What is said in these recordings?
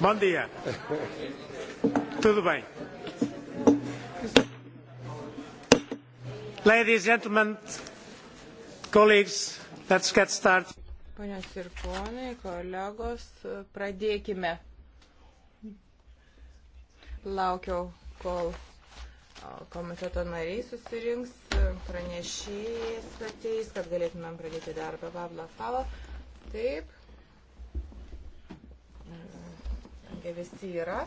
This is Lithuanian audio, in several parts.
Bom dia. Tudo bem. Ladies and gentlemen, colleagues, let's get started. Ponios ir ponai, kolegos, pradėkime. Laukiau, kol komiteto nariai susirinks, pranešėjas ateis, kad galėtumėm pradėti darbą. Pavla Falo. Taip, jie visi yra.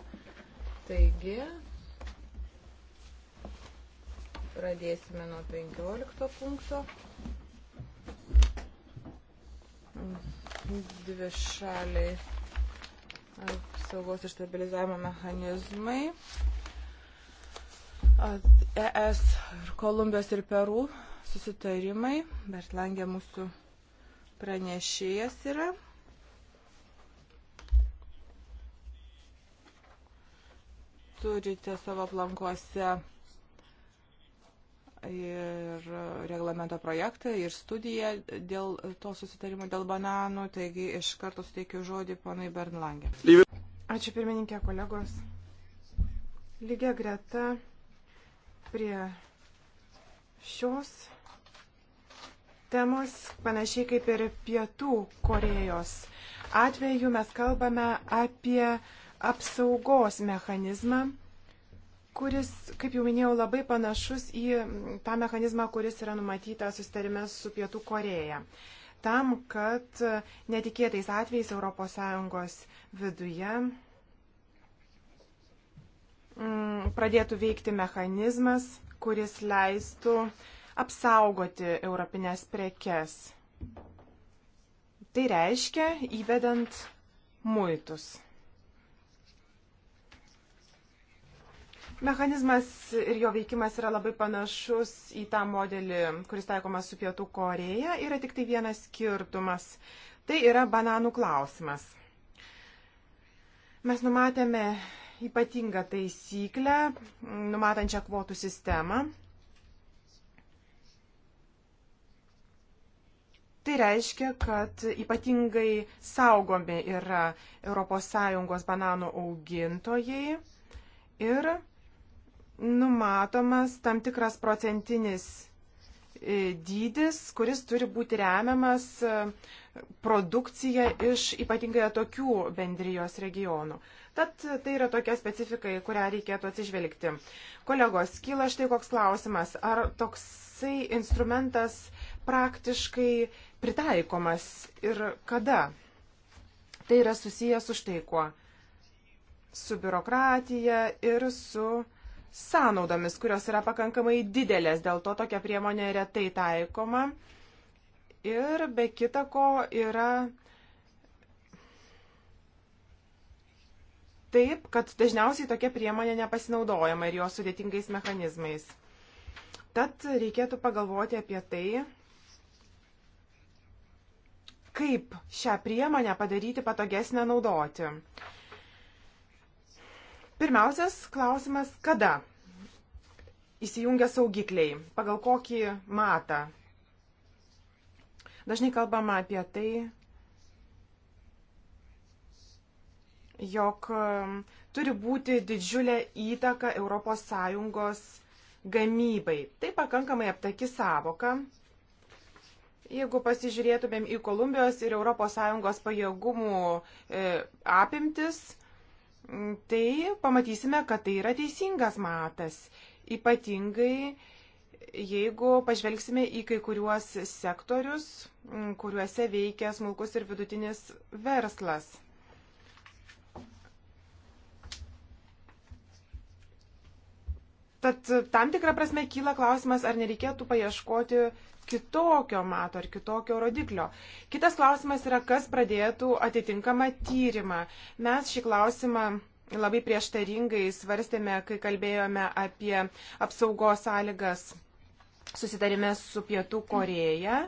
Taigi, pradėsime nuo 15 punkto. Dvi šaliai apsaugos ir stabilizavimo mechanizmai. ES ir Kolumbijos ir Perų susitarimai. Bertlangė mūsų pranešėjas yra. turite savo plankuose ir reglamento projektą, ir studiją dėl to susitarimo dėl bananų, taigi iš karto suteikiu žodį panai Bernlangė. Ačiū pirmininkė kolegos. Lygia greta prie šios temos, panašiai kaip ir pietų Korejos atveju, mes kalbame apie apsaugos mechanizmą, kuris, kaip jau minėjau, labai panašus į tą mechanizmą, kuris yra numatytas susitarime su Pietų Koreja. Tam, kad netikėtais atvejais ES viduje mm, pradėtų veikti mechanizmas, kuris leistų apsaugoti europinės prekes. Tai reiškia įvedant muitus. Mechanizmas ir jo veikimas yra labai panašus į tą modelį, kuris taikomas su Pietų Koreja. Yra tik tai vienas skirtumas. Tai yra bananų klausimas. Mes numatėme ypatingą taisyklę, numatančią kvotų sistemą. Tai reiškia, kad ypatingai saugomi yra ES bananų augintojai ir numatomas tam tikras procentinis e, dydis, kuris turi būti remiamas e, produkcija iš ypatingai tokių bendrijos regionų. Tad e, tai yra tokia specifika, į kurią reikėtų atsižvelgti. Kolegos, kyla štai koks klausimas, ar toksai instrumentas praktiškai pritaikomas ir kada? Tai yra susijęs su štai kuo? Su biurokratija ir su uh, sąnaudomis, kurios yra pakankamai didelės, dėl to tokia priemonė retai taikoma. Ir be kita ko yra taip, kad dažniausiai tokia priemonė nepasinaudojama ir jos sudėtingais mechanizmais. Tad reikėtų pagalvoti apie tai, kaip šią priemonę padaryti patogesnę naudoti. Pirmiausias klausimas - kada įsijungia saugikliai, pagal kokį matą. Dažnai kalbama apie tai, jog um, turi būti didžiulė įtaka ES gamybai. Tai pakankamai aptaki savoka. Jeigu pasižiūrėtumėm į Kolumbijos ir ES pajėgumų e, apimtis, tai pamatysime, kad tai yra teisingas matas. Ypatingai jeigu pažvelgsime į kai kuriuos sektorius, kuriuose veikia smulkus ir vidutinis verslas. Tad tam tikrą prasme kyla klausimas, ar nereikėtų paieškoti kitokio mato ar kitokio rodiklio. Kitas klausimas yra, kas pradėtų atitinkamą tyrimą. Mes šį klausimą labai prieštaringai svarstėme, kai kalbėjome apie apsaugos sąlygas susitarime su Pietų Koreja.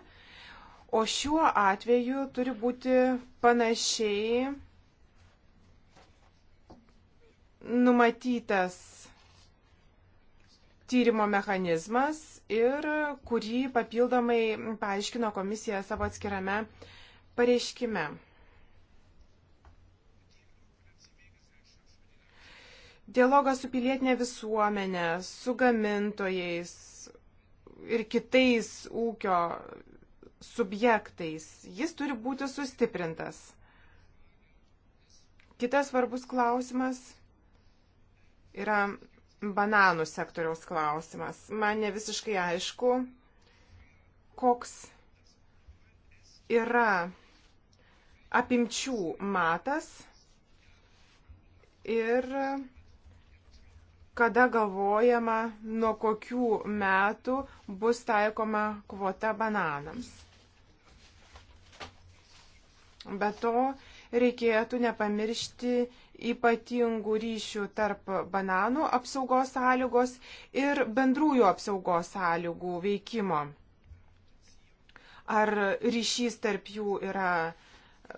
O šiuo atveju turi būti panašiai numatytas tyrimo mechanizmas ir kurį papildomai paaiškino komisija savo atskirame pareiškime. Dialogas su pilietinė visuomenė, su gamintojais ir kitais ūkio subjektais, jis turi būti sustiprintas. Kitas svarbus klausimas yra bananų sektoriaus klausimas. Man ne visiškai aišku, koks yra apimčių matas ir kada galvojama, nuo kokių metų bus taikoma kvota bananams. Be to, reikėtų nepamiršti ypatingų ryšių tarp bananų apsaugos sąlygos ir bendrųjų apsaugos sąlygų veikimo. Ar ryšys tarp jų yra e,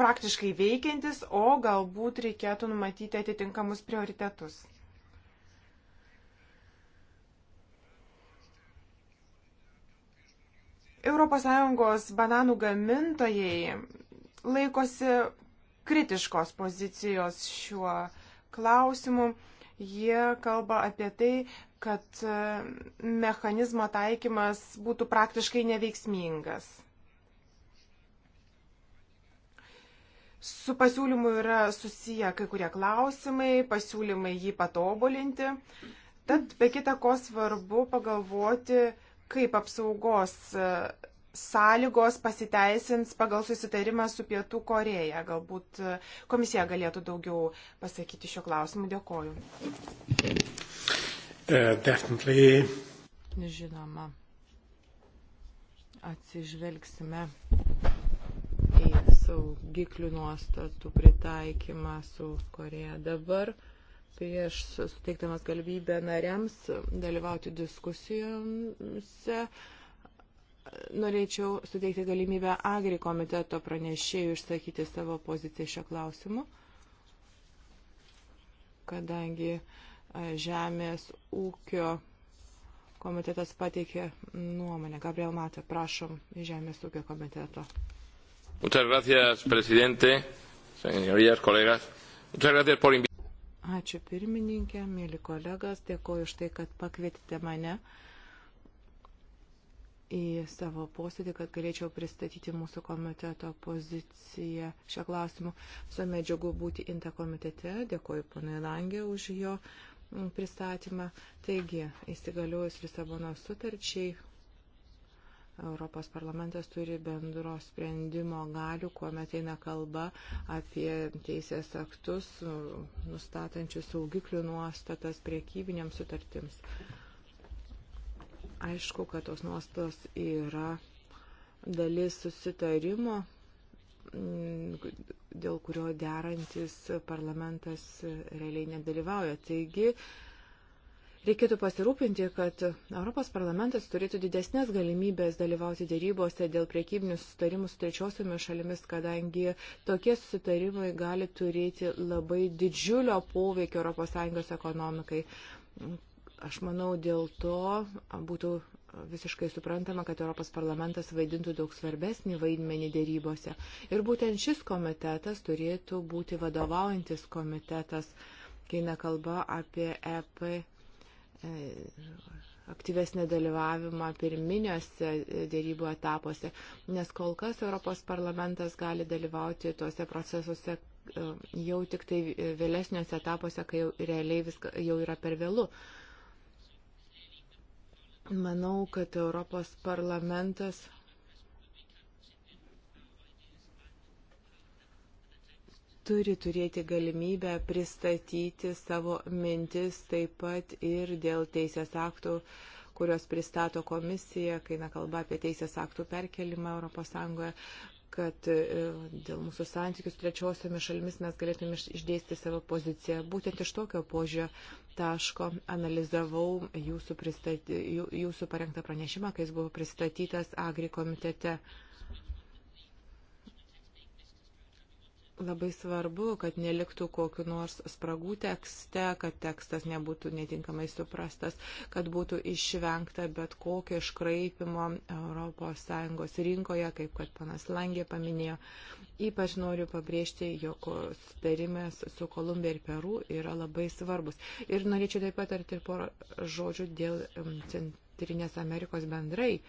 praktiškai veikiantis, o galbūt reikėtų numatyti atitinkamus prioritetus. ES bananų gamintojai laikosi kritiškos pozicijos šiuo klausimu. Jie kalba apie tai, kad e, mechanizmo taikymas būtų praktiškai neveiksmingas. Su pasiūlymu yra susiję kai kurie klausimai, pasiūlymai jį patobulinti. Tad be kita ko svarbu pagalvoti, kaip apsaugos e, sąlygos pasiteisins pagal susitarimą su Pietų Koreja. Galbūt e, komisija galėtų daugiau pasakyti šio klausimu. Dėkoju. Uh, Žinoma, atsižvelgsime į saugiklių nuostatų pritaikymą su Koreja dabar prieš suteikdamas galimybę nariams dalyvauti diskusijose norėčiau suteikti galimybę Agri komiteto pranešėjų išsakyti savo poziciją šio klausimu, kadangi e, Žemės ūkio komitetas pateikė nuomonę. Gabriel Matė, prašom, Žemės ūkio komiteto. Muchas gracias, presidente, señorías, colegas. Muchas gracias por invitarme. Ačiū pirmininkė, mėly kolegas, dėkoju už tai, kad pakvietėte mane. Uh, į savo posėdį, kad galėčiau pristatyti mūsų komiteto poziciją šio klausimu. Visuomet džiugu būti INTA komitete. Dėkuoju ponui Langė už jo pristatymą. Taigi, įsigaliojus Lisabono sutarčiai, Europos parlamentas turi bendro sprendimo galių, kuomet eina kalba apie teisės aktus, nustatančius saugiklių nuostatas priekybinėms sutartims. Aišku, kad tos nuostos yra dalis susitarimo, mm, dėl kurio derantis parlamentas realiai nedalyvauja. Taigi, reikėtų pasirūpinti, kad Europos parlamentas turėtų didesnės galimybės dalyvauti dėrybose dėl priekybinių sustarimų su trečiosiomis šalimis, kadangi tokie susitarimai gali turėti labai didžiulio poveikio ES ekonomikai. Aš manau, dėl to būtų visiškai suprantama, kad Europos parlamentas vaidintų daug svarbesnį vaidmenį dėrybose. Ir būtent šis komitetas turėtų būti vadovaujantis komitetas, kai nekalba apie EP e, aktyvesnį dalyvavimą pirminiuose dėrybų etapuose, nes kol kas Europos parlamentas gali dalyvauti tuose procesuose e, jau tik tai vėlesniuose etapuose, kai jau realiai viskas jau yra per vėlų. Uh, Manau, kad Europos parlamentas turi turėti galimybę pristatyti savo mintis taip pat ir dėl teisės aktų, kurios pristato komisija, kai na kalba apie teisės aktų perkelimą ES kad e, dėl mūsų santykių su trečiosiomis šalimis mes galėtume išdėsti savo poziciją. Būtent iš tokio požio taško analizavau jūsų, pristaty, jūsų parengtą pranešimą, kai jis buvo pristatytas Agri komitete. labai svarbu, kad neliktų kokiu nors spragų tekste, kad tekstas nebūtų netinkamai suprastas, kad būtų išvengta bet kokio iškraipimo ES rinkoje, kaip kad panas Langė paminėjo. Ypač noriu pabrėžti, jog sutarimas su Kolumbija ir Peru yra labai svarbus. Ir norėčiau taip pat arti porą žodžių dėl Centrinės Amerikos bendrai.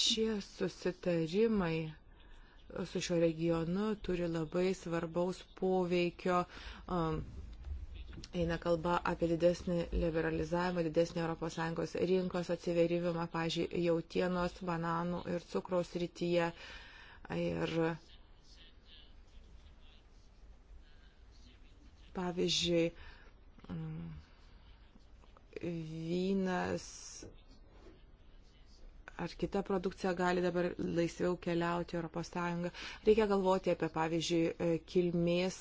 Šie susitarimai su šiuo regionu turi labai svarbaus poveikio. Um, eina kalba apie didesnį liberalizavimą, didesnį ES rinkos atsiverimą, pažiūrėjau, jautienos, bananų ir cukraus rytyje. Ir pavyzdžiui, mm, vynas ar kita produkcija gali dabar laisviau keliauti Europos Sąjungą. Reikia galvoti apie, pavyzdžiui, e, kilmės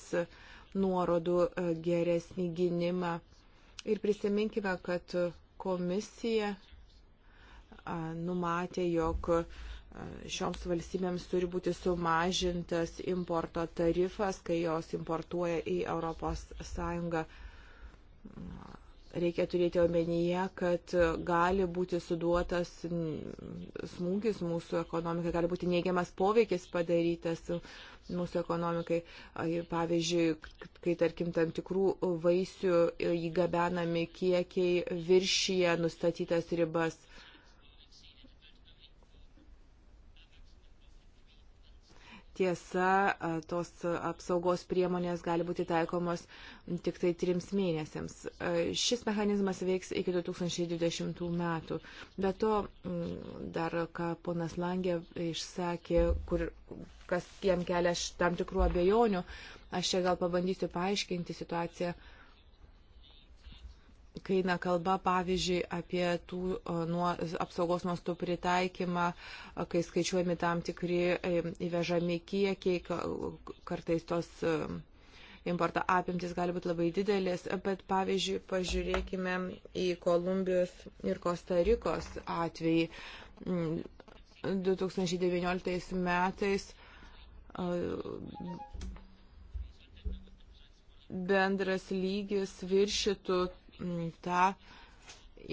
nuorodų e, geresnį gynimą. Ir prisiminkime, kad komisija numatė, jog šioms valstybėms turi būti sumažintas importo tarifas, kai jos importuoja į Europos Sąjungą reikia turėti omenyje, kad gali būti suduotas smūgis mūsų ekonomikai, gali būti neigiamas poveikis padarytas mūsų ekonomikai. Pavyzdžiui, kai tarkim tam tikrų vaisių e, įgabenami kiekiai viršyje nustatytas ribas. Tiesa, tos apsaugos priemonės gali būti taikomos tik tai trims mėnesiams. Šis mechanizmas veiks iki 2020 metų. Be to, dar ką ponas Langė išsakė, kur, kas jam kelia tam tikrų abejonių, aš čia gal pabandysiu paaiškinti situaciją kai eina kalba, pavyzdžiui, apie tų e, nuo, apsaugos nuostų pritaikymą, e, kai skaičiuojami tam tikri e, įvežami kiekiai, kartais tos importo apimtis gali būti labai didelis, bet pavyzdžiui, pažiūrėkime į Kolumbijos ir Kostarikos atvejį 2019 mm, metais bendras lygis viršytų tą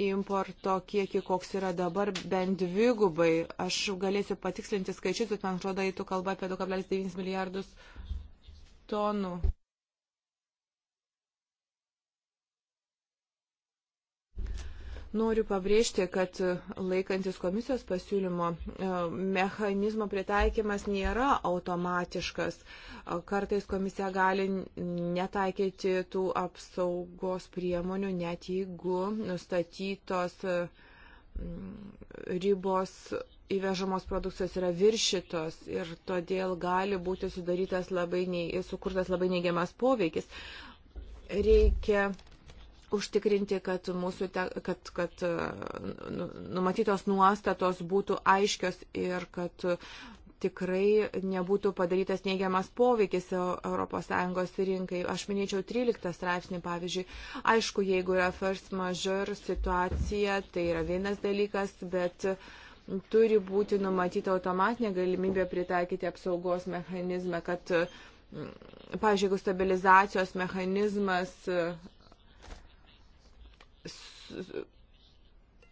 importo kiekį, koks yra dabar, bent dvigubai. Aš galėsiu patikslinti skaičius, bet man atrodo, eitų kalba apie 2,9 milijardus tonų. Noriu pabrėžti, kad laikantis komisijos pasiūlymo e, mechanizmo pritaikymas nėra automatiškas. E, kartais komisija gali netaikyti tų apsaugos priemonių, net jeigu nustatytos e, ribos įvežamos produkcijos yra viršytos ir todėl gali būti sudarytas labai, nei, sukurtas labai neigiamas poveikis. Reikia užtikrinti, kad, mūsų te, kad, kad e, nu, numatytos nuostatos būtų aiškios ir kad tikrai nebūtų padarytas neigiamas poveikis ES rinkai. Aš minėčiau 13 straipsnį, pavyzdžiui. Aišku, jeigu yra first major situacija, tai yra vienas dalykas, bet turi būti numatyta automatinė galimybė pritaikyti apsaugos mechanizmą, kad, pavyzdžiui, jeigu stabilizacijos mechanizmas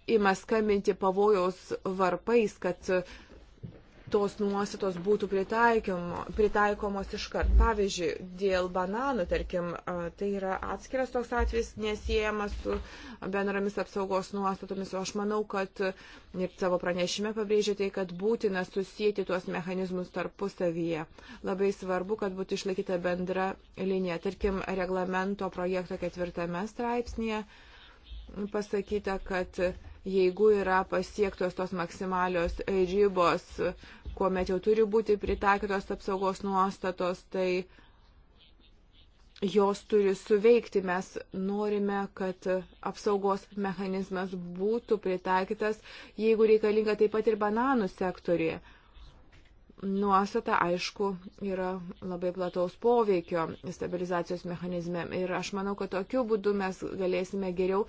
ima skambinti pavojaus varpais, kad tos nuostatos būtų pritaikomos iškart. Pavyzdžiui, dėl bananų, tarkim, tai yra atskiras toks atvejis nesiejamas su bendromis apsaugos nuostatomis, o aš manau, kad ir savo pranešime pabrėžė tai, kad būtina susijęti tuos mechanizmus tarpusavyje. Labai svarbu, kad būtų išlaikyta bendra linija. Tarkim, reglamento projekto ketvirtame straipsnėje pasakyta, kad jeigu yra pasiektos tos maksimalios ribos, kuomet jau turi būti pritaikytos apsaugos nuostatos, tai jos turi suveikti. Mes norime, kad apsaugos mechanizmas būtų pritaikytas, jeigu reikalinga taip pat ir bananų sektorėje nuostata, aišku, yra labai plataus poveikio stabilizacijos mechanizme. Ir aš manau, kad tokiu būdu mes galėsime geriau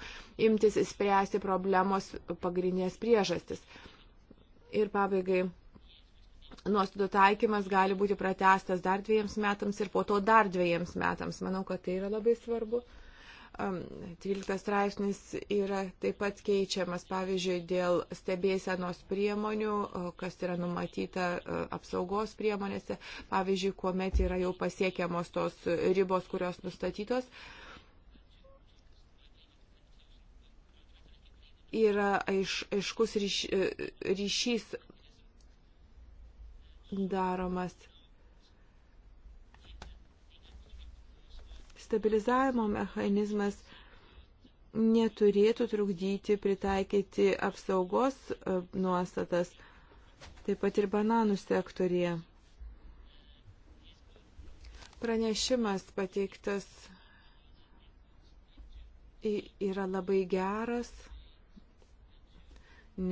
imtis spręsti problemos pagrindinės priežastis. Ir pabaigai. Nuostatų taikymas gali būti pratestas dar dviejams metams ir po to dar dviejams metams. Manau, kad tai yra labai svarbu. 12 straipsnis yra taip pat keičiamas, pavyzdžiui, dėl stebėsenos priemonių, kas yra numatyta e, apsaugos priemonėse, pavyzdžiui, kuomet yra jau pasiekiamos tos ribos, kurios nustatytos. Yra aiš, aiškus ryš, e, ryšys daromas stabilizavimo mechanizmas neturėtų trukdyti pritaikyti apsaugos e, nuostatas, taip pat ir bananų sektorija. Pranešimas pateiktas yra labai geras,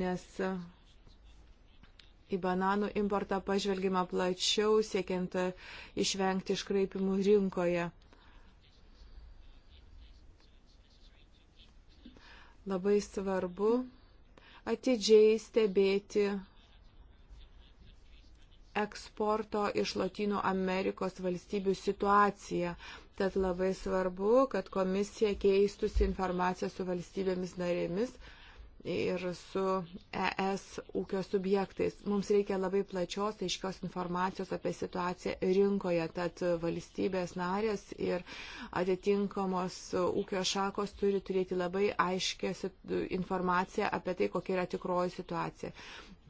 nes į bananų importą pažvelgima plačiau, siekiant e, išvengti iškraipimų rinkoje. Labai svarbu atidžiai stebėti eksporto iš Latino Amerikos valstybių situaciją. Tad labai svarbu, kad komisija keistųsi informaciją su valstybėmis narėmis ir su ES ūkio subjektais. Mums reikia labai plačios, aiškios informacijos apie situaciją rinkoje, tad valstybės narės ir atitinkamos ūkio šakos turi turėti labai aiškę informaciją apie tai, kokia yra tikroji situacija.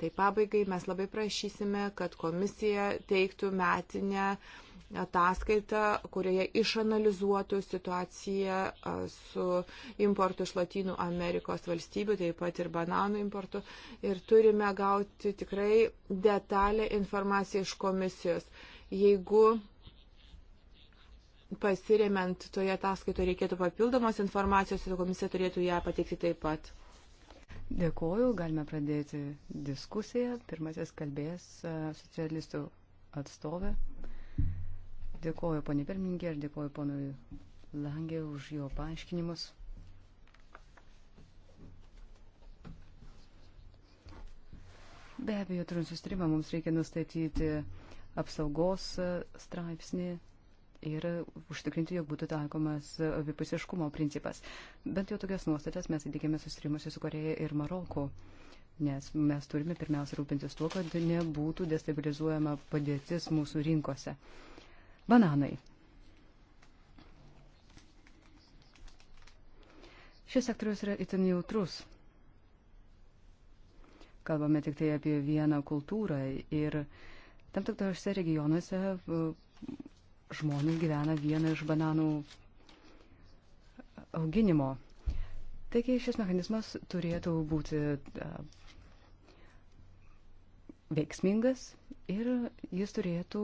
Tai pabaigai mes labai prašysime, kad komisija teiktų metinę ataskaitą, kurioje išanalizuotų situaciją su importu iš Latinų Amerikos valstybių, taip pat ir bananų importu. Ir turime gauti tikrai detalę informaciją iš komisijos. Jeigu pasiremiant toje ataskaitoje reikėtų papildomos informacijos, tai komisija turėtų ją pateikti taip pat. Dėkuoju, galime pradėti diskusiją. Pirmasis kalbės socialistų atstovė. Dėkuoju ponė pirmininkė ir dėkuoju ponui Langė už jo paaiškinimus. Be abejo, turint sustrimą mums reikia nustatyti apsaugos straipsnį ir užtikrinti, jog būtų taikomas abipusiškumo principas. Bent jau tokias nuostatas mes įdėkėme susirimusi su Koreja ir Maroku, nes mes turime pirmiausia rūpintis tuo, kad nebūtų destabilizuojama padėtis mūsų rinkose. Bananai. Šis sektorius yra itin jautrus. Kalbame tik tai apie vieną kultūrą ir tam tikrose regionuose žmonės gyvena vieną iš bananų auginimo. Taigi šis mechanizmas turėtų būti veiksmingas ir jis turėtų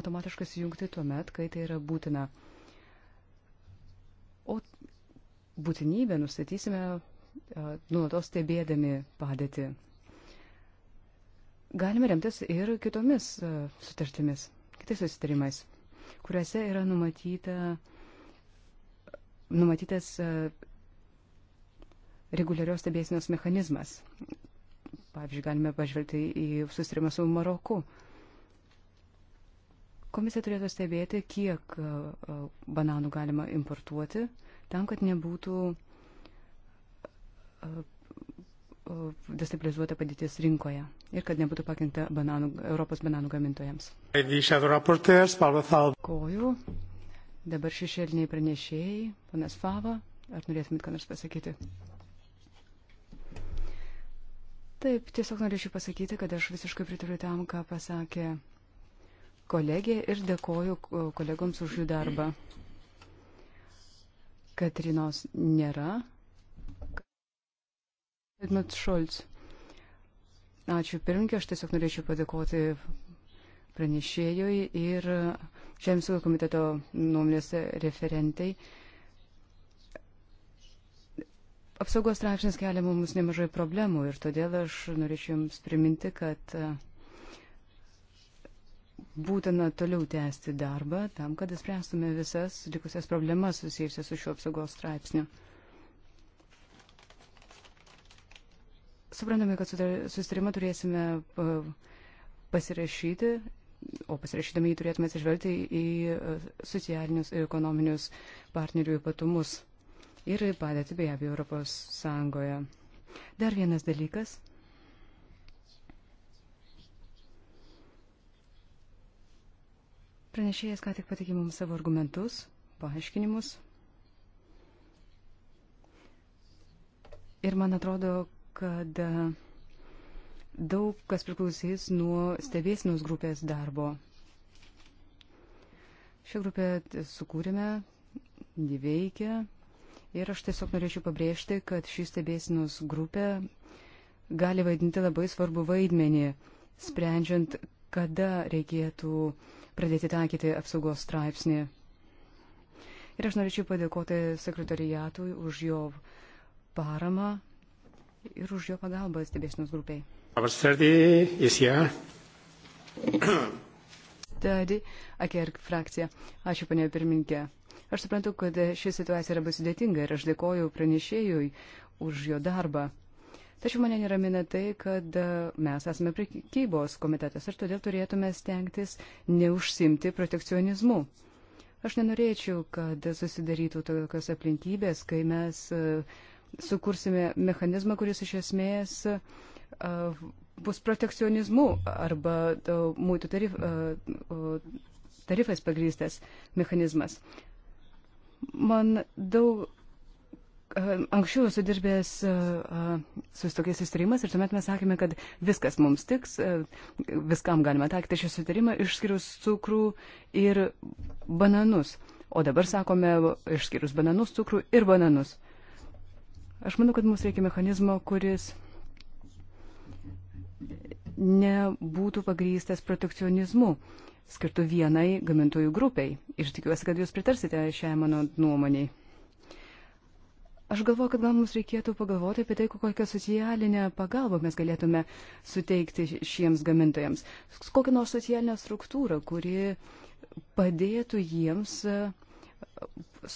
automatiškai sujungti tuo met, kai tai yra būtina. O būtinybę nustatysime nuolatos stebėdami padėtį. Galime remtis ir kitomis sutartimis, kitais susitarimais kuriuose yra numatyta, numatytas e, reguliarios stebėsinos mechanizmas. Pavyzdžiui, galime pažvelgti į susirimą su Maroku. Komisija turėtų stebėti, kiek e, bananų galima importuoti, tam, kad nebūtų e, destabilizuota padėtis rinkoje ir kad nebūtų pakengta bananų, Europos bananų gamintojams. Koju. Dabar šešėliniai pranešėjai, ponas Fava, ar norėtumėt ką nors pasakyti? Taip, tiesiog norėčiau pasakyti, kad aš visiškai pritariu tam, ką pasakė kolegė ir dėkoju kolegoms už jų darbą. Katrinos nėra, Edmund Šolts. Ačiū pirmininkė, aš tiesiog norėčiau padėkoti pranešėjui ir Žemės ūkio komiteto nuomonės referentai. Apsaugos straipsnis kelia mums nemažai problemų ir todėl aš norėčiau Jums priminti, kad e, būtina toliau tęsti darbą tam, kad įspręstume visas likusias problemas susijusias su šiuo apsaugos straipsniu. Suprantame, kad susitarimą turėsime e, pasirašyti, o pasirašydami jį turėtume atsižvelgti į e, socialinius ir ekonominius partnerių ypatumus ir padėti be abejo Europos Sąjungoje. Dar vienas dalykas. Pranešėjas ką tik patikė mums savo argumentus, paaiškinimus. Ir man atrodo, kad e, daug kas priklausys nuo stebėsinos grupės darbo. Šią grupę sukūrėme, ji veikia ir aš tiesiog norėčiau pabrėžti, kad ši stebėsinos grupė gali vaidinti labai svarbu vaidmenį, sprendžiant, kada reikėtų pradėti taikyti apsaugos straipsnį. Ir aš norėčiau padėkoti sekretariatui už jo paramą ir už jo pagalbą stebėsinos grupiai. Tadi, Akerk frakcija. Ačiū, panė pirmininkė. Aš suprantu, kad ši situacija yra bus sudėtinga ir aš dėkoju pranešėjui už jo darbą. Tačiau mane neramina tai, kad e, mes esame prekybos komitetas ir todėl turėtume stengtis neužsimti protekcionizmu. Aš nenorėčiau, kad susidarytų tokios aplinkybės, kai mes uh, sukursime mechanizmą, kuris iš esmės bus protekcionizmu arba mūtų tarif, tarifais pagrystas mechanizmas. Man daug Anksčiau esu dirbęs su tokiais sustarimas ir tuomet mes sakėme, kad viskas mums tiks, viskam galima taikyti šį sustarimą, išskyrus cukrų ir bananus. O dabar sakome, išskyrus bananus, cukrų ir bananus. Aš manau, kad mums reikia mechanizmo, kuris nebūtų pagrystas protekcionizmu, skirtų vienai gamintojų grupiai. Ir tikiuosi, kad jūs pritarsite šią mano nuomonį. Aš galvoju, kad gal mums reikėtų pagalvoti apie tai, kokią socialinę pagalbą mes galėtume suteikti šiems gamintojams. Kokią nors socialinę struktūrą, kuri padėtų jiems e,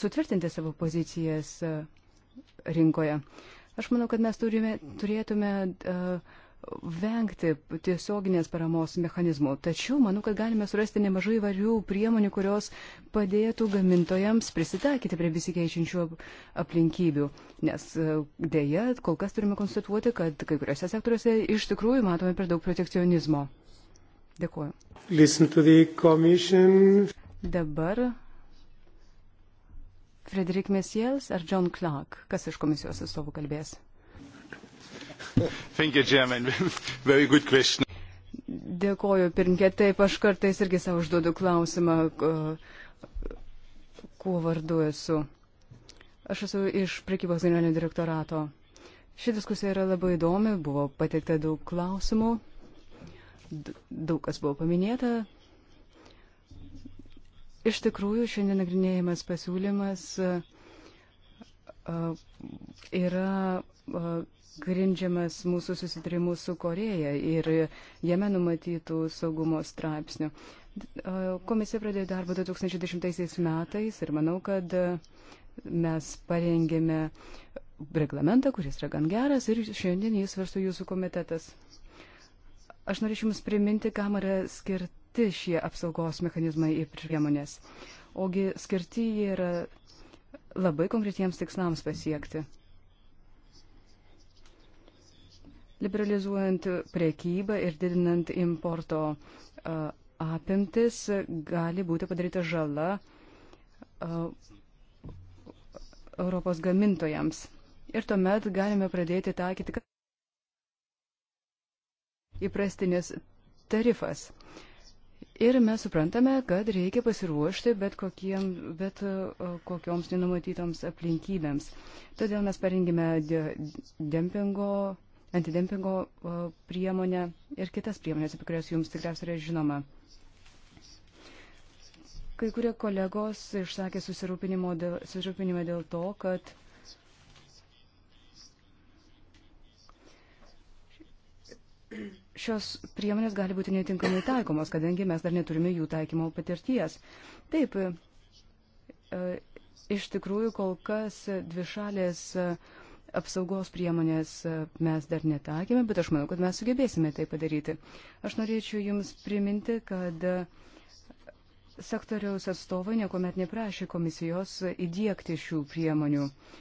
sutvirtinti savo pozicijas e, rinkoje. Aš manau, kad mes turime, turėtume uh, vengti tiesioginės paramos mechanizmų. Tačiau manau, kad galime surasti nemažai varių priemonių, kurios padėtų gamintojams prisitaikyti prie besikeičiančių aplinkybių. Nes e, dėja, kol kas turime konstatuoti, kad kai kuriuose sektoriuose iš tikrųjų matome per daug protekcionizmo. Dėkuoju. Dabar Frederik Messiels ar John Clark? Kas iš komisijos atstovų kalbės? Thank you, Chairman. Very good question. Dėkoju, pirmkė. Taip, aš kartais irgi savo užduodu klausimą, kuo vardu esu. Aš esu iš prekybos generalinio direktorato. Ši diskusija yra labai įdomi, buvo pateikta daug klausimų, daug kas buvo paminėta, Iš tikrųjų, šiandien nagrinėjimas pasiūlymas yra grindžiamas mūsų susitarimu su Koreja ir jame numatytų saugumo straipsnių. Komisija pradėjo darbą 2010 metais ir manau, kad mes parengėme reglamentą, kuris yra gan geras ir šiandien jis svarsto jūsų komitetas. Aš norėčiau Jums priminti, kam yra skirta įtraukti šie apsaugos mechanizmai į priemonės, ogi skirti jie yra labai konkretiems tikslams pasiekti. Liberalizuojant priekybą ir didinant importo apimtis gali būti padaryta žala Europos gamintojams. Ir tuomet galime pradėti taikyti įprastinis tarifas. Ir mes suprantame, kad reikia pasiruošti bet, kokiem, bet e, kokioms nenumatytoms aplinkybėms. Todėl mes parengėme dempingo, antidempingo e, priemonę ir kitas priemonės, apie kurias jums tikriausiai yra žinoma. Kai kurie kolegos išsakė susirūpinimą dėl, susirūpinimą dėl to, kad šios priemonės gali būti netinkamai taikomos, kadangi mes dar neturime jų taikymo patirties. Taip, e, iš tikrųjų kol kas dvišalės e, apsaugos priemonės e, mes dar netakėme, bet aš manau, kad mes sugebėsime tai padaryti. Aš norėčiau Jums priminti, kad sektoriaus atstovai niekuomet neprašė komisijos įdėkti šių priemonių. Uh,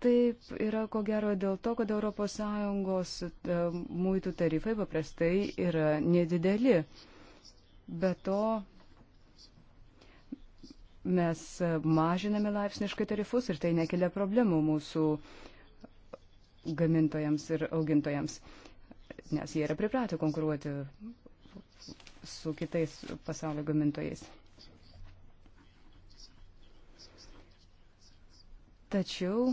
Taip yra ko gero dėl to, kad ES e, muitų tarifai paprastai yra nedideli. Be to mes mažiname laipsniškai tarifus ir tai nekelia problemų mūsų gamintojams ir augintojams, nes jie yra pripratę konkuruoti su kitais pasaulio gamintojais. Tačiau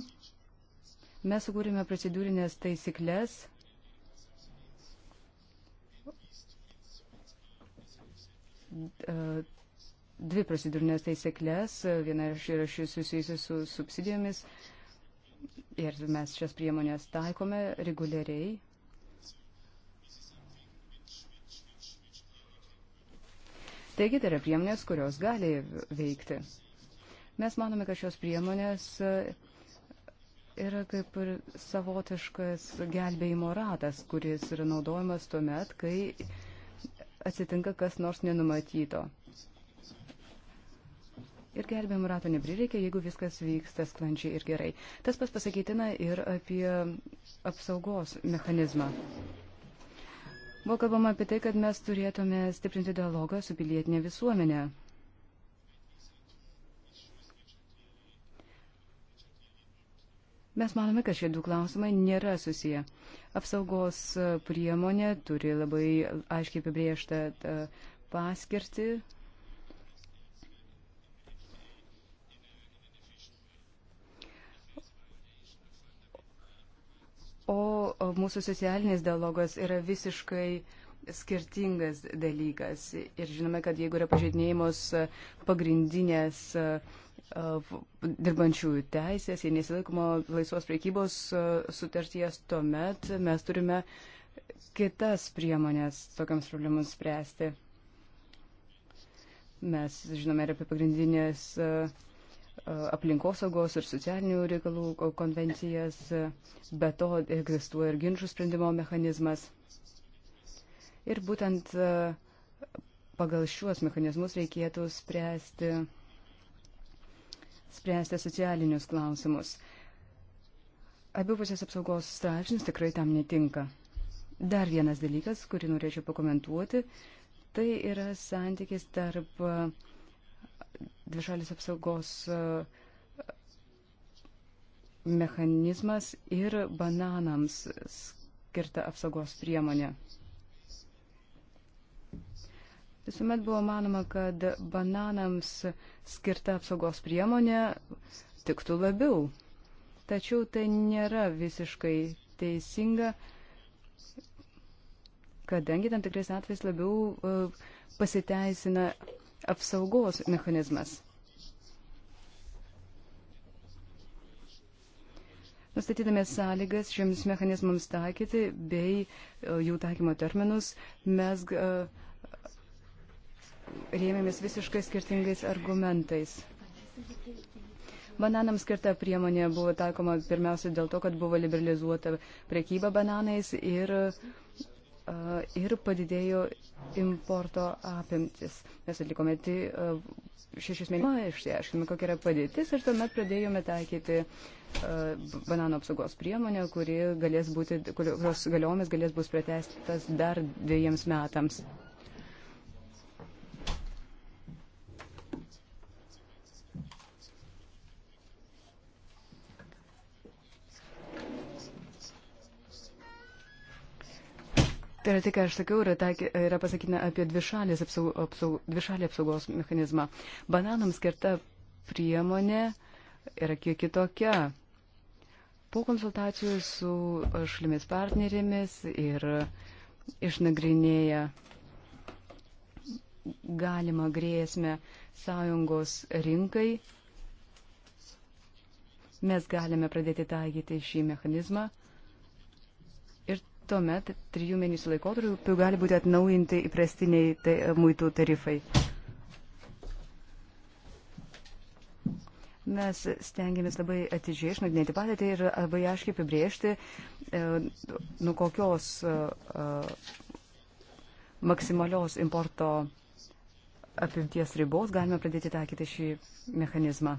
Mes sukūrėme procedūrinės taisyklės, e, dvi procedūrinės taisyklės, viena iš yra susijusi su subsidijomis ir mes šias priemonės taikome reguliariai. Taigi tai yra priemonės, kurios gali veikti. Mes manome, kad šios priemonės yra kaip ir savotiškas gelbėjimo ratas, kuris yra naudojamas tuo met, kai atsitinka kas nors nenumatyto. Ir gelbėjimo rato neprireikia, jeigu viskas vyksta sklandžiai ir gerai. Tas pas pasakytina ir apie apsaugos mechanizmą. Buvo kalbama apie tai, kad mes turėtume stiprinti dialogą su pilietinė visuomenė. Mes manome, kad šie du klausimai nėra susiję. Apsaugos priemonė turi labai aiškiai apibriežtą e, paskirtį. O mūsų socialinis dialogas yra visiškai skirtingas dalykas. Ir žinome, kad jeigu yra pažeidinėjimos pagrindinės uh, E, dirbančiųjų teisės, jei nesilaikoma laisvos priekybos e, sutarties, tuomet mes turime kitas priemonės tokiams problemams spręsti. Mes žinome ir apie pagrindinės e, aplinkosaugos ir socialinių reikalų konvencijas, be to egzistuoja ir ginčių sprendimo mechanizmas. Ir būtent pagal šiuos mechanizmus reikėtų spręsti spręsti socialinius klausimus. Abipusės apsaugos straipsnis tikrai tam netinka. Dar vienas dalykas, kurį norėčiau pakomentuoti, tai yra santykis tarp dvišalės apsaugos mechanizmas ir bananams skirta apsaugos priemonė. Visuomet buvo manoma, kad bananams skirta apsaugos priemonė tiktų labiau. Tačiau tai nėra visiškai teisinga, kadangi tam tikrais atvejais labiau e, pasiteisina apsaugos mechanizmas. Nustatydami sąlygas šiems mechanizmams taikyti bei e, jų taikymo terminus, mes uh, rėmėmės visiškai skirtingais argumentais. Bananams skirta priemonė buvo taikoma pirmiausia dėl to, kad buvo liberalizuota prekyba bananais ir, ir padidėjo importo apimtis. Mes atlikome tai šešis mėnesius, išsiaiškinome, kokia yra padėtis ir tuomet pradėjome taikyti banano apsaugos priemonę, kuri galės būti, kurios galiomis galės bus pratestas dar dviejiems metams. Tai yra tai, ką aš sakiau, yra, taik, yra pasakyta apie dvišalį apsaug, apsaug, dvi apsaugos mechanizmą. Bananams skirta priemonė yra kiek kitokia. Po konsultacijų su šalimis partnerėmis ir išnagrinėję galimą grėsmę sąjungos rinkai, mes galime pradėti taikyti šį mechanizmą tuomet trijų mėnesių laikotarpiu gali būti atnaujinti įprastiniai tai, muitų tarifai. Mes stengiamės labai atidžiai išnagrinėti padėtį ir labai aiškiai apibriežti, e, nuo kokios e, e, maksimalios importo apimties ribos galime pradėti taikyti šį mechanizmą.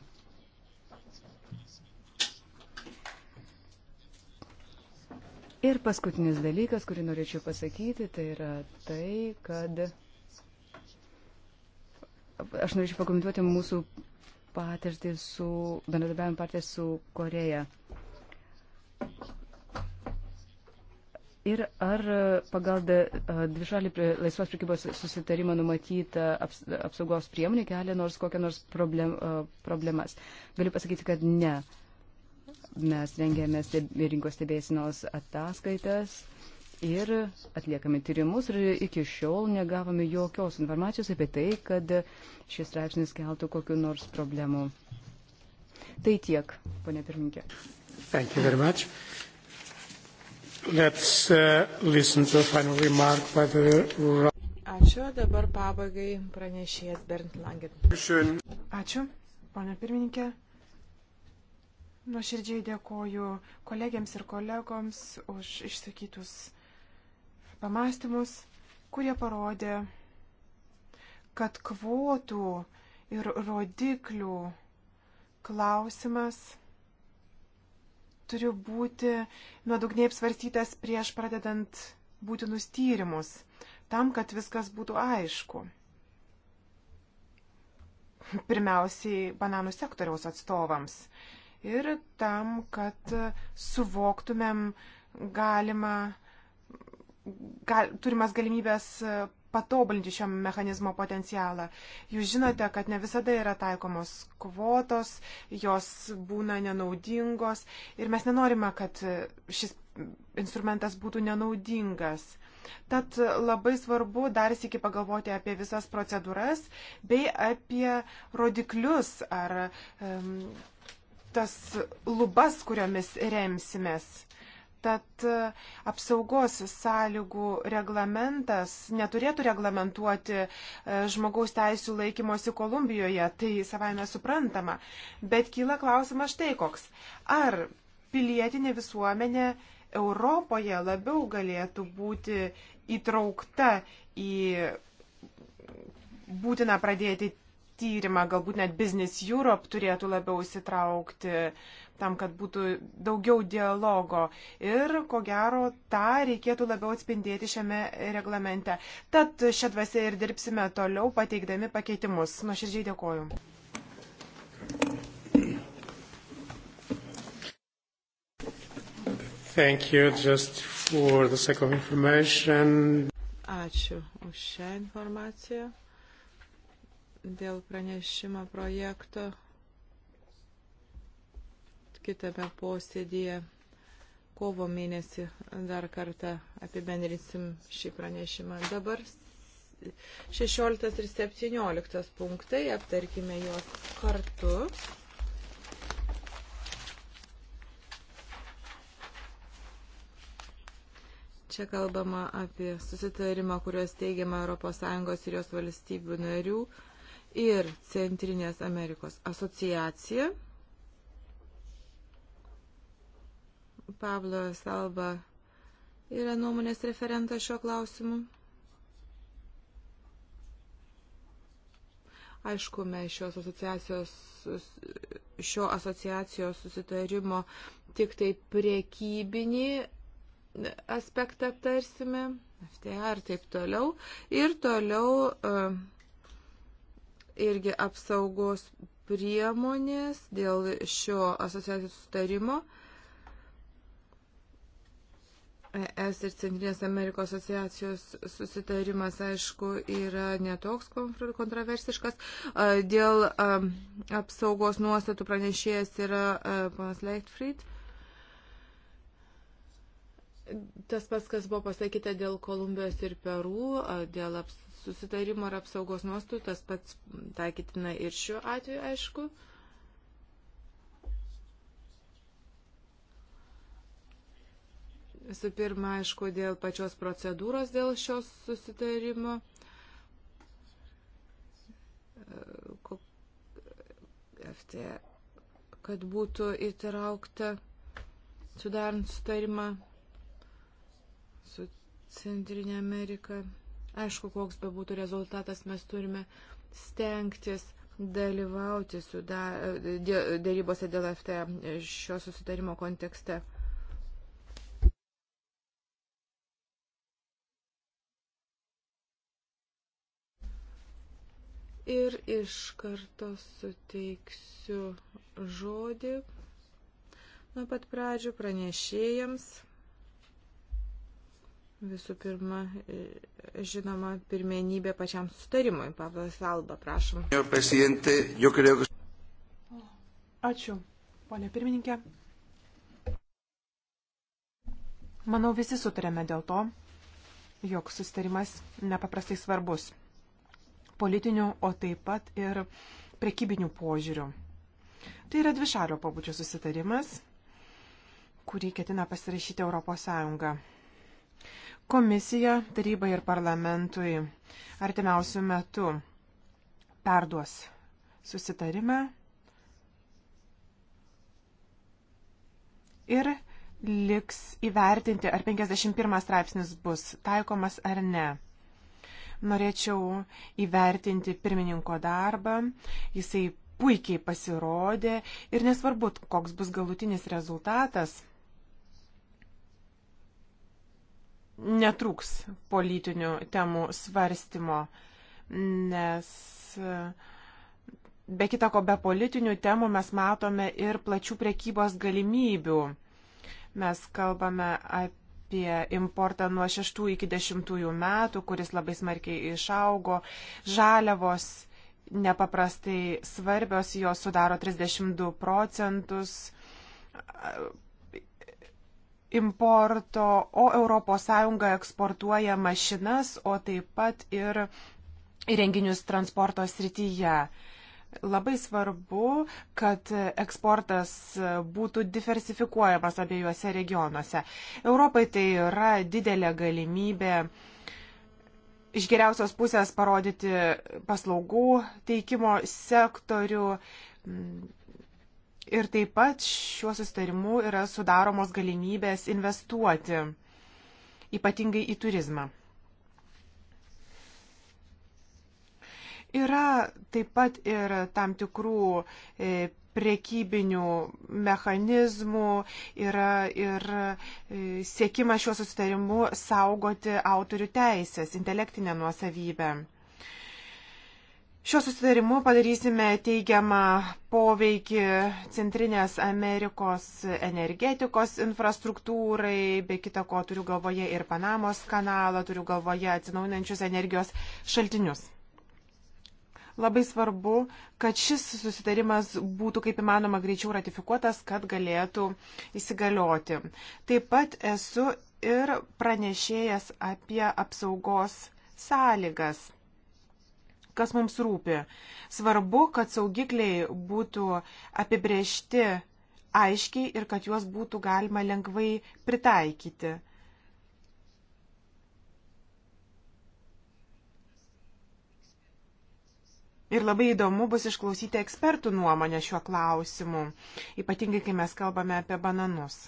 Ir paskutinis dalykas, kurį norėčiau pasakyti, tai yra tai, kad aš norėčiau pakomentuoti mūsų patirtį su, bendradarbiavimo patirtį su Koreja. Ir ar pagal dvišalį laisvos prikybos susitarimą numatyta aps, apsaugos priemonė kelia nors kokią nors problem, problemas? Galiu pasakyti, kad ne. Uh, Mes rengėme rinkos stebėsinos ataskaitas ir atliekame tyrimus ir iki šiol negavome jokios informacijos apie tai, kad šis straipsnis keltų kokiu nors problemu. Tai tiek, ponė pirminkė. Thank you very much. Let's uh, listen to a final remark by the... Ačiū, dabar pabaigai pranešėjas Bernd Langen. Ačiū, ponė pirmininkė. Nuoširdžiai dėkoju kolegiams ir kolegoms už išsakytus pamastymus, kurie parodė, kad kvotų ir rodiklių klausimas turi būti nuodugniai apsvarstytas prieš pradedant būtinus tyrimus, tam, kad viskas būtų aišku. Pirmiausiai bananų sektoriaus atstovams ir tam, kad suvoktumėm galima, gal, turimas galimybės patobulinti šio mechanizmo potencialą. Jūs žinote, kad ne visada yra taikomos kvotos, jos būna nenaudingos ir mes nenorime, kad šis instrumentas būtų nenaudingas. Tad labai svarbu dar sėki pagalvoti apie visas procedūras bei apie rodiklius ar um, tas lubas, kuriomis remsimės. Tad e, apsaugos sąlygų reglamentas neturėtų reglamentuoti e, žmogaus teisų laikymosi Kolumbijoje, tai savaime suprantama. Bet kyla klausimas štai koks. Ar pilietinė visuomenė Europoje labiau galėtų būti įtraukta į būtina pradėti tyrimą, galbūt net Business Europe turėtų labiau įsitraukti tam, kad būtų daugiau dialogo. Ir, ko gero, tą reikėtų labiau atspindėti šiame reglamente. Tad šią dvasę ir dirbsime toliau, pateikdami pakeitimus. Nuoširdžiai dėkoju. Thank you. Just for the sake of information. Ačiū už šią informaciją dėl pranešimo projekto kitame posėdėje kovo mėnesį dar kartą apibendrinsim šį pranešimą. Dabar 16 ir 17 punktai, aptarkime juos kartu. Čia kalbama apie susitarimą, kurios teigiama ES ir jos valstybių narių ir Centrinės Amerikos asociacija. Pablo Salba yra nuomonės referentas šio klausimu. Aišku, mes šios asociacijos, šio asociacijos susitarimo tik tai priekybinį aspektą aptarsime, FTA ir taip toliau. Ir toliau uh, irgi apsaugos priemonės dėl šio asociacijos sutarimo. ES ir Centrinės Amerikos asociacijos susitarimas, aišku, yra netoks kontroversiškas. Dėl apsaugos nuostatų pranešėjas yra panas Leichtfried. Tas pats, kas buvo pasakyta dėl Kolumbijos ir Perų, dėl apsaugos susitarimo ir apsaugos nuostų, tas pats taikytina ir šiuo atveju, aišku. Visų pirma, aišku, dėl pačios procedūros dėl šios susitarimo. FT, e, kad būtų įtraukta sudarant sutarimą su Centrinė Amerika. Aišku, koks be būtų rezultatas, mes turime stengtis dalyvauti da, dėrybose dėl FT šio susitarimo kontekste. Ir iš karto suteiksiu žodį nuo pat pradžių pranešėjams. Visų pirma, e, žinoma, pirmenybė pačiam sustarimui. Pavlas Alba, prašom. Ačiū, ponė pirmininkė. Manau, visi sutarėme dėl to, jog sustarimas nepaprastai svarbus politinių, o taip pat ir prekybinių požiūrių. Tai yra dvišalio pabudžio susitarimas, kurį ketina pasirašyti ES komisija tarybai ir parlamentui artimiausių metų perduos susitarimą ir liks įvertinti, ar 51 straipsnis bus taikomas ar ne. Norėčiau įvertinti pirmininko darbą, jisai puikiai pasirodė ir nesvarbu, koks bus galutinis rezultatas – netrūks politinių temų svarstymo, nes be kita ko, be politinių temų mes matome ir plačių priekybos galimybių. Mes kalbame apie importą nuo 6 iki 10 metų, kuris labai smarkiai išaugo, žaliavos nepaprastai svarbios, jos sudaro 32 procentus importo, o ES eksportuoja mašinas, o taip pat ir įrenginius transporto srityje. Labai svarbu, kad eksportas būtų diversifikuojamas abiejuose regionuose. Europai tai yra didelė galimybė iš geriausios pusės parodyti paslaugų teikimo sektorių, Ir taip pat šiuo sustarimu yra sudaromos galimybės investuoti, ypatingai į turizmą. Yra taip pat ir tam tikrų e, priekybinių mechanizmų, yra ir e, siekimas šiuo sustarimu saugoti autorių teisės, intelektinę nuosavybę. Šiuo susitarimu padarysime teigiamą poveikį Centrinės Amerikos energetikos infrastruktūrai, be kita ko turiu galvoje ir Panamos kanalą, turiu galvoje atsinaujinančius energijos šaltinius. Labai svarbu, kad šis susitarimas būtų kaip įmanoma greičiau ratifikuotas, kad galėtų įsigalioti. Taip pat esu ir pranešėjęs apie apsaugos sąlygas kas mums rūpi. Svarbu, kad saugikliai būtų apibriešti aiškiai ir kad juos būtų galima lengvai pritaikyti. Ir labai įdomu bus išklausyti ekspertų nuomonę šiuo klausimu, ypatingai kai mes kalbame apie bananus.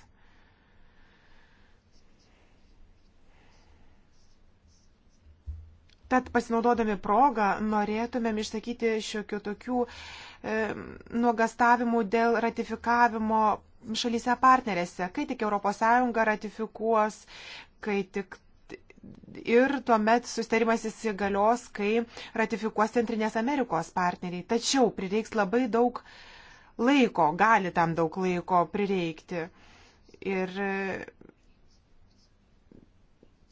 Tad pasinaudodami progą norėtumėm išsakyti šiokių tokių e, nuogastavimų dėl ratifikavimo šalyse partnerėse, kai tik ES ratifikuos, kai tik ir tuomet sustarimas įsigalios, kai ratifikuos Centrinės Amerikos partneriai. Tačiau prireiks labai daug laiko, gali tam daug laiko prireikti. Ir e,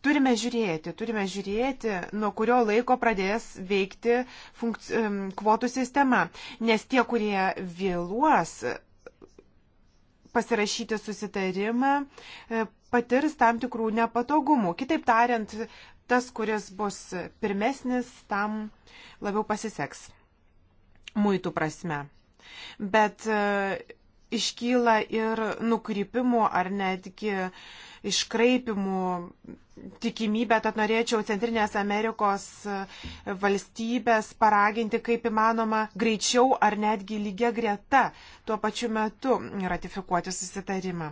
Turime žiūrėti, turime žiūrėti, nuo kurio laiko pradės veikti funkci... kvotų sistema, nes tie, kurie vėluos pasirašyti susitarimą, e, patirs tam tikrų nepatogumų. Kitaip tariant, tas, kuris bus pirmesnis, tam labiau pasiseks. Muitų prasme. Bet e, iškyla ir nukrypimų ar netgi iškraipimų tikimybė, tad norėčiau Centrinės Amerikos valstybės paraginti kaip įmanoma greičiau ar netgi lygia greta tuo pačiu metu ratifikuoti susitarimą.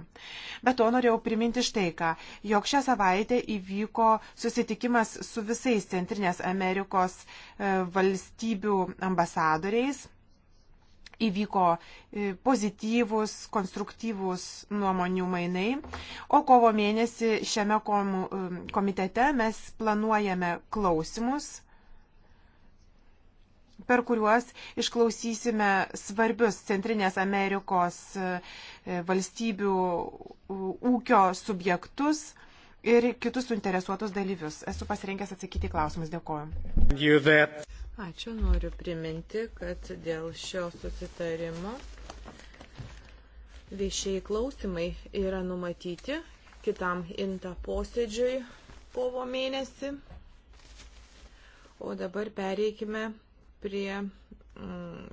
Be to norėjau priminti štai ką, jog šią savaitę įvyko susitikimas su visais Centrinės Amerikos e, valstybių ambasadoriais įvyko e, pozityvus, konstruktyvus nuomonių mainai. O kovo mėnesį šiame e, komitete mes planuojame klausimus, per kuriuos išklausysime svarbius Centrinės Amerikos e, valstybių ūkio subjektus ir kitus suinteresuotus dalyvius. Esu pasirengęs atsakyti į klausimus. Dėkuoju. Ačiū, noriu priminti, kad dėl šio susitarimo viešieji klausimai yra numatyti kitam inta posėdžiui kovo mėnesį. O dabar pereikime prie mm,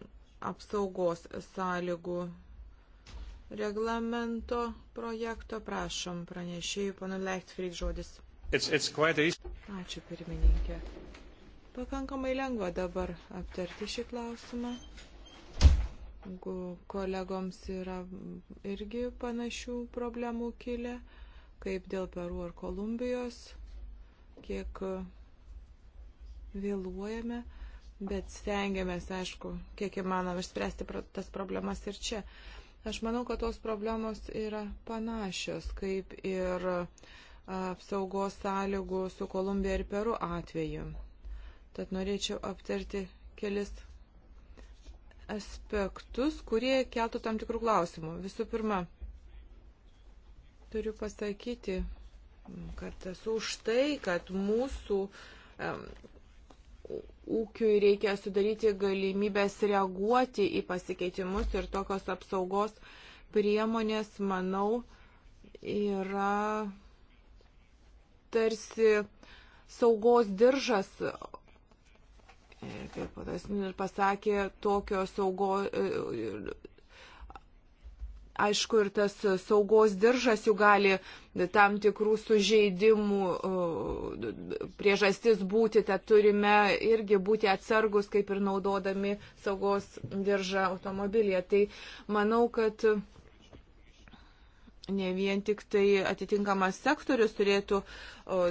apsaugos sąlygų reglamento projekto. Prašom, pranešėjų, panu Leichtfried žodis. It's, it's Ačiū pirmininkė. Pakankamai lengva dabar aptarti šį klausimą. Kolegoms yra irgi panašių problemų kilę, kaip dėl Peru ar Kolumbijos, kiek vėluojame, bet stengiamės, aišku, kiek įmanoma išspręsti tas problemas ir čia. Aš manau, kad tos problemos yra panašios, kaip ir apsaugos sąlygų su Kolumbija ir Peru atveju. Tad norėčiau aptarti kelis aspektus, kurie keltų tam tikrų klausimų. Visų pirma, turiu pasakyti, kad esu už tai, kad mūsų um, ūkiui reikia sudaryti galimybės reaguoti į pasikeitimus ir tokios apsaugos priemonės, manau, yra tarsi saugos diržas Ir ponas Miller pasakė, tokio saugo, aišku, ir tas saugos diržas jų gali tam tikrų sužeidimų e, priežastis būti, tad turime irgi būti atsargus, kaip ir naudodami saugos diržą automobilėje. Tai manau, kad ne vien tik tai atitinkamas sektorius turėtų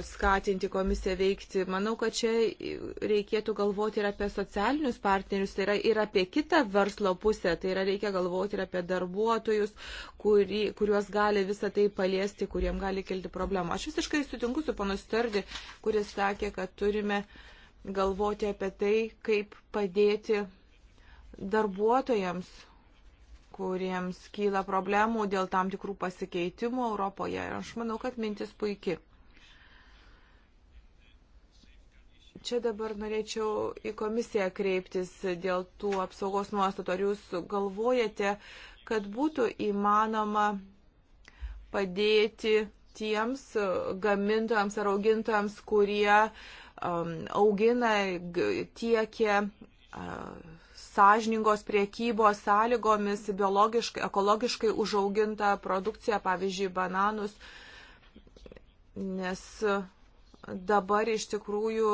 skatinti komisiją veikti. Manau, kad čia reikėtų galvoti ir apie socialinius partnerius, tai yra ir apie kitą verslo pusę, tai yra reikia galvoti ir apie darbuotojus, kuri, kuriuos gali visą tai paliesti, kuriem gali kilti problemų. Aš visiškai sutinku su panu Stardi, kuris sakė, kad turime galvoti apie tai, kaip padėti darbuotojams kuriems kyla problemų dėl tam tikrų pasikeitimų Europoje. Ir aš manau, kad mintis puikia. Čia dabar norėčiau į komisiją kreiptis dėl tų apsaugos nuostatų. Ar jūs galvojate, kad būtų įmanoma padėti tiems gamintojams ar augintojams, kurie um, augina, tiekia uh, sąžiningos priekybos sąlygomis biologiškai, ekologiškai užaugintą produkciją, pavyzdžiui, bananus, nes dabar iš tikrųjų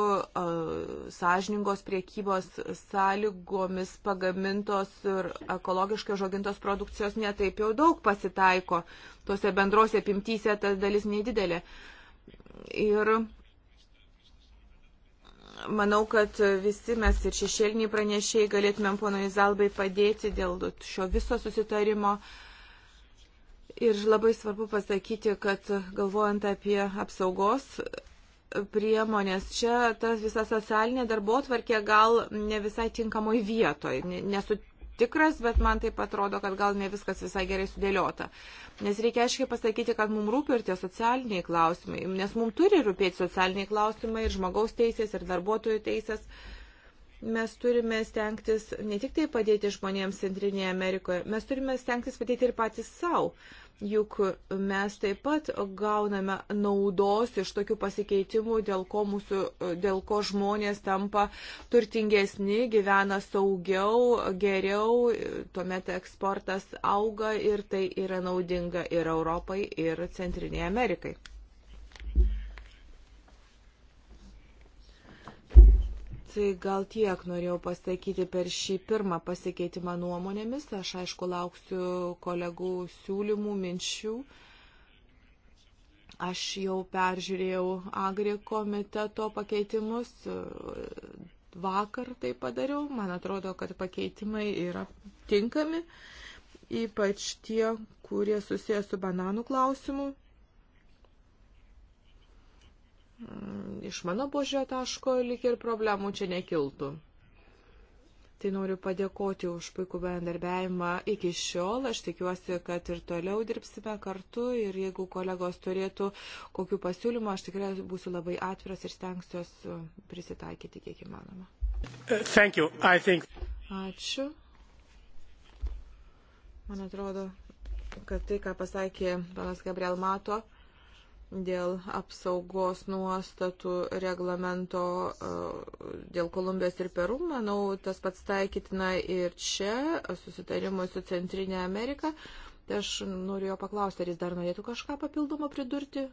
sąžiningos priekybos sąlygomis pagamintos ir ekologiškai žogintos produkcijos netaip jau daug pasitaiko. Tuose bendrose pimtyse tas dalis nedidelė. Ir Manau, kad visi mes ir šešėliniai pranešėjai galėtumėm ponui Zalbai padėti dėl šio viso susitarimo. Ir labai svarbu pasakyti, kad galvojant apie apsaugos priemonės, čia ta visa socialinė darbo tvarkė gal ne visai tinkamoj vietoj, nesu, tikras, bet man taip atrodo, kad gal ne viskas visai gerai sudėliota. Nes reikia aiškiai pasakyti, kad mums rūpi ir tie socialiniai klausimai, nes mums turi rūpėti socialiniai klausimai ir žmogaus teisės, ir darbuotojų teisės mes turime stengtis ne tik tai padėti žmonėms Centrinėje Amerikoje, mes turime stengtis padėti ir patys savo juk mes taip pat gauname naudos iš tokių pasikeitimų, dėl ko, mūsų, dėl ko žmonės tampa turtingesni, gyvena saugiau, geriau, tuomet eksportas auga ir tai yra naudinga ir Europai, ir Centrinėje Amerikai. Tai gal tiek norėjau pasakyti per šį pirmą pasikeitimą nuomonėmis. Aš aišku lauksiu kolegų siūlymų, minčių. Aš jau peržiūrėjau agri komiteto pakeitimus. Vakar tai padariau. Man atrodo, kad pakeitimai yra tinkami. Ypač tie, kurie susijęs su bananų klausimu. Mm, iš mano požiūrio taško lyg ir problemų čia nekiltų. Tai noriu padėkoti už puikų bendarbiavimą iki šiol. Aš tikiuosi, kad ir toliau dirbsime kartu ir jeigu kolegos turėtų kokių pasiūlymų, aš tikrai būsiu labai atviras ir stengsiuos e, prisitaikyti kiek įmanoma. Uh, think... Ačiū. Man atrodo, kad tai, ką pasakė panas Gabriel Mato, dėl apsaugos nuostatų reglamento e, dėl Kolumbijos ir Perų, manau, tas pats taikytina ir čia, susitarimui su Centrinė Amerika. Tai aš noriu jo paklausti, ar jis dar norėtų kažką papildomą pridurti?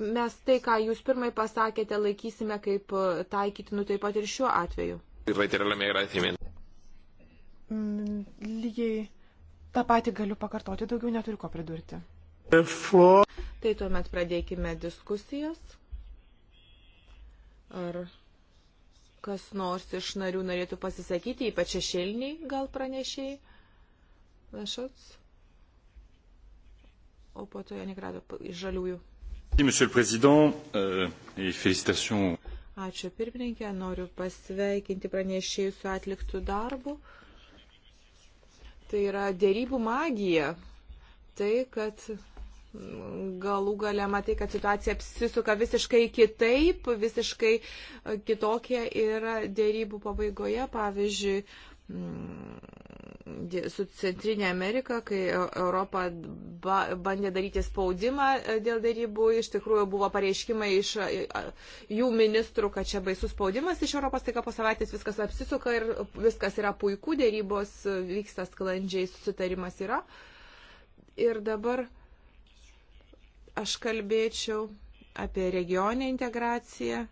Mes tai, ką jūs pirmai pasakėte, laikysime kaip taikytinu taip pat ir šiuo atveju. Mm, lygiai tą patį galiu pakartoti, daugiau neturiu ko pridurti. Tai tuomet pradėkime diskusijas. Ar kas nors iš narių norėtų pasisakyti, ypač šešėliniai gal pranešiai? Lašots. O po to Janikrado iš žaliųjų. Euh, Ačiū pirmininkė, noriu pasveikinti pranešėjus su atliktų darbų. Tai yra dėrybų magija. Tai, kad galų gale matai, kad situacija apsisuka visiškai kitaip, visiškai kitokia yra dėrybų pabaigoje. Pavyzdžiui, Mm, su Centrinė Amerika, kai Europa ba, bandė daryti spaudimą e, dėl darybų, iš tikrųjų buvo pareiškimai iš e, jų ministrų, kad čia baisus spaudimas iš Europos, tai ką po savaitės viskas apsisuka ir viskas yra puiku, darybos e, vyksta sklandžiai, susitarimas yra. Ir dabar aš kalbėčiau apie regionę integraciją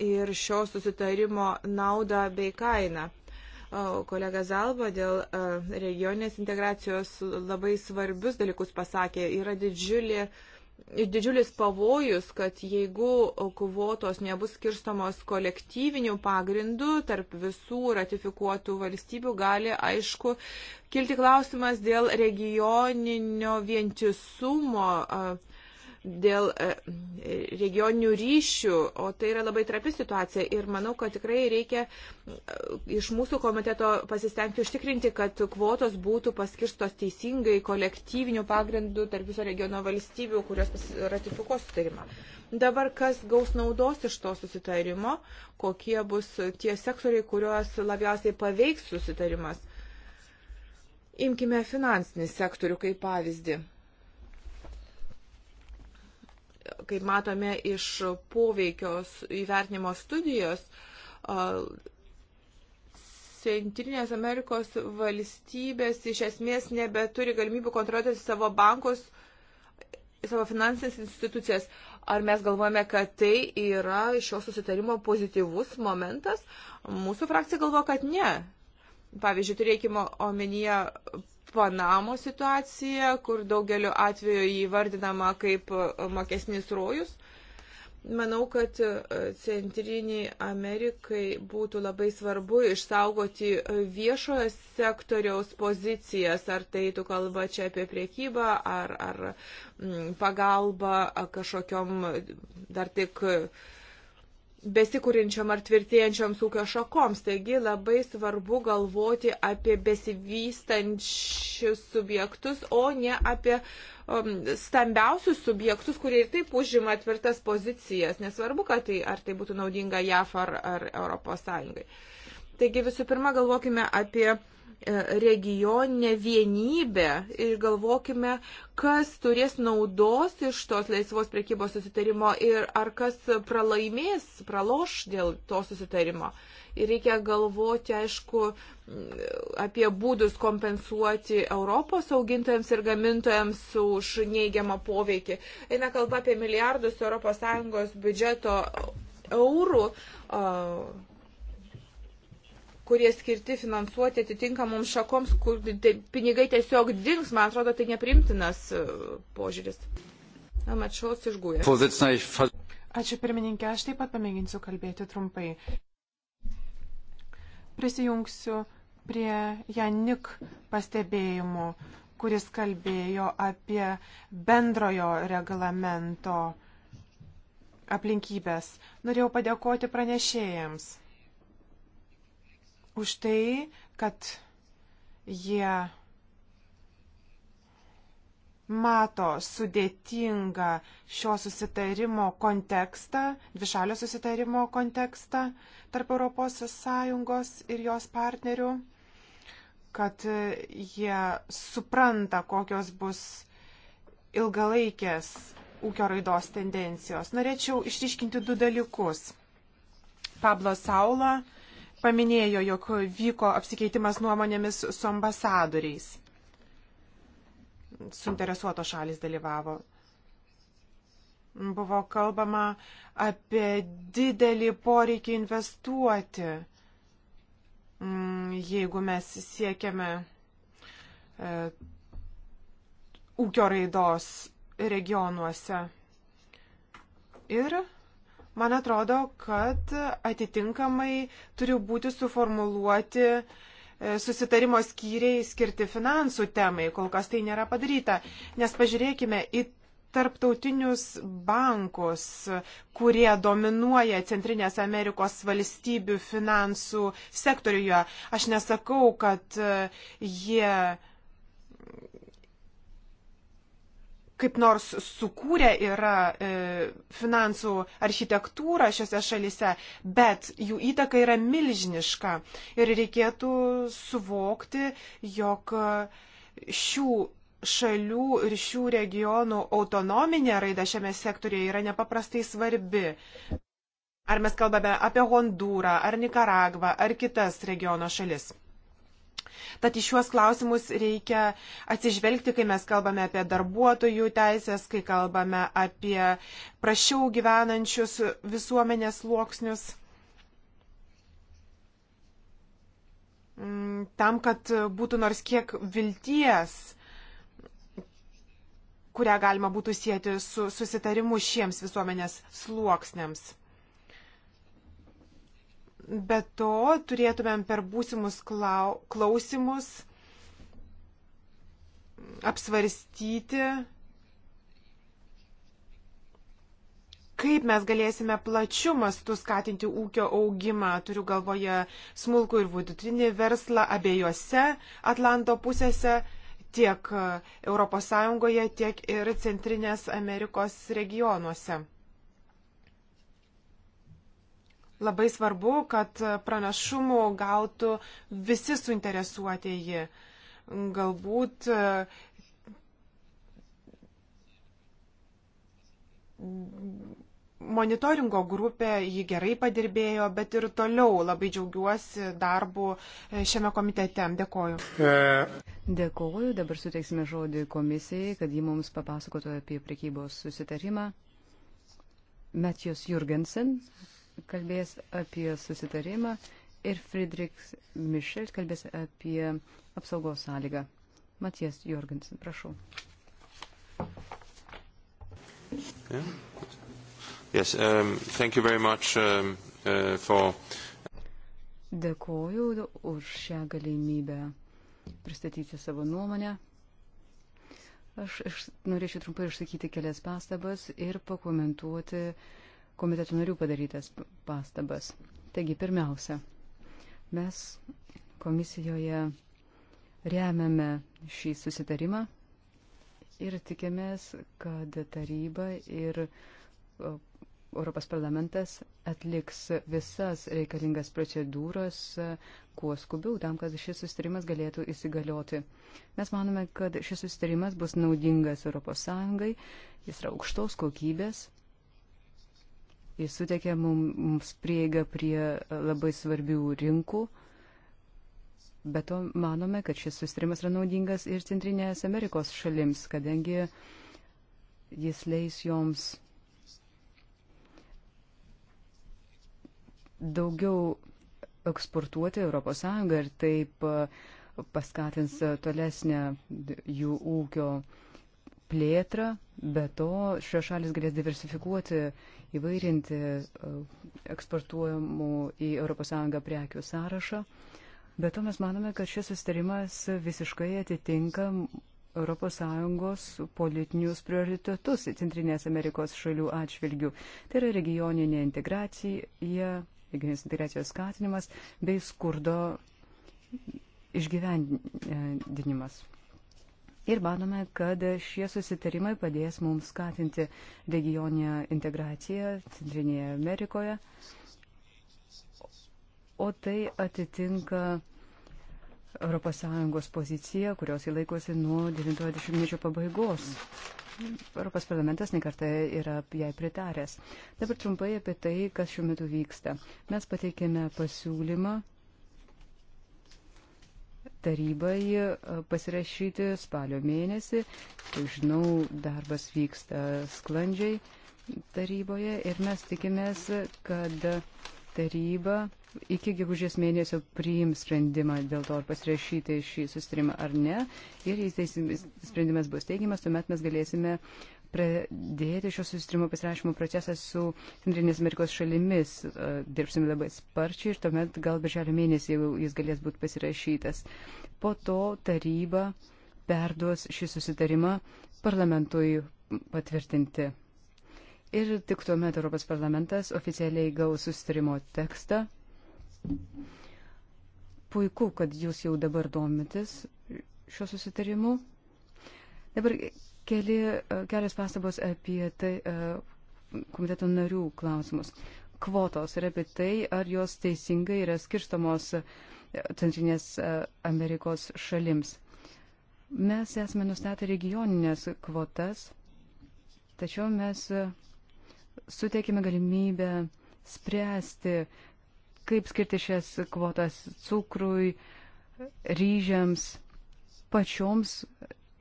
ir šio susitarimo naudą bei kainą. Kolega Zalba dėl e, regioninės integracijos labai svarbius dalykus pasakė. Yra didžiulė ir didžiulis pavojus, kad jeigu kvotos nebus skirstomos kolektyvinių pagrindų tarp visų ratifikuotų valstybių, gali aišku kilti klausimas dėl regioninio vientisumo. Uh, dėl e, regioninių ryšių, o tai yra labai trapi situacija ir manau, kad tikrai reikia e, iš mūsų komiteto pasistengti užtikrinti, kad kvotos būtų paskirstos teisingai kolektyvinių pagrindų tarp viso regiono valstybių, kurios ratifikuos sutarimą. Dabar kas gaus naudos iš to susitarimo, kokie bus tie sektoriai, kuriuos labiausiai paveiks susitarimas. Imkime finansinį sektorių kaip pavyzdį kaip matome iš poveikios įvertinimo studijos, Centrinės Amerikos valstybės iš esmės nebeturi galimybių kontroliuoti savo bankus, savo finansinės institucijas. Ar mes galvojame, kad tai yra šio susitarimo pozityvus momentas? Mūsų frakcija galvo, kad ne. Pavyzdžiui, turėkime omenyje Panamos situacija, kur daugeliu atveju įvardinama kaip e, mokesnis rojus. Manau, kad e, centriniai Amerikai būtų labai svarbu išsaugoti e, viešojo sektoriaus pozicijas, ar tai tu kalba čia apie priekybą, ar, ar pagalbą kažkokiam dar tik uh, besikūrinčiom ar tvirtėjančioms ūkio šakoms. Taigi labai svarbu galvoti apie besivystančius subjektus, o ne apie um, stambiausius subjektus, kurie ir taip užima tvirtas pozicijas. Nesvarbu, kad tai ar tai būtų naudinga JAF ar, ar ES. Taigi visų pirma galvokime apie uh, E, regioninę vienybę ir galvokime, kas turės naudos iš tos laisvos prekybos susitarimo ir ar kas pralaimės, praloš dėl to susitarimo. Ir reikia galvoti, aišku, apie būdus kompensuoti Europos augintojams ir gamintojams už neigiamą poveikį. Eina kalba apie milijardus ES biudžeto eurų. Uh, kurie skirti finansuoti atitinkamoms šakoms, kur tai pinigai tiesiog dings, man atrodo, tai neprimtinas e, požiūris. Mačiaus išgūė. Ačiū pirmininkė, aš taip pat pamėginsiu kalbėti trumpai. Prisijungsiu prie Janik pastebėjimų, kuris kalbėjo apie bendrojo reglamento aplinkybės. Norėjau padėkoti pranešėjams už tai, kad jie mato sudėtingą šio susitarimo kontekstą, dvišalio susitarimo kontekstą tarp ES ir jos partnerių, kad jie supranta, kokios bus ilgalaikės ūkio raidos tendencijos. Norėčiau išryškinti du dalykus. Pablo Saulo paminėjo, jog vyko apsikeitimas nuomonėmis su ambasadoriais. Suinteresuoto šalis dalyvavo. Buvo kalbama apie didelį poreikį investuoti, mm, jeigu mes siekiame e, ūkio raidos regionuose. Ir man atrodo, kad atitinkamai turi būti suformuluoti e, susitarimo skyriai skirti finansų temai. Kol kas tai nėra padaryta. Nes pažiūrėkime į tarptautinius bankus, kurie dominuoja Centrinės Amerikos valstybių finansų sektoriuje. Aš nesakau, kad e, jie kaip nors sukūrę yra e, finansų architektūrą šiose šalise, bet jų įtaka yra milžiniška. Ir reikėtų suvokti, jog šių šalių ir šių regionų autonominė raida šiame sektorėje yra nepaprastai svarbi. Ar mes kalbame apie Hondūrą, ar Nikaragvą, ar kitas regiono šalis. Tad į šiuos klausimus reikia atsižvelgti, kai mes kalbame apie darbuotojų teisės, kai kalbame apie prašiau gyvenančius visuomenės sluoksnius. Mm, tam, kad būtų nors kiek vilties, kurią galima būtų sieti su susitarimu šiems visuomenės sluoksniams. Be to, turėtumėm per būsimus klausimus apsvarstyti, kaip mes galėsime plačiu mastu skatinti ūkio augimą, turiu galvoje smulkų ir vidutinį verslą abiejose Atlanto pusėse, tiek ES, tiek ir Centrinės Amerikos regionuose. Labai svarbu, kad pranašumų gautų visi suinteresuotieji. Galbūt e, monitoringo grupė jį gerai padirbėjo, bet ir toliau labai džiaugiuosi darbu e, šiame komitete. Dėkoju. E. Dėkoju, dabar suteiksime žodį komisijai, kad ji mums papasakotų apie priekybos susitarimą. Matijos Jurgensen, kalbės apie susitarimą ir Friedrichs Mišel kalbės apie apsaugos sąlygą. Matijas Jorgensen, prašau. Yeah. Yes, um, thank you very much um, uh, for. Dėkoju už šią galimybę pristatyti savo nuomonę. Aš, aš norėčiau trumpai išsakyti kelias pastabas ir pakomentuoti uh, komiteto narių padarytas pastabas. Taigi, pirmiausia, mes komisijoje remiame šį susitarimą ir tikėmės, kad taryba ir Europos parlamentas atliks visas reikalingas procedūras kuo skubiau tam, kad šis sustarimas galėtų įsigalioti. Mes manome, kad šis sustarimas bus naudingas ES, jis yra aukštos kokybės Jis suteikė mums prieigą prie e, labai svarbių rinkų. Bet to manome, kad šis sustarimas yra naudingas ir Centrinės Amerikos šalims, kadangi jis leis joms daugiau eksportuoti ES ir taip e, paskatins e, tolesnę jų ūkio uh, plėtrą, be to šios šalis galės diversifikuoti, įvairinti e, eksportuojamų į ES prekių sąrašą. Be to mes manome, kad šis sustarimas visiškai atitinka ES politinius prioritetus Centrinės Amerikos šalių atžvilgių. Tai yra regioninė integracija, regioninės integracijos skatinimas bei skurdo išgyvendinimas ir manome, kad šie susitarimai padės mums skatinti regioninę integraciją Centrinėje Amerikoje, o tai atitinka ES poziciją, kurios įlaikosi nuo 90-mečio pabaigos. Europos parlamentas nekartą yra jai pritaręs. Dabar trumpai apie tai, kas šiuo metu vyksta. Mes pateikėme pasiūlymą tarybai e, pasirašyti spalio mėnesį. Kaip žinau, darbas vyksta sklandžiai taryboje ir mes tikimės, kad taryba iki gegužės mėnesio priims sprendimą dėl to, ar pasirašyti šį sustarimą ar ne. Ir jei sprendimas bus teigiamas, tuomet mes galėsime pradėti šio susitrimo pasirašymo procesą su Centrinės Amerikos šalimis. E, Dirbsim labai sparčiai ir tuomet gal birželio mėnesį jis galės būti pasirašytas. Po to taryba perduos šį susitarimą parlamentui patvirtinti. Ir tik tuomet Europos parlamentas oficialiai gaus susitarimo tekstą. Puiku, kad jūs jau dabar domitės šiuo susitarimu. Dabar Keli, e, kelios pastabos apie tai e, komiteto narių klausimus. Kvotos ir apie tai, ar jos teisingai yra skirstamos e, Centrinės Amerikos šalims. Mes esame nustatę regioninės kvotas, tačiau mes suteikime galimybę spręsti, kaip skirti šias kvotas cukrui, ryžiams, pačioms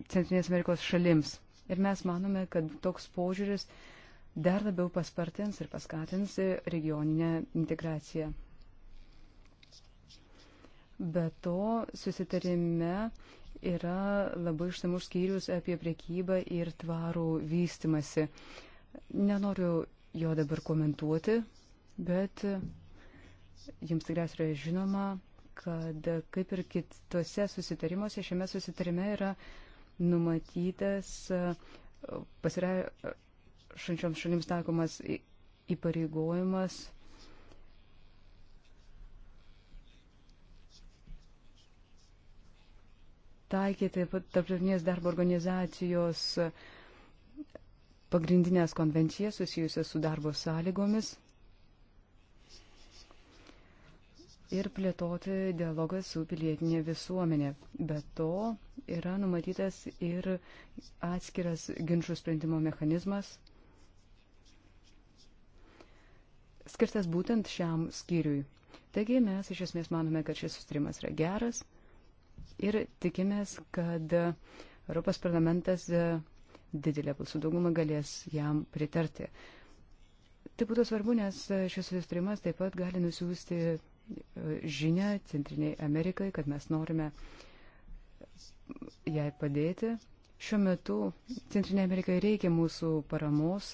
Centrinės Amerikos šalims. Ir mes manome, kad toks požiūris dar labiau paspartins ir paskatins regioninę integraciją. Be to, susitarime yra labai išsamus skyrius apie priekybą ir tvarų vystimasi. Nenoriu jo dabar komentuoti, bet jums tikriausiai yra žinoma, kad kaip ir kitose susitarimuose, šiame susitarime yra numatytas pasirašančioms šalims taikomas įpareigojimas taikyti tarptautinės darbo organizacijos pagrindinės konvencijas susijusias su darbo sąlygomis ir plėtoti dialogą su pilietinė visuomenė. Be to yra numatytas ir atskiras ginčių sprendimo mechanizmas, skirtas būtent šiam skyriui. Taigi mes iš esmės manome, kad šis sustrimas yra geras ir tikimės, kad Europos parlamentas didelė balsų dauguma galės jam pritarti. Tai būtų svarbu, nes šis sustrimas taip pat gali nusiųsti žinę Centriniai Amerikai, kad mes norime jai padėti. Šiuo metu Centrinė Amerikai reikia mūsų paramos,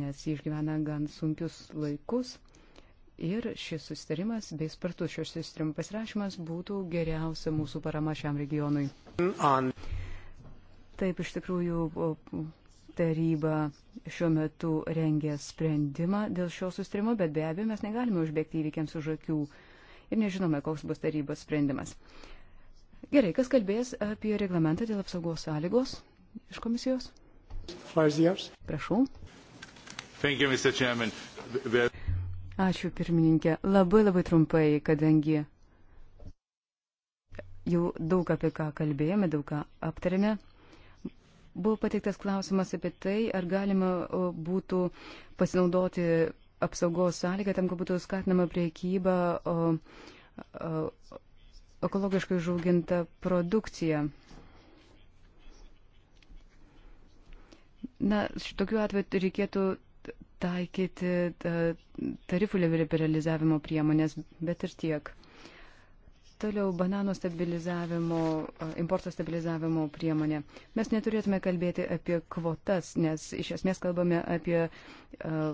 nes jie išgyvena gan sunkius laikus. Ir šis sustarimas bei spartus šios sustarimų pasirašymas būtų geriausia mūsų parama šiam regionui. Taip, iš tikrųjų, Taryba šiuo metu rengia sprendimą dėl šio sustrimo, bet be abejo mes negalime užbėgti įvykiams už akių ir nežinome, koks bus tarybos sprendimas. Gerai, kas kalbės apie reglamentą dėl apsaugos sąlygos iš komisijos? Prašau. You, Ačiū pirmininkė. Labai labai trumpai, kadangi jau daug apie ką kalbėjome, daug ką aptarėme. Buvo pateiktas klausimas apie tai, ar galima būtų pasinaudoti apsaugos sąlygą tam, kad būtų skatinama priekyba ekologiškai žauginta produkcija. Na, šitokiu atveju reikėtų taikyti tarifų liberalizavimo priemonės, bet ir tiek. Toliau banano stabilizavimo, importo stabilizavimo priemonė. Mes neturėtume kalbėti apie kvotas, nes iš esmės kalbame apie uh,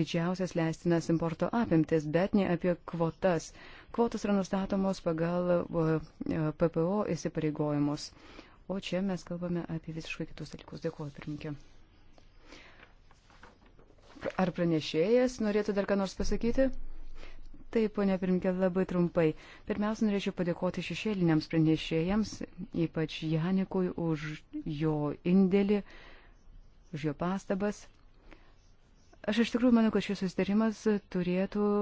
didžiausias leistinas importo apimtis, bet ne apie kvotas. Kvotas yra nustatomos pagal uh, PPO įsipareigojimus. O čia mes kalbame apie visiškai kitus dalykus. Dėkuoju, pirmininkė. Ar pranešėjas norėtų dar ką nors pasakyti? Taip, ponia pirmininkė, labai trumpai. Pirmiausia, norėčiau padėkoti šešėliniams pranešėjams, ypač Janikui, už jo indėlį, už jo pastabas. Aš iš tikrųjų manau, kad šis susitarimas turėtų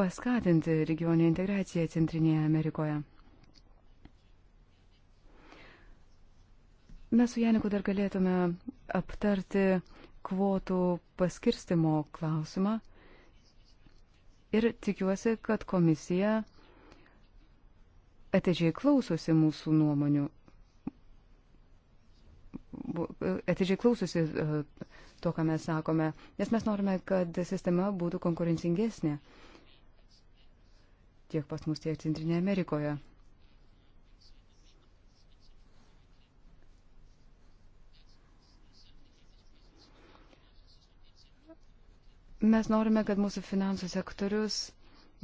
paskatinti regioninę integraciją Centrinėje Amerikoje. Mes su Janiku dar galėtume aptarti kvotų paskirstimo klausimą ir tikiuosi, kad komisija atidžiai klausosi mūsų nuomonių, atidžiai klausosi e, to, ką mes sakome, nes mes norime, kad sistema būtų konkurencingesnė tiek pas mus, tiek Centrinėje Amerikoje. Mes norime, kad mūsų finansų sektorius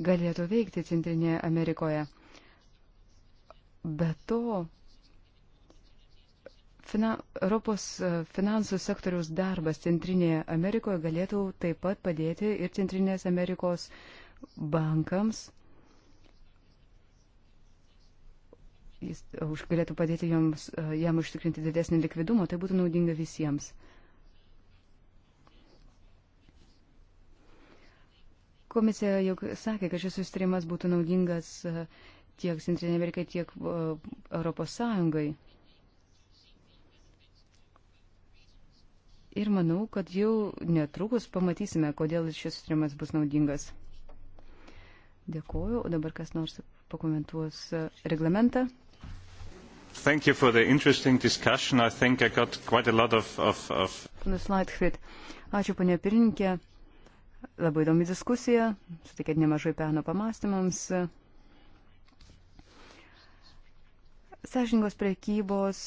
galėtų veikti Centrinėje Amerikoje. Be to, fina, Europos e, finansų sektoriaus darbas Centrinėje Amerikoje galėtų taip pat padėti ir Centrinės Amerikos bankams. Jis galėtų padėti joms, e, jam užtikrinti didesnį likvidumą, tai būtų naudinga visiems. Komisija jau sakė, kad šis sustarimas būtų naudingas e, tiek Centrinė Amerikai, tiek e, Europos Sąjungai. Ir manau, kad jau netrukus pamatysime, kodėl šis sustarimas bus naudingas. Dėkuoju, o dabar kas nors pakomentuos e, reglamentą. Thank you for the interesting discussion. I think I got quite a lot of... of, of... Ačiū, ponė pirmininkė. Labai įdomi diskusija, sutikėt nemažai peno pamastymams. Sąžingos prekybos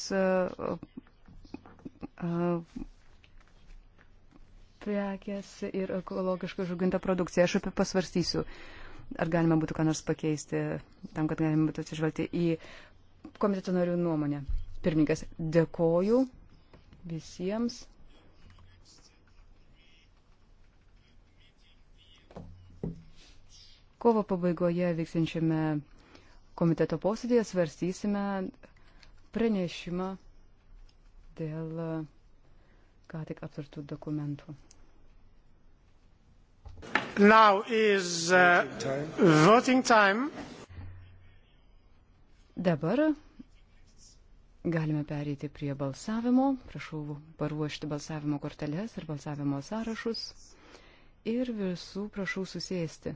prekės ir ekologiškai žuginta produkcija. Aš apie pasvarstysiu, ar galima būtų ką nors pakeisti tam, kad galima būtų atsižvelgti į komiteto narių nuomonę. Pirmininkas, dėkoju visiems. kovo pabaigoje vyksinčiame komiteto posėdėje svarstysime pranešimą dėl e, ką tik aptartų dokumentų. Now is uh, voting time. Dabar galime pereiti prie balsavimo. Prašau paruošti balsavimo korteles ir balsavimo sąrašus. Ir visų prašau susėsti.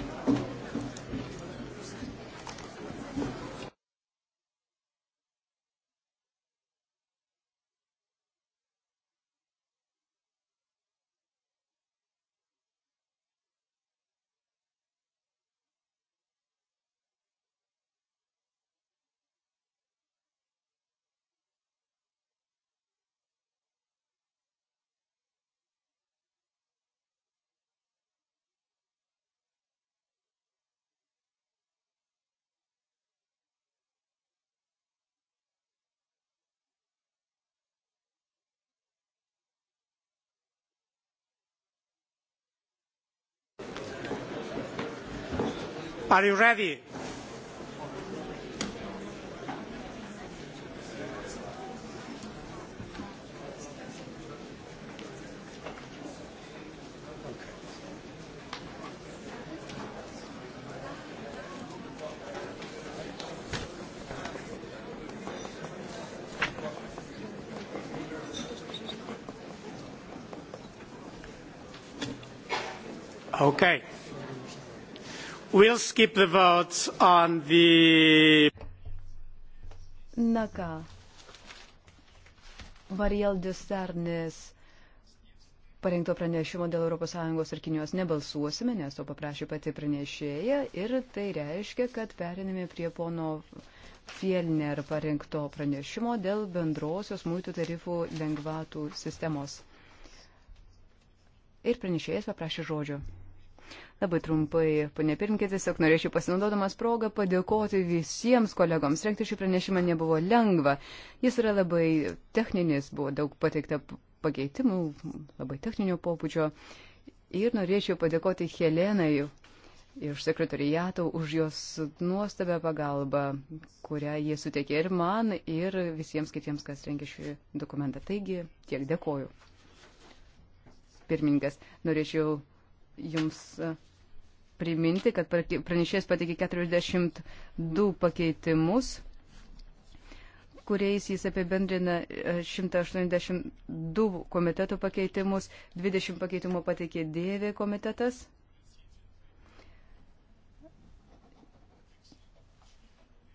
Are you ready? Okay. We'll skip the votes on the... Na ką. Variel Dusarnis parengto pranešimo dėl ES ir Kinijos nebalsuosime, nes to paprašė pati pranešėja ir tai reiškia, kad periname prie pono Fielner parengto pranešimo dėl bendrosios muitų tarifų lengvatų sistemos. Ir pranešėjas paprašė žodžio. Labai trumpai, ponė pirmkė, tiesiog norėčiau pasinaudodamas progą padėkoti visiems kolegoms. Renkti šį pranešimą nebuvo lengva. Jis yra labai techninis, buvo daug pateikta pakeitimų, labai techninio pobūdžio. Ir norėčiau padėkoti Helenai iš sekretariato už jos nuostabę pagalbą, kurią jie suteikė ir man, ir visiems kitiems, kas rengė šį dokumentą. Taigi, tiek dėkoju. Pirmininkas, norėčiau Jums. Uh, priminti, kad pranešėjas pateikė 42 pakeitimus, kuriais jis apibendrina 182 e, komitetų pakeitimus, 20 pakeitimų pateikė Dėvė komitetas.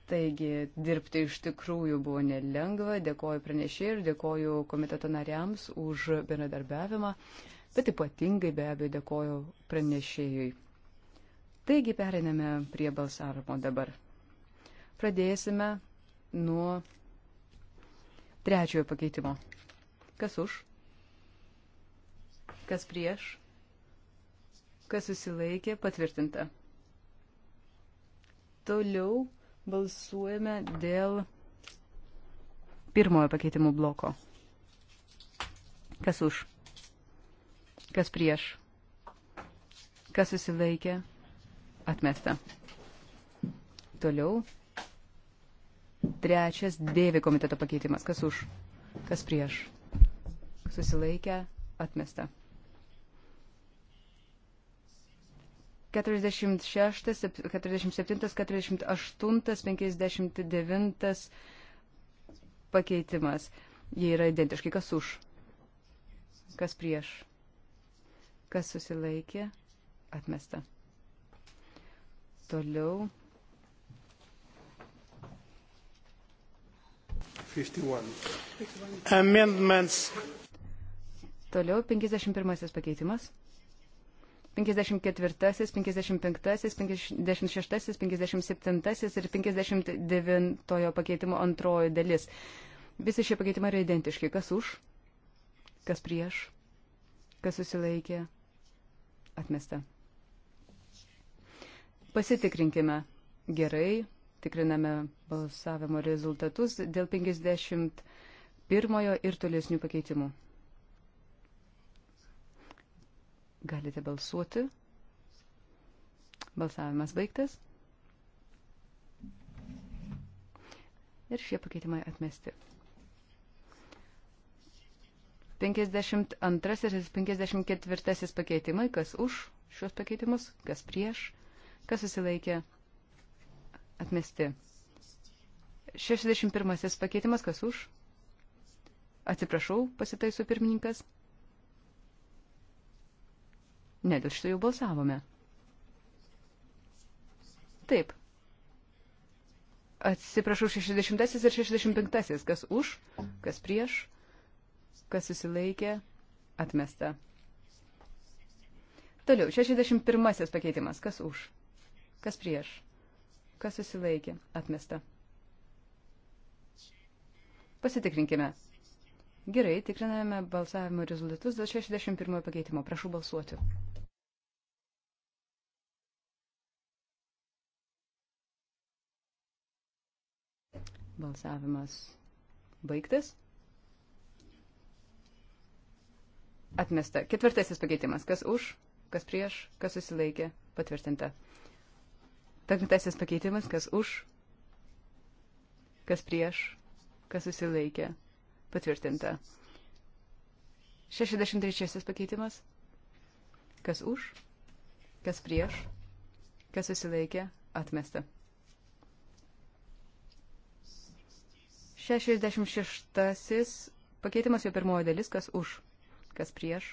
Taigi dirbti iš tikrųjų buvo nelengva. Dėkoju pranešėjai ir dėkoju komiteto nariams už bendradarbiavimą, bet ypatingai be abejo dėkoju pranešėjui. Taigi periname prie balsavimo dabar. Pradėsime nuo trečiojo pakeitimo. Kas už? Kas prieš? Kas susilaikė? Patvirtinta. Toliau balsuojame dėl pirmojo pakeitimų bloko. Kas už? Kas prieš? Kas susilaikė? Atmesta. Toliau. Trečias dėvi komiteto pakeitimas. Kas už? Kas prieš? Susilaikę. Atmesta. 46, 47, 48, 59 pakeitimas. Jie yra identiški. Kas už? Kas prieš? Kas susilaikė? Atmesta. Toliau. 51. Amendments. Toliau 51 pakeitimas. 54, 55, 56, 57 ir 59 pakeitimo antroji dalis. Visi šie pakeitimai yra identiški. Kas už, kas prieš, kas susilaikė, atmesta. Pasitikrinkime. Gerai, tikriname balsavimo rezultatus dėl 51 ir tolesnių pakeitimų. Galite balsuoti. Balsavimas baigtas. Ir šie pakeitimai atmesti. 52 ir 54 pakeitimai, kas už šios pakeitimus, kas prieš, Kas susilaikė? Atmesti. 61 pakeitimas, kas už? Atsiprašau, pasitaiso pirmininkas. Ne, dėl šito jau balsavome. Taip. Atsiprašau, 60 ir 65, kas už, kas prieš, kas susilaikė, atmesta. Toliau, 61 pakeitimas, kas už, Kas prieš? Kas susilaikė? Atmesta. Pasitikrinkime. Gerai, tikriname balsavimo rezultatus dėl 61 pakeitimo. Prašau balsuoti. Balsavimas baigtas. Atmesta. Ketvirtasis pakeitimas. Kas už, kas prieš, kas susilaikė, patvirtinta. Penktasis pakeitimas, kas už, kas prieš, kas susilaikė. Patvirtinta. 63 pakeitimas. Kas už, kas prieš, kas susilaikė, atmesta. 66 pakeitimas jo pirmoji dalis, kas už, kas prieš,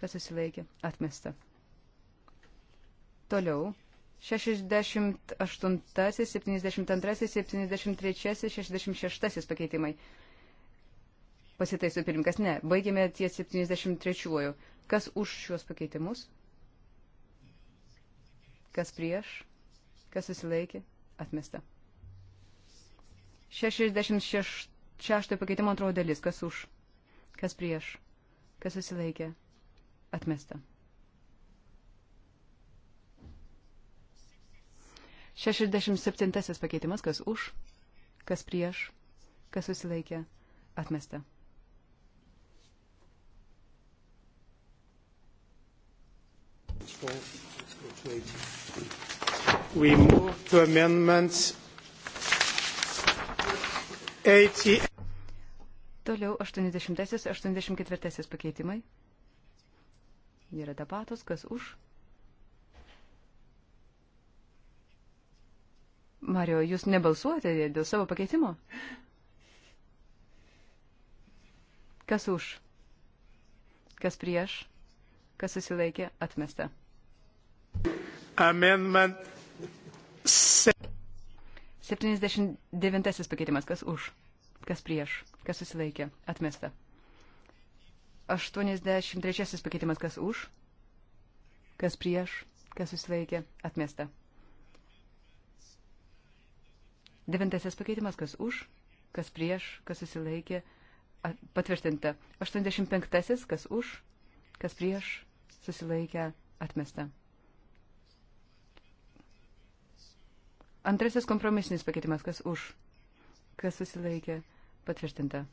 kas susilaikė, atmesta. Toliau 68, 72, 73, 66 pakeitimai. Pasitaisiu pirmkas, ne, baigėme ties 73-uoju. Kas už šiuos pakeitimus? Kas prieš? Kas susilaikė? Atmesta. 66 pakeitimo antroji dalis. Kas už? Kas prieš? Kas susilaikė? Atmesta. 67 pakeitimas, kas už, kas prieš, kas susilaikė, atmesta. We move to amendments 80. Toliau 80-84 pakeitimai. Yra debatos, kas už, Mario, jūs nebalsuojate dėl savo pakeitimo? Kas už? Kas prieš? Kas susilaikė? Atmesta. Amendment 79 pakeitimas. Kas už? Kas prieš? Kas susilaikė? Atmesta. 83 pakeitimas. Kas už? Kas prieš? Kas susilaikė? Atmesta. Devintasis pakeitimas, kas už, kas prieš, kas susilaikė, patvirtinta. 85-asis, kas už, kas prieš, susilaikė, atmesta. Antrasis kompromisinis pakeitimas, kas už, kas susilaikė, patvirtinta.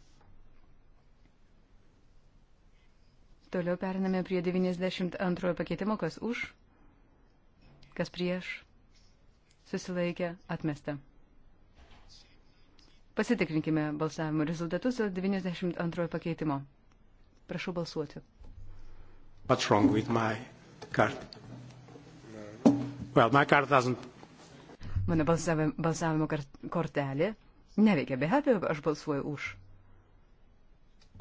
Toliau periname prie 92 pakeitimo, kas už, kas prieš, susilaikė, atmesta. Pasitikrinkime balsavimo rezultatus dėl 92 pakeitimo. Prašau balsuoti. What's wrong with my card? Well, my card doesn't... Mano balsavimo, balsavimo kortelė neveikia, be abejo, aš balsuoju už.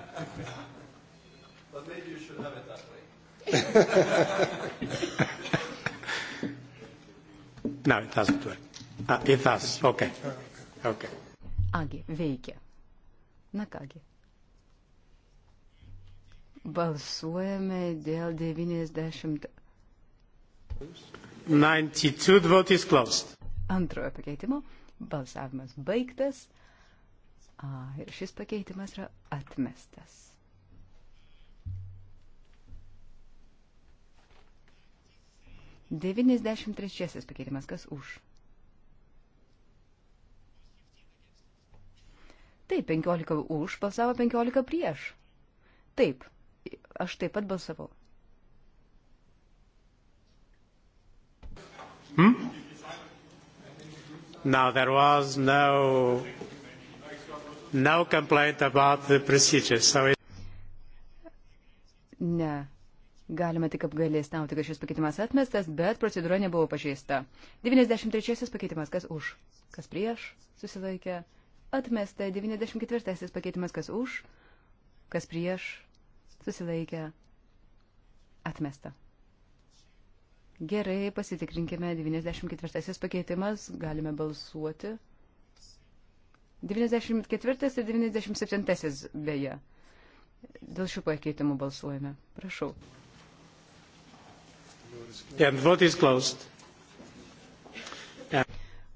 no, it doesn't work. Ah, it does. Okay. Okay. Agi, veikia. Na kągi. Balsuojame dėl 90. 92 vote is closed. Antrojo pakeitimo. Balsavimas baigtas. A, ir šis pakeitimas yra atmestas. Devyniasdešimt trečiasis pakeitimas. Kas už? Taip, 15 už balsavo, 15 prieš. Taip, aš taip pat balsavau. Hmm? Now there was no, no complaint about the procedure. So it... Ne. Galime tik apgailėstauti, kad šis pakeitimas atmestas, bet procedūra nebuvo pažeista. 93 pakeitimas, kas už, kas prieš, susilaikė, atmesta 94 pakeitimas, kas už, kas prieš, susilaikė, atmesta. Gerai, pasitikrinkime 94 pakeitimas, galime balsuoti. 94 ir 97 beje. Dėl šių pakeitimų balsuojame. Prašau.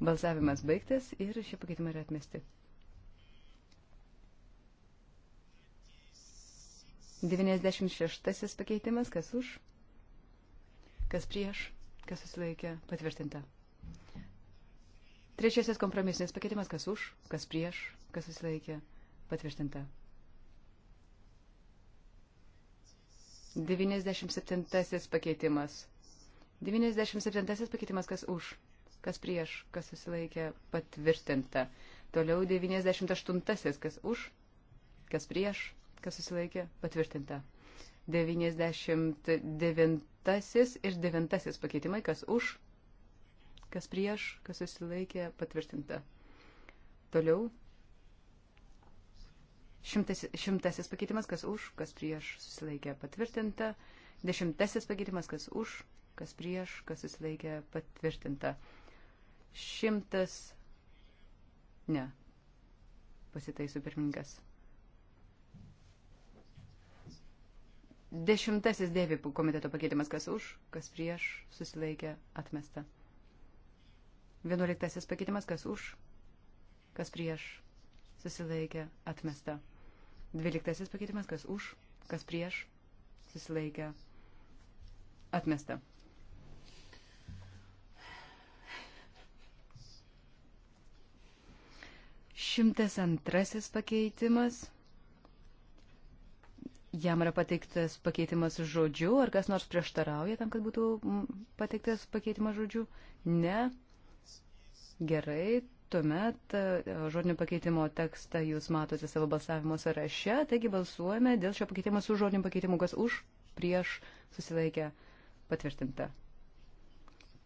Balsavimas baigtas ir šie pakeitimai yra atmesti. 96 pakeitimas, kas už, kas prieš, kas susilaikė, patvirtinta. Trečiasis kompromisinis pakeitimas, kas už, kas prieš, kas susilaikė, patvirtinta. 97 pakeitimas. 97 pakeitimas, kas už, kas prieš, kas susilaikė, patvirtinta. Toliau 98, kas už, kas prieš, kas susilaikė, patvirtinta. 99 ir 9 pakeitimai, kas už, kas prieš, kas susilaikė, patvirtinta. Toliau. Šimtas, šimtasis pakeitimas, kas už, kas prieš, susilaikė, patvirtinta. Dešimtasis pakeitimas, kas už, kas prieš, kas susilaikė, patvirtinta. Šimtas. Ne. Pasitaisų pirmininkas. Dešimtasis dėvi komiteto pakeitimas, kas už, kas prieš, susilaikė, atmesta. Vienuoliktasis pakeitimas, kas už, kas prieš, susilaikė, atmesta. Dvyliktasis pakeitimas, kas už, kas prieš, susilaikė, atmesta. Šimtas antrasis pakeitimas jam yra pateiktas pakeitimas žodžiu, ar kas nors prieštarauja tam, kad būtų pateiktas pakeitimas žodžiu? Ne. Gerai, tuomet e, žodinio pakeitimo tekstą jūs matote savo balsavimo sąraše, taigi balsuojame dėl šio pakeitimo su žodiniu pakeitimu, kas už, prieš, susilaikę, patvirtinta.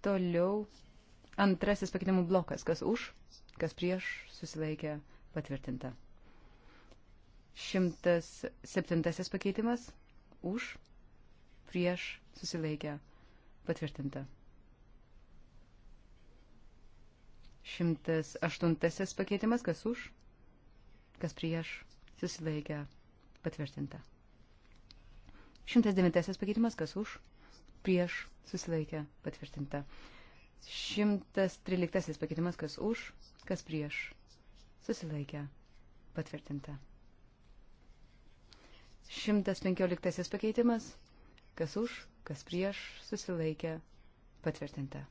Toliau antrasis pakeitimų blokas, kas už, kas prieš, susilaikę, patvirtinta. 107 pakeitimas už, prieš, susilaikę, patvirtinta. 108 pakeitimas, kas už, kas prieš, susilaikę, patvirtinta. 109 pakeitimas, kas už, prieš, susilaikę, patvirtinta. 113 pakeitimas, kas už, kas prieš, susilaikę, patvirtinta. 115 pakeitimas. Kas už, kas prieš, susilaikė, patvirtinta.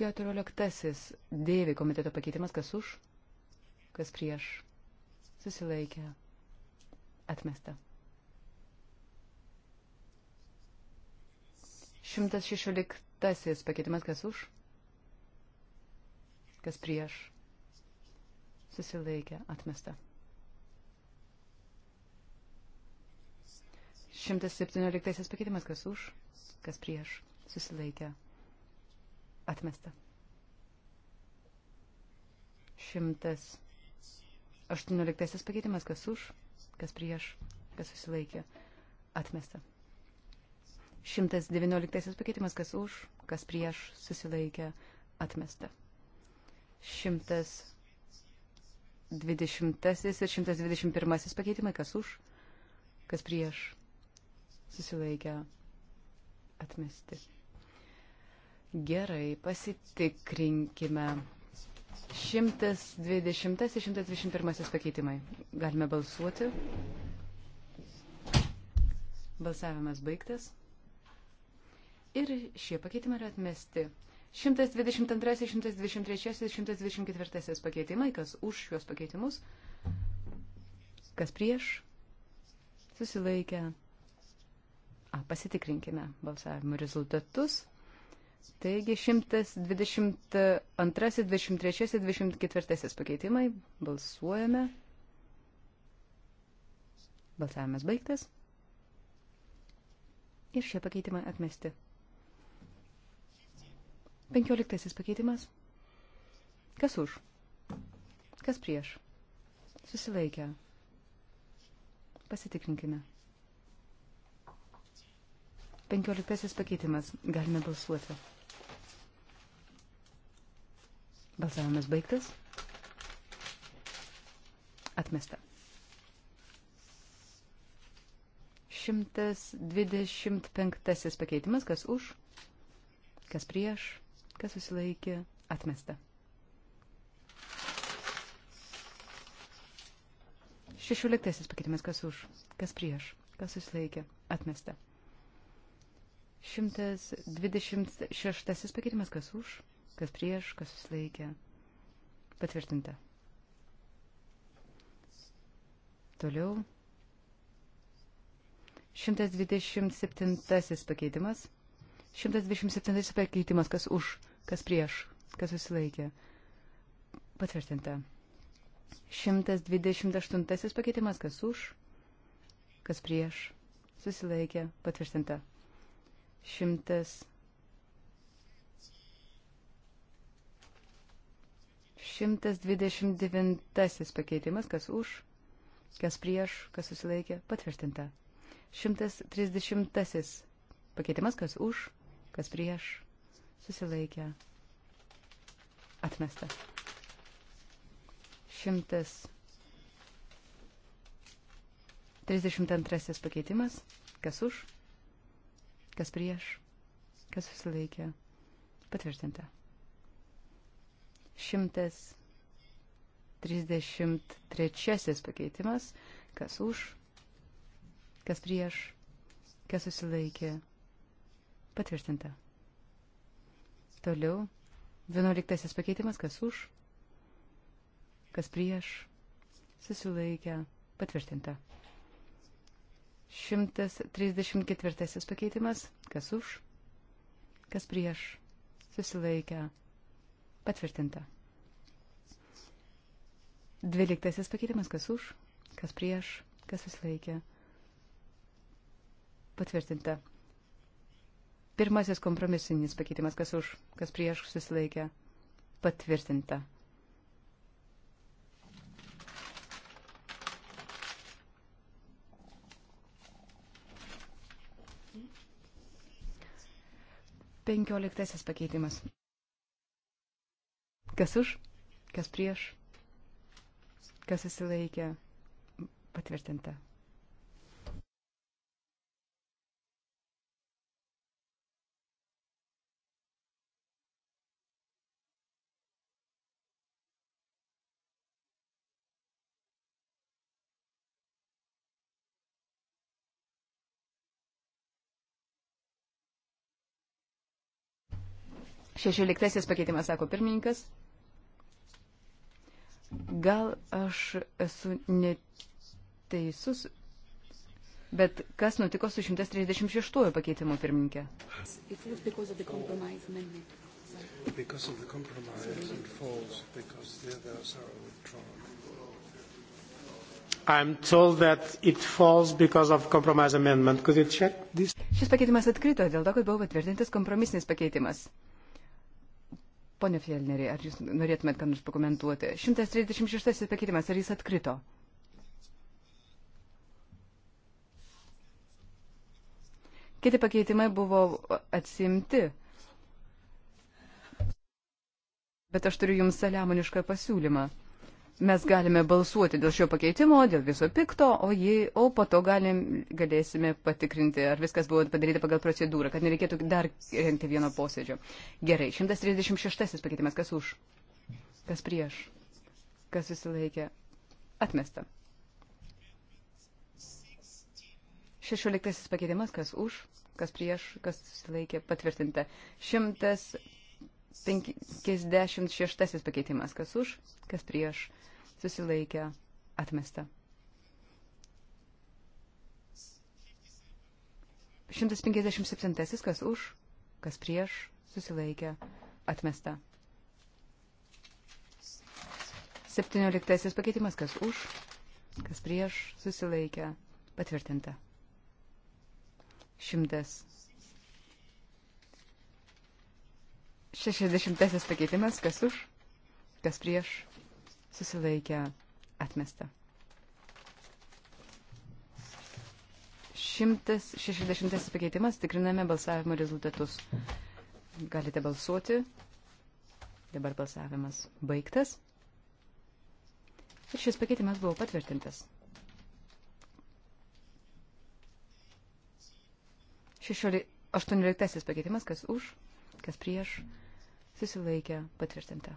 14. Dėvi komiteto pakeitimas, kas už, kas prieš, susilaikė, atmesta. 116. Pakeitimas, kas už, kas prieš, susilaikė, atmesta. 117 pakeitimas, kas už, kas prieš, susilaikė, atmesta. 118 pakeitimas, kas už, kas prieš, kas susilaikė, atmesta. 119 pakeitimas, kas už, kas prieš, susilaikė, atmesta. 100 120 ir 121 pakeitimai, kas už, kas prieš, susilaikę atmesti. Gerai, pasitikrinkime. 120 ir 121 pakeitimai. Galime balsuoti. Balsavimas baigtas. Ir šie pakeitimai yra atmesti. 122, 123, 124 pakeitimai, kas už šiuos pakeitimus, kas prieš, susilaikę. A, pasitikrinkime balsavimo rezultatus. Taigi 122, 23, 24 pakeitimai. Balsuojame. Balsavimas baigtas. Ir šie pakeitimai atmesti. Penkioliktasis pakeitimas. Kas už? Kas prieš? Susilaikę. Pasitikrinkime. Penkioliktasis pakeitimas. Galime balsuoti. Balsavimas baigtas. Atmesta. 125 pakeitimas. Kas už? Kas prieš? kas susilaikė, atmesta. 16 pakeitimas, kas už, kas prieš, kas susilaikė, atmesta. 126 pakeitimas, kas už, kas prieš, kas susilaikė, patvirtinta. Toliau. 127 pakeitimas. 127 pakeitimas, kas už, kas prieš, kas susilaikė. Patvirtinta. 128 pakeitimas, kas už, kas prieš, susilaikė. Patvirtinta. 100. 129 pakeitimas, kas už, kas prieš, kas susilaikė, patvirtinta. 130 pakeitimas, kas už, kas prieš, susilaikė, atmesta. Šimtas. 32 pakeitimas, kas už, kas prieš, kas susilaikė, patvirtinta. 133 pakeitimas, kas už, kas prieš, kas susilaikė, Patvirtinta. Toliau. Vienuoliktasis pakeitimas, kas už, kas prieš, susilaikę, patvirtinta. 134 pakeitimas, kas už, kas prieš, susilaikę, patvirtinta. 12 pakeitimas, kas už, kas prieš, kas susilaikė, patvirtinta. Pirmasis kompromisinis pakeitimas, kas už, kas prieš susilaikė, patvirtinta. Penkioliktasis pakeitimas. Kas už, kas prieš, kas susilaikė, patvirtinta. Šešioliktasis pakeitimas, sako pirmininkas. Gal aš esu neteisus, bet kas nutiko su 136 pakeitimu pirmininkė? Because of the compromise it falls because the others are withdrawn. I'm told that it falls because of compromise amendment. Could you check this? Šis pakeitimas atkrito dėl to, kad buvo patvirtintas kompromisinis pakeitimas. Pone Fjellneri, ar jūs norėtumėt ką nors pakomentuoti? 136 pakeitimas, ar jis atkrito? Kiti pakeitimai buvo atsimti. Bet aš turiu jums saliamonišką pasiūlymą mes galime balsuoti dėl šio pakeitimo, dėl viso pikto, o, jį, o po to galim, galėsime patikrinti, ar viskas buvo padaryta pagal procedūrą, kad nereikėtų dar rengti vieno posėdžio. Gerai, 136 pakeitimas, kas už, kas prieš, kas susilaikė, atmesta. 16 pakeitimas, kas už, kas prieš, kas susilaikė, patvirtinta. 156 pakeitimas, kas už, kas prieš susilaikė, atmesta. 157. Kas už, kas prieš, susilaikė, atmesta. 17. Pakeitimas. Kas už, kas prieš, susilaikė, patvirtinta. 100. 60 pakeitimas, kas už, kas prieš, susilaikę atmesta. 160 pakeitimas, tikriname balsavimo rezultatus. Galite balsuoti. Dabar balsavimas baigtas. Ir šis pakeitimas buvo patvirtintas. 16, 18 pakeitimas, kas už, kas prieš, susilaikė patvirtinta.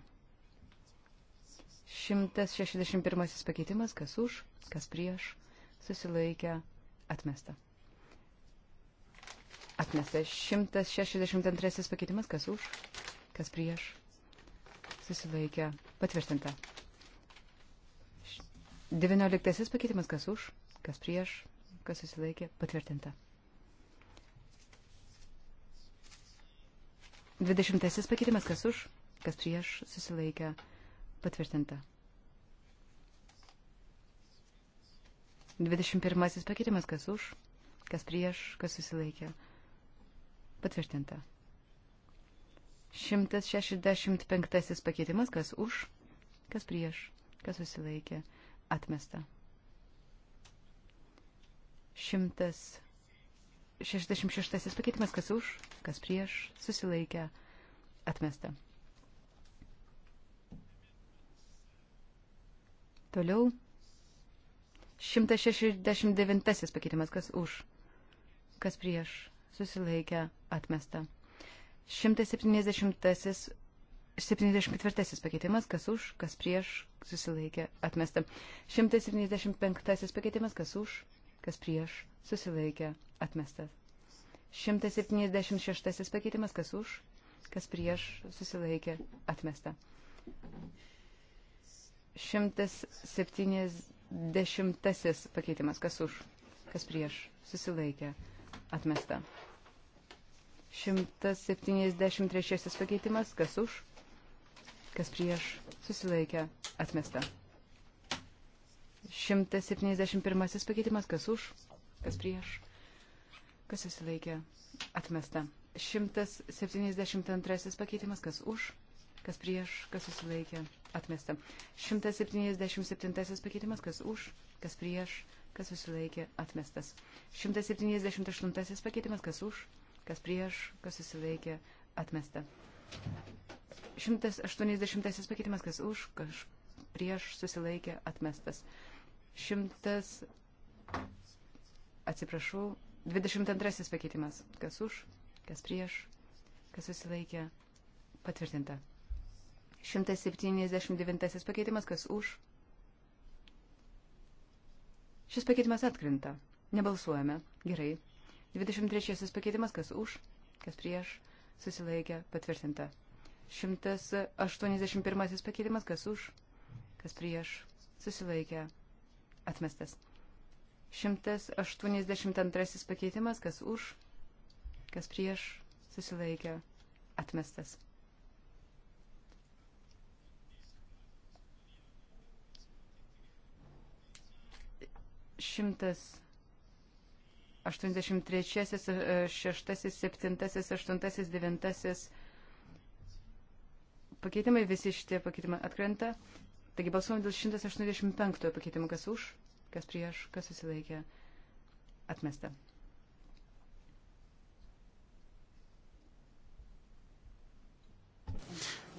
161 pakeitimas, kas už, kas prieš, susilaikė, atmesta. Atmesta 162 pakeitimas, kas už, kas prieš, susilaikė, patvirtinta. 19 pakeitimas, kas už, kas prieš, kas susilaikė, patvirtinta. 20 pakeitimas, kas už, kas prieš, susilaikė, patvirtinta. Patvirtinta. 21 pakeitimas, kas už, kas prieš, kas susilaikė. Patvirtinta. 165 pakeitimas, kas už, kas prieš, kas susilaikė. Atmesta. 166 pakeitimas, kas už, kas prieš, susilaikė. Atmesta. Toliau. 169 pakeitimas, kas už, kas prieš, susilaikę, atmesta. 170 74 pakeitimas, kas už, kas prieš, susilaikė, atmesta. 175 pakeitimas, kas už, kas prieš, susilaikė, atmestas. 176 pakeitimas, kas už, kas prieš, susilaikė, atmesta. 170 pakeitimas. Kas už? Kas prieš? Susilaikė. Atmesta. 173 pakeitimas. Kas už? Kas prieš? Susilaikė. Atmesta. 171 pakeitimas. Kas už? Kas prieš? Kas susilaikė? Atmesta. 172 pakeitimas, kas už, kas prieš, kas susilaikė atmesta. 177 pakeitimas, kas už, kas prieš, kas susilaikė, atmestas. 178 pakeitimas, kas už, kas prieš, kas susilaikė, atmesta. 180 pakeitimas, kas už, kas prieš, susilaikė, atmestas. 100, atsiprašau, 22 pakeitimas, kas už, kas prieš, kas susilaikė, patvirtinta. 179 pakeitimas, kas už. Šis pakeitimas atkrinta. Nebalsuojame. Gerai. 23 pakeitimas, kas už, kas prieš, susilaikė, patvirtinta. 181 pakeitimas, kas už, kas prieš, susilaikė, atmestas. 182 pakeitimas, kas už, kas prieš, susilaikė, atmestas. 183, 6, 7, 8, 9 pakeitimai, visi šitie pakeitimai atkrenta. Taigi balsuojame dėl 185 pakeitimo, kas už, kas prieš, kas susilaikė, atmesta.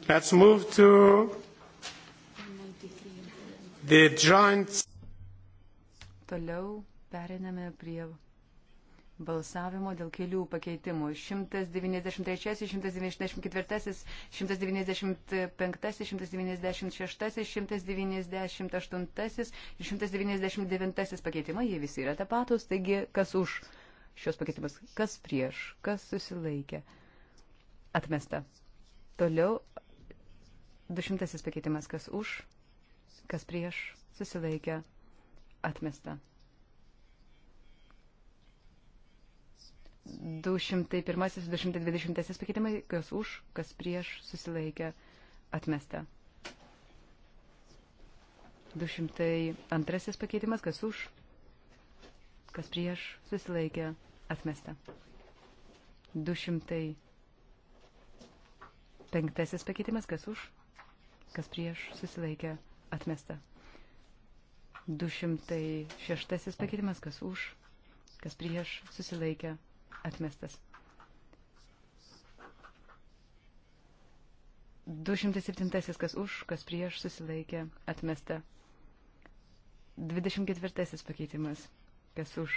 Let's move to the joint Toliau periname prie balsavimo dėl kelių pakeitimų. 193, 194, 195, 196, 198 ir 199 pakeitimai. Jie visi yra tapatus, taigi kas už šios pakeitimus, kas prieš, kas susilaikė. Atmesta. Toliau 200 pakeitimas, kas už, kas prieš, susilaikė atmesta. 201-220 pakeitimai, kas už, kas prieš, susilaikė, atmesta. 202 pakeitimas, kas už, kas prieš, susilaikė, atmesta. 205 pakeitimas, kas už, kas prieš, susilaikė, atmesta. 206 pakeitimas, kas už, kas prieš, susilaikė, atmestas. 207 kas už, kas prieš, susilaikė, atmesta. 24 pakeitimas, kas už,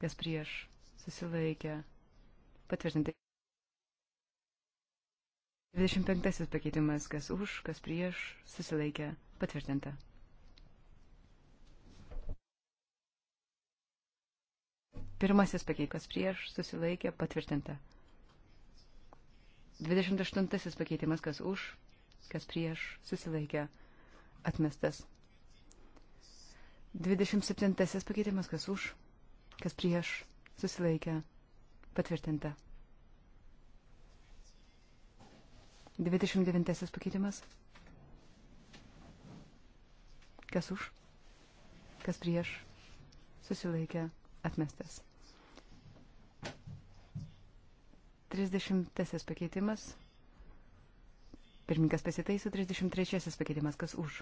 kas prieš, susilaikė, patvirtinti. 25 pakeitimas, kas už, kas prieš, susilaikė, patvirtinta. Pirmasis pakeitimas prieš susilaikė patvirtinta. 28 pakeitimas kas už, kas prieš susilaikė atmestas. 27 pakeitimas kas už, kas prieš susilaikė patvirtinta. 29 pakeitimas. Kas už, kas prieš susilaikė atmestas. 30 pakeitimas. Pirmininkas pasitaiso 33 pakeitimas. Kas už?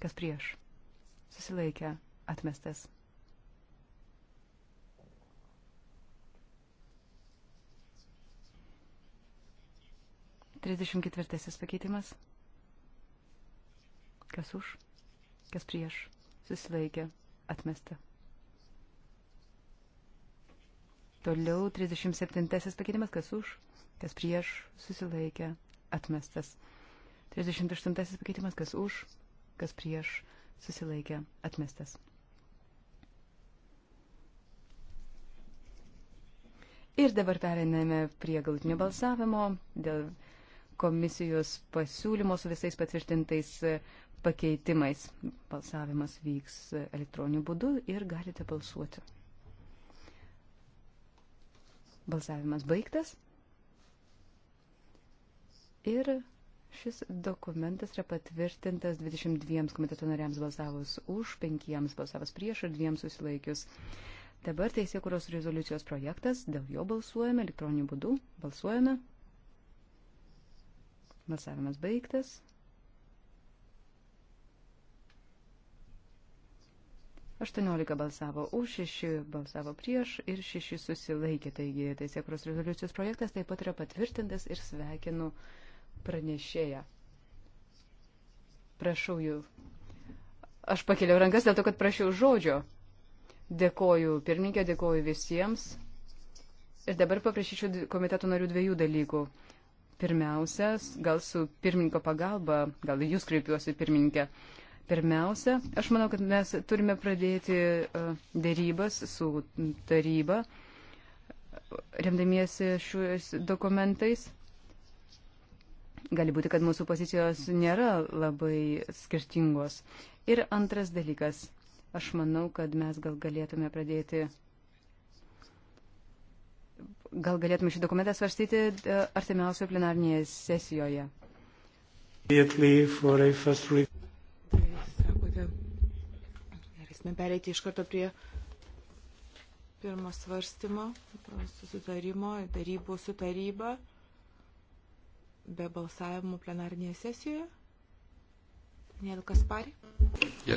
Kas prieš? Susilaikė. Atmestas. Trisdešimt ketvirtasis pakeitimas. Kas už? Kas prieš? Susilaikė. Atmesta. Toliau 37 pakeitimas, kas už, kas prieš, susilaikė, atmestas. 38 pakeitimas, kas už, kas prieš, susilaikė, atmestas. Ir dabar pereiname prie galutinio balsavimo dėl komisijos pasiūlymo su visais patvirtintais e, pakeitimais. Balsavimas vyks e, elektroniniu būdu ir galite balsuoti. Balsavimas baigtas. Ir šis dokumentas yra patvirtintas 22 komiteto nariams balsavus už, 5 balsavus prieš ir 2 susilaikius. Dabar teisėkuros rezoliucijos projektas, dėl jo balsuojame elektroniniu būdu, balsuojame. Balsavimas baigtas. 18 balsavo už, 6 balsavo prieš ir 6 susilaikė. Taigi teisėkros rezoliucijos projektas taip pat yra patvirtintas ir sveikinu pranešėją. Prašau jų. Aš pakeliau rankas dėl to, kad prašiau žodžio. Dėkoju pirmininkė, dėkoju visiems. Ir dabar paprašyčiau komiteto narių dviejų dalykų. Pirmiausias, gal su pirmininko pagalba, gal jūs kreipiuosi pirmininkė. Uh, Pirmiausia, aš manau, kad mes turime pradėti e, dėrybas su taryba, remdamiesi šiais dokumentais. Gali būti, kad mūsų pozicijos nėra labai skirtingos. Ir antras dalykas, aš manau, kad mes gal galėtume pradėti. Gal galėtume šį dokumentą svarstyti e, artimiausioje plenarnėje sesijoje. galėtume pereiti iš karto prie pirmo svarstymo, susitarimo, darybų su taryba be balsavimų plenarnėje sesijoje. Daniel Kaspari. Uh,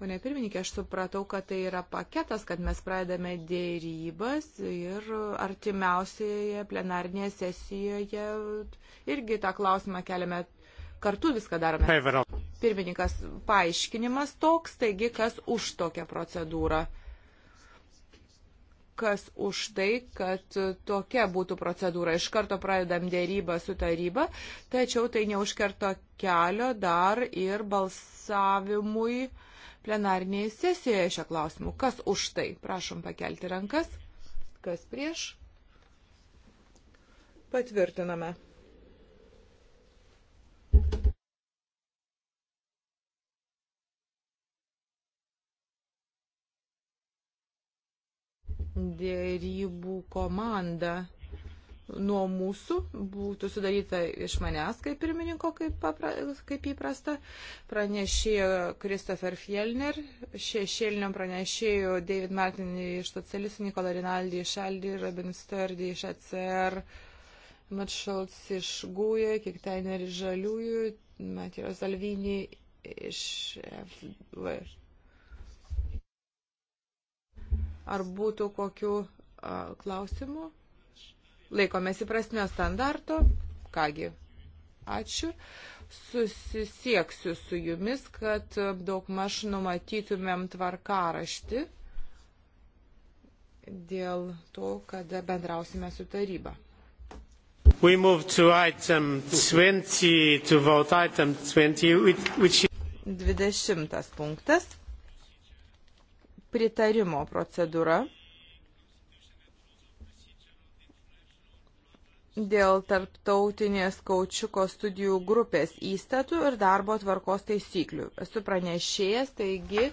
Pane pirmininkė, aš supratau, kad tai yra paketas, kad mes pradedame dėrybas ir artimiausioje plenarnėje sesijoje irgi tą klausimą keliame kartu viską darome. Pirmininkas paaiškinimas toks, taigi kas už tokią procedūrą? Kas už tai, kad tokia būtų procedūra. Iš karto pradedam dėrybą su taryba, tačiau tai neužkerto kelio dar ir balsavimui plenarnėje sesijoje šio klausimu. Kas už tai? Prašom pakelti rankas. Kas prieš? Patvirtiname. dėrybų komanda nuo mūsų būtų sudaryta iš manęs kaip pirmininko, kaip, papra, kaip įprasta, pranešėjo Kristofer Fjellner, šešėliniam pranešėjo David Martin iš socialistų, Nikola Rinaldi iš Aldi, Robin Sturdy iš ACR, Matt Schultz iš Gūjo, Kiktainer iš Žaliųjų, Matijos Alvini iš FD. Ar būtų kokių a, klausimų? Laikomės įprasnio standarto. Kągi, ačiū. Susisieksiu su jumis, kad daug maž numatytumėm tvarkaraštį dėl to, kada bendrausime su taryba. We move to item 20, to vote item 20, which... 20 punktas pritarimo procedūra dėl tarptautinės kaučiuko studijų grupės įstatų ir darbo tvarkos taisyklių. Esu pranešėjęs, taigi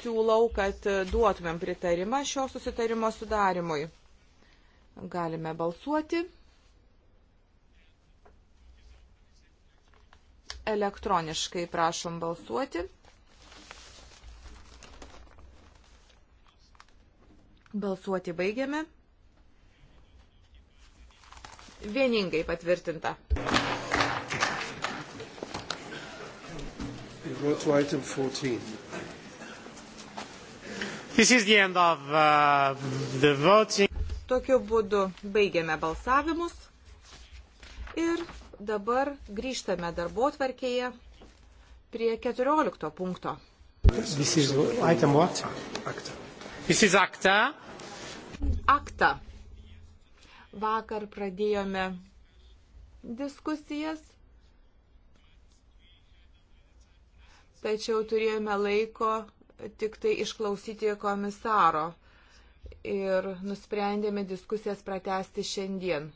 siūlau, kad duotumėm pritarimą šio susitarimo sudarimui. Galime balsuoti. Elektroniškai prašom balsuoti. Balsuoti baigiame. Vieningai patvirtinta. Of, uh, Tokiu būdu baigiame balsavimus ir dabar grįžtame darbo tvarkėje prie 14 punkto. This is item what? Acta. Mrs. Akta. Akta. Vakar pradėjome diskusijas, tačiau turėjome laiko tik tai išklausyti komisaro ir nusprendėme diskusijas pratesti šiandien.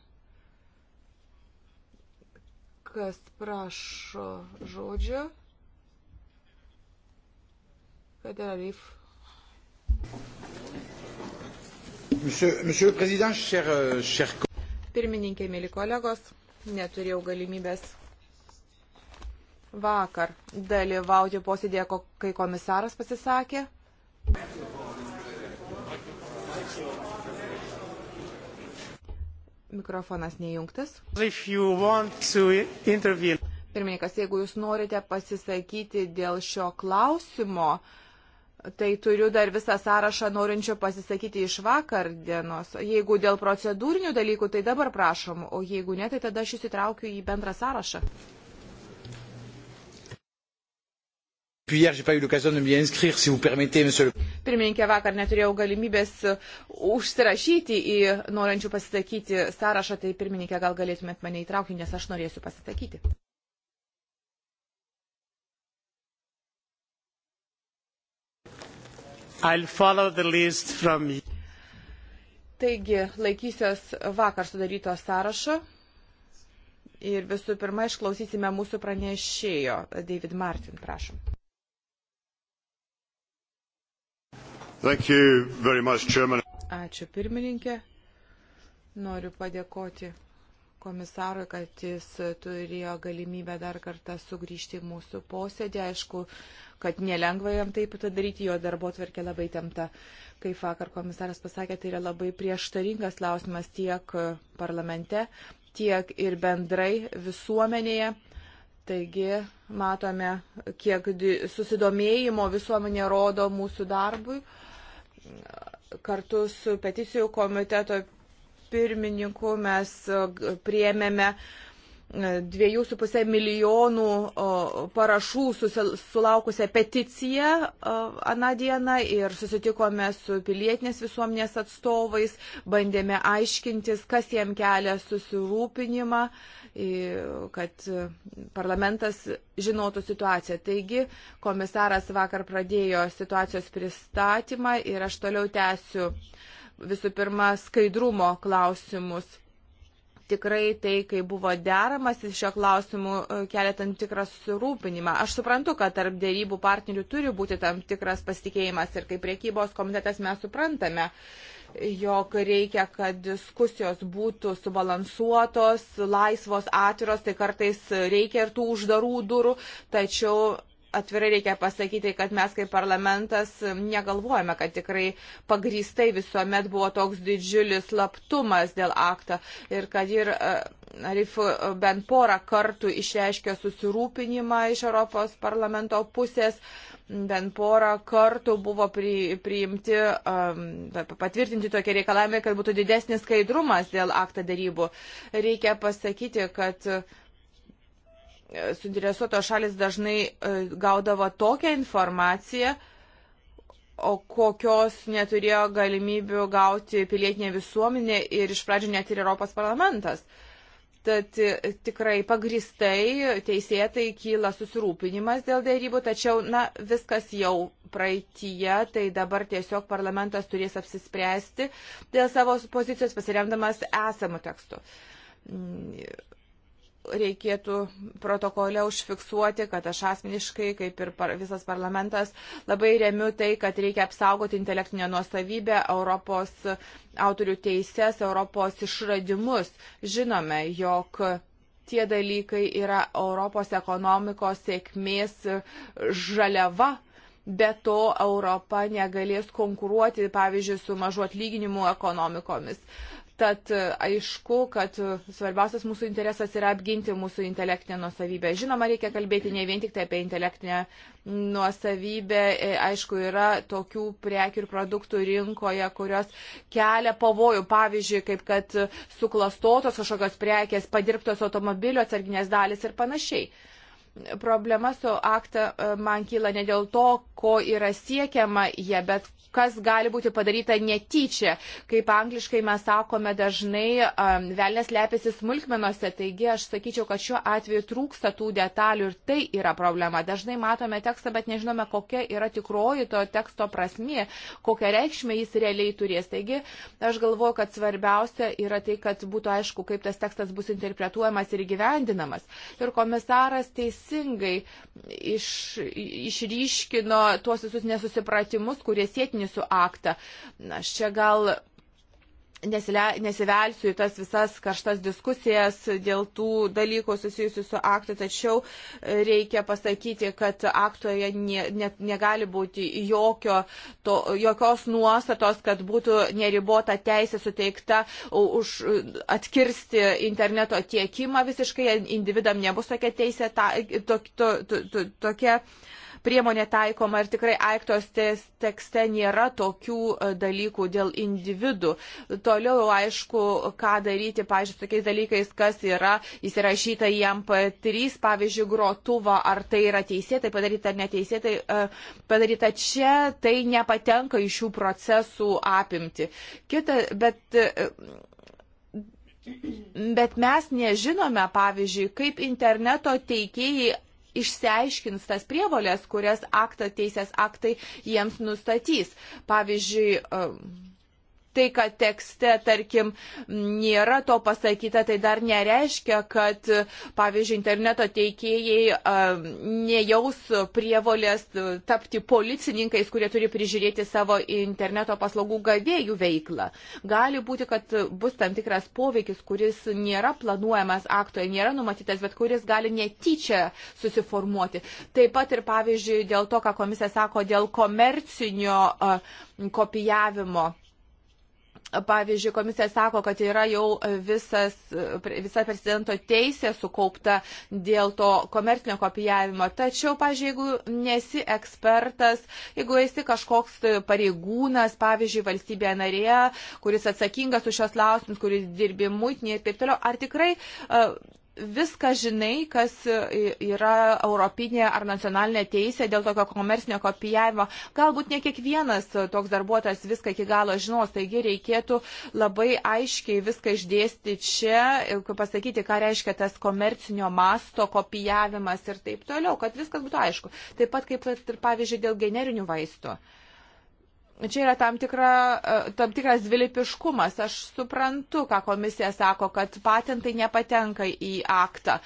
Kas prašo žodžio? Federalif. Monsieur, monsieur le Président, cher, euh, cher... Pirmininkė, mėly kolegos, neturėjau galimybės vakar dalyvauti posėdėje, kai komisaras pasisakė. Mikrofonas neįjungtas. Pirmininkas, jeigu jūs norite pasisakyti dėl šio klausimo, uh, Tai turiu dar visą sąrašą norinčių pasisakyti iš vakar dienos. Jeigu dėl procedūrinių dalykų, tai dabar prašom, o jeigu ne, tai tada aš jūs įtraukiu į bendrą sąrašą. Pirmininkė, vakar neturėjau galimybės užsirašyti į norinčių pasisakyti sąrašą, tai pirmininkė, gal galėtumėt mane įtraukti, nes aš norėsiu pasisakyti. From... Taigi, laikysiuos vakar sudaryto sąrašo ir visų pirma išklausysime mūsų pranešėjo. David Martin, prašom. Much, Ačiū pirmininkė. Noriu padėkoti komisarui, kad jis turėjo galimybę dar kartą sugrįžti į mūsų posėdį. Aišku, kad nelengva jam taip padaryti, jo darbo tvarkė labai temta. Kaip vakar komisaras pasakė, tai yra labai prieštaringas klausimas tiek parlamente, tiek ir bendrai visuomenėje. Taigi matome, kiek susidomėjimo visuomenė rodo mūsų darbui. Kartu su peticijų komiteto pirmininku mes e, priemėme e, dviejų su pusė milijonų parašų sulaukusią peticiją aną dieną ir susitikome su pilietinės visuomenės atstovais, bandėme aiškintis, kas jiem kelia susirūpinimą, kad e, parlamentas žinotų situaciją. Taigi komisaras vakar pradėjo situacijos pristatymą ir aš toliau tęsiu uh, visų pirma skaidrumo klausimus. Tikrai tai, kai buvo deramas iš šio klausimų, e, kelia tam tikrą susirūpinimą. Aš suprantu, kad tarp dėrybų partnerių turi būti tam tikras pasitikėjimas ir kaip priekybos komitetas mes suprantame, jog reikia, kad diskusijos būtų subalansuotos, laisvos, atviros, tai kartais reikia ir tų uždarų durų, tačiau atvirai reikia pasakyti, kad mes kaip parlamentas negalvojame, kad tikrai pagrįstai visuomet buvo toks didžiulis slaptumas dėl akto ir kad ir e, Arif bent porą kartų išreiškė susirūpinimą iš Europos parlamento pusės, bent porą kartų buvo pri, priimti, um, patvirtinti tokie reikalavimai, kad būtų didesnis skaidrumas dėl aktą darybų. Reikia pasakyti, kad uh, suinteresuotos šalis dažnai e, gaudavo tokią informaciją, o kokios neturėjo galimybių gauti pilietinė visuomenė ir iš pradžių net ir Europos parlamentas. Tad e, tikrai pagristai, teisėtai kyla susirūpinimas dėl dėrybų, tačiau na, viskas jau praeitie, tai dabar tiesiog parlamentas turės apsispręsti dėl savo pozicijos pasiremdamas esamų tekstų mm, reikėtų protokole užfiksuoti, kad aš asmeniškai, kaip ir par, visas parlamentas, labai remiu tai, kad reikia apsaugoti intelektinę nuosavybę, Europos autorių teises, Europos išradimus. Žinome, jog tie dalykai yra Europos ekonomikos sėkmės žaliava. Be to Europa negalės konkuruoti, pavyzdžiui, su mažu atlyginimu ekonomikomis. Uh, Tad e, aišku, kad e, svarbiausias mūsų interesas yra apginti mūsų intelektinę nuosavybę. Žinoma, reikia kalbėti ne vien tik tai apie intelektinę nuosavybę. E, aišku, yra tokių prekių ir produktų rinkoje, kurios kelia pavojų. Pavyzdžiui, kaip kad suklastotos kažkokios prekės, padirbtos automobilio atsarginės dalis ir panašiai problema su akta man kyla ne dėl to, ko yra siekiama jie, bet kas gali būti padaryta netyčia. Kaip angliškai mes sakome dažnai, um, velnės lepiasi smulkmenuose, taigi aš sakyčiau, kad šiuo atveju trūksta tų detalių ir tai yra problema. Dažnai matome tekstą, bet nežinome, kokia yra tikroji to teksto prasmė, kokią reikšmę jis realiai turės. Taigi aš galvoju, kad svarbiausia yra tai, kad būtų aišku, kaip tas tekstas bus interpretuojamas ir gyvendinamas. Ir komisaras teisingai iš, išryškino tuos visus nesusipratimus, kurie sėtini kompromisų aktą. Aš čia gal nesivelsiu į tas visas karštas diskusijas dėl tų dalykų susijusių su aktu, tačiau e, reikia pasakyti, kad aktoje ne, ne, negali būti jokio, to, jokios nuostatos, kad būtų neribota teisė suteikta už atkirsti interneto tiekimą visiškai, individam nebus tokia teisė, ta, to, to, to, to, tokia. To, priemonė taikoma ir tikrai aiktos tekste nėra tokių e, dalykų dėl individų. Toliau aišku, ką daryti, pažiūrėjau, tokiais dalykais, kas yra įsirašyta į MP3, pavyzdžiui, grotuvą, ar tai yra teisėtai padaryta ar neteisėtai e, padaryta čia, tai nepatenka į šių procesų apimti. Kita, bet e, Bet mes nežinome, pavyzdžiui, kaip interneto teikėjai išsiaiškins tas prievolės, kurias akta teisės aktai jiems nustatys. Pavyzdžiui, um, tai, kad tekste, tarkim, nėra to pasakyta, tai dar nereiškia, kad, pavyzdžiui, interneto teikėjai nejaus prievolės tapti policininkais, kurie turi prižiūrėti savo interneto paslaugų gavėjų veiklą. Gali būti, kad bus tam tikras poveikis, kuris nėra planuojamas aktoje, nėra numatytas, bet kuris gali netyčia susiformuoti. Taip pat ir, pavyzdžiui, dėl to, ką komisija sako, dėl komercinio kopijavimo Pavyzdžiui, komisija sako, kad yra jau visas, visa prezidento teisė sukaupta dėl to komercinio kopijavimo. Tačiau, pavyzdžiui, jeigu nesi ekspertas, jeigu esi kažkoks pareigūnas, pavyzdžiui, valstybėje narėje, kuris atsakingas už šios lausimus, kuris dirbi muitinėje ir taip toliau, ar tikrai uh, viską žinai, kas yra europinė ar nacionalinė teisė dėl tokio komercinio kopijavimo. Galbūt ne kiekvienas toks darbuotojas viską iki galo žinos, taigi reikėtų labai aiškiai viską išdėsti čia, pasakyti, ką reiškia tas komercinio masto kopijavimas ir taip toliau, kad viskas būtų aišku. Taip pat kaip ir pavyzdžiui dėl generinių vaistų. Uh, Čia yra tam, tikra, e, tam tikras dvilipiškumas. Aš suprantu, ką komisija sako, kad patentai nepatenka į aktą.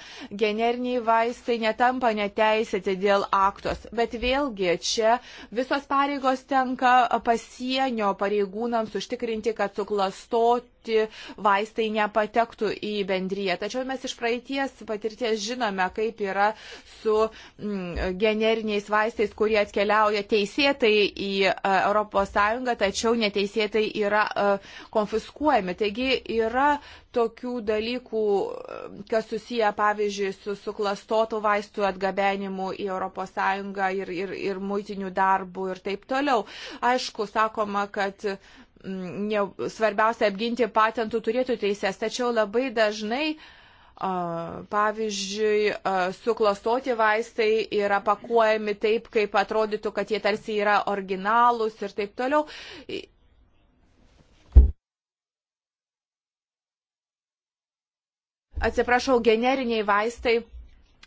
Generiniai vaistai netampa neteisėti dėl aktos. Bet vėlgi čia visos pareigos tenka pasienio pareigūnams užtikrinti, kad suklastotų sukurti vaistai nepatektų į bendryje. Tačiau mes iš praeities patirties žinome, kaip yra su mm, generiniais vaistais, kurie atkeliauja teisėtai į ES, tačiau neteisėtai yra e, konfiskuojami. Taigi yra tokių dalykų, e, kas susiję, pavyzdžiui, su suklastotų vaistų atgabenimu į ES ir, ir, ir muitinių darbų ir taip toliau. Aišku, sakoma, kad ne, svarbiausia apginti patentų turėtų teises, tačiau labai dažnai Pavyzdžiui, suklastoti vaistai yra pakuojami taip, kaip atrodytų, kad jie tarsi yra originalūs ir taip toliau. Atsiprašau, generiniai vaistai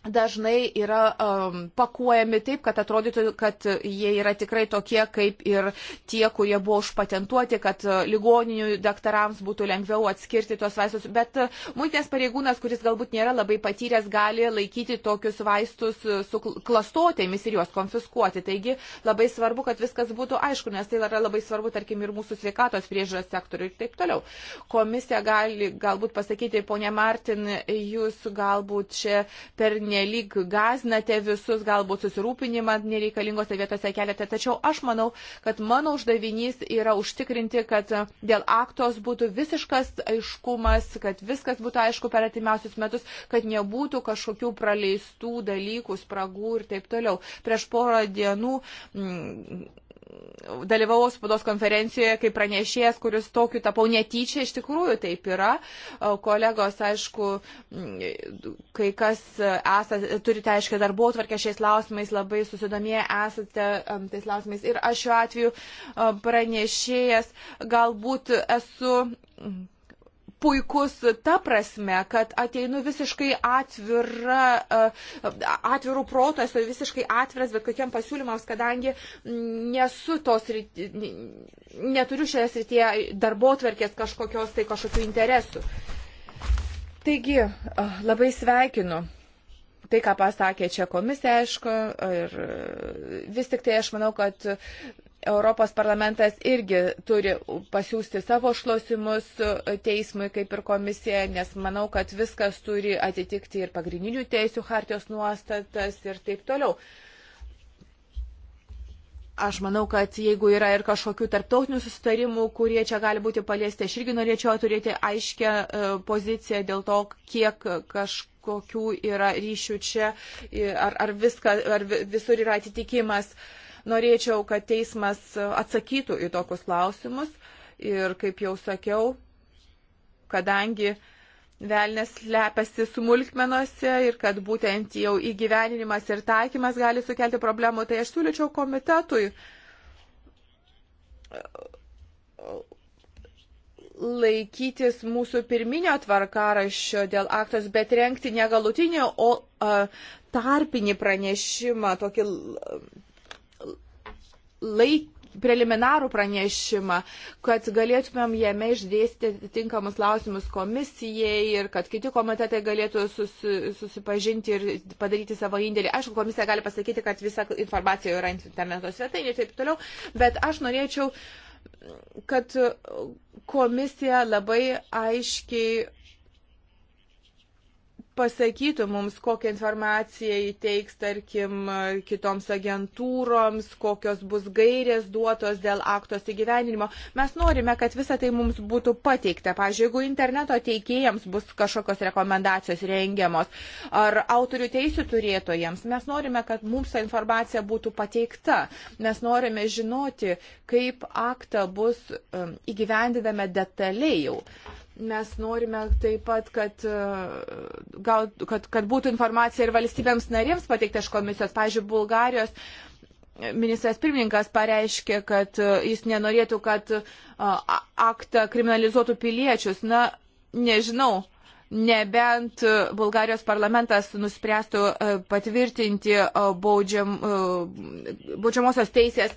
dažnai yra um, pakuojami taip, kad atrodytų, kad jie yra tikrai tokie, kaip ir tie, kurie buvo užpatentuoti, kad uh, ligoninių daktarams būtų lengviau atskirti tuos vaistus. Bet uh, muitinės pareigūnas, kuris galbūt nėra labai patyręs, gali laikyti tokius vaistus uh, su klastotėmis ir juos konfiskuoti. Taigi labai svarbu, kad viskas būtų aišku, nes tai yra labai svarbu, tarkim, ir mūsų sveikatos priežiūros sektoriui ir taip toliau. Komisija gali galbūt pasakyti, ponia Martin, jūs galbūt čia per pernelyg gazinate visus, galbūt susirūpinimą nereikalingose vietose keliate. Tačiau aš manau, kad mano uždavinys yra užtikrinti, kad dėl aktos būtų visiškas aiškumas, kad viskas būtų aišku per atimiausius metus, kad nebūtų kažkokių praleistų dalykų, spragų ir taip toliau. Prieš porą dienų m, mm, dalyvavau spaudos konferencijoje kaip pranešėjas, kuris tokiu tapau netyčia, iš tikrųjų taip yra. Kolegos, aišku, kai kas esate, turite aiškę darbo tvarkę šiais klausimais, labai susidomėję esate tais klausimais. Ir aš šiuo atveju pranešėjas galbūt esu puikus ta prasme, kad ateinu visiškai atvira, e, atvirų protą, esu visiškai atviras bet kokiam pasiūlymams, kadangi nesu tos, neturiu šioje srityje darbo tvarkės kažkokios tai kažkokių interesų. Taigi, e, labai sveikinu tai, ką pasakė čia komisija, aišku, ir vis tik tai aš manau, kad Europos parlamentas irgi turi pasiūsti savo šlausimus teismui, kaip ir komisija, nes manau, kad viskas turi atitikti ir pagrindinių teisų hartijos nuostatas ir taip toliau. Aš manau, kad jeigu yra ir kažkokių tarptautinių susitarimų, kurie čia gali būti paliesti, aš irgi norėčiau turėti aiškę e, poziciją dėl to, kiek kažkas kokių yra ryšių čia, ar, ar, viską, ar visur yra atitikimas. Uh, Norėčiau, kad teismas atsakytų į tokius klausimus ir, kaip jau sakiau, kadangi velnės slepiasi smulkmenuose ir kad būtent jau įgyveninimas ir taikymas gali sukelti problemų, tai aš siūlyčiau komitetui laikytis mūsų pirminio tvarkaraščio dėl aktos, bet renkti ne galutinį, o a, tarpinį pranešimą, tokį laik, preliminarų pranešimą, kad galėtumėm jame išdėstyti tinkamus klausimus komisijai ir kad kiti komitetai galėtų susi, susipažinti ir padaryti savo indėlį. Aišku, komisija gali pasakyti, kad visa informacija yra interneto svetainė ir taip toliau, bet aš norėčiau, kad komisija labai aiškiai pasakytų mums, kokią informaciją įteiks, tarkim, kitoms agentūroms, kokios bus gairės duotos dėl aktos įgyveninimo. Mes norime, kad visa tai mums būtų pateikta. Pavyzdžiui, jeigu interneto teikėjams bus kažkokios rekomendacijos rengiamos ar autorių teisų turėtojams, mes norime, kad mums ta informacija būtų pateikta. Mes norime žinoti, kaip aktą bus um, įgyvendiname detaliai jau. Mes norime taip pat, kad, e, gal, kad, kad būtų informacija ir valstybėms narėms pateikta iš komisijos, pavyzdžiui, Bulgarijos ministras pirmininkas pareiškė, kad e, jis nenorėtų, kad e, aktą kriminalizuotų piliečius. Na, nežinau, nebent Bulgarijos parlamentas nuspręstų patvirtinti baudžiam, baudžiamosios teisės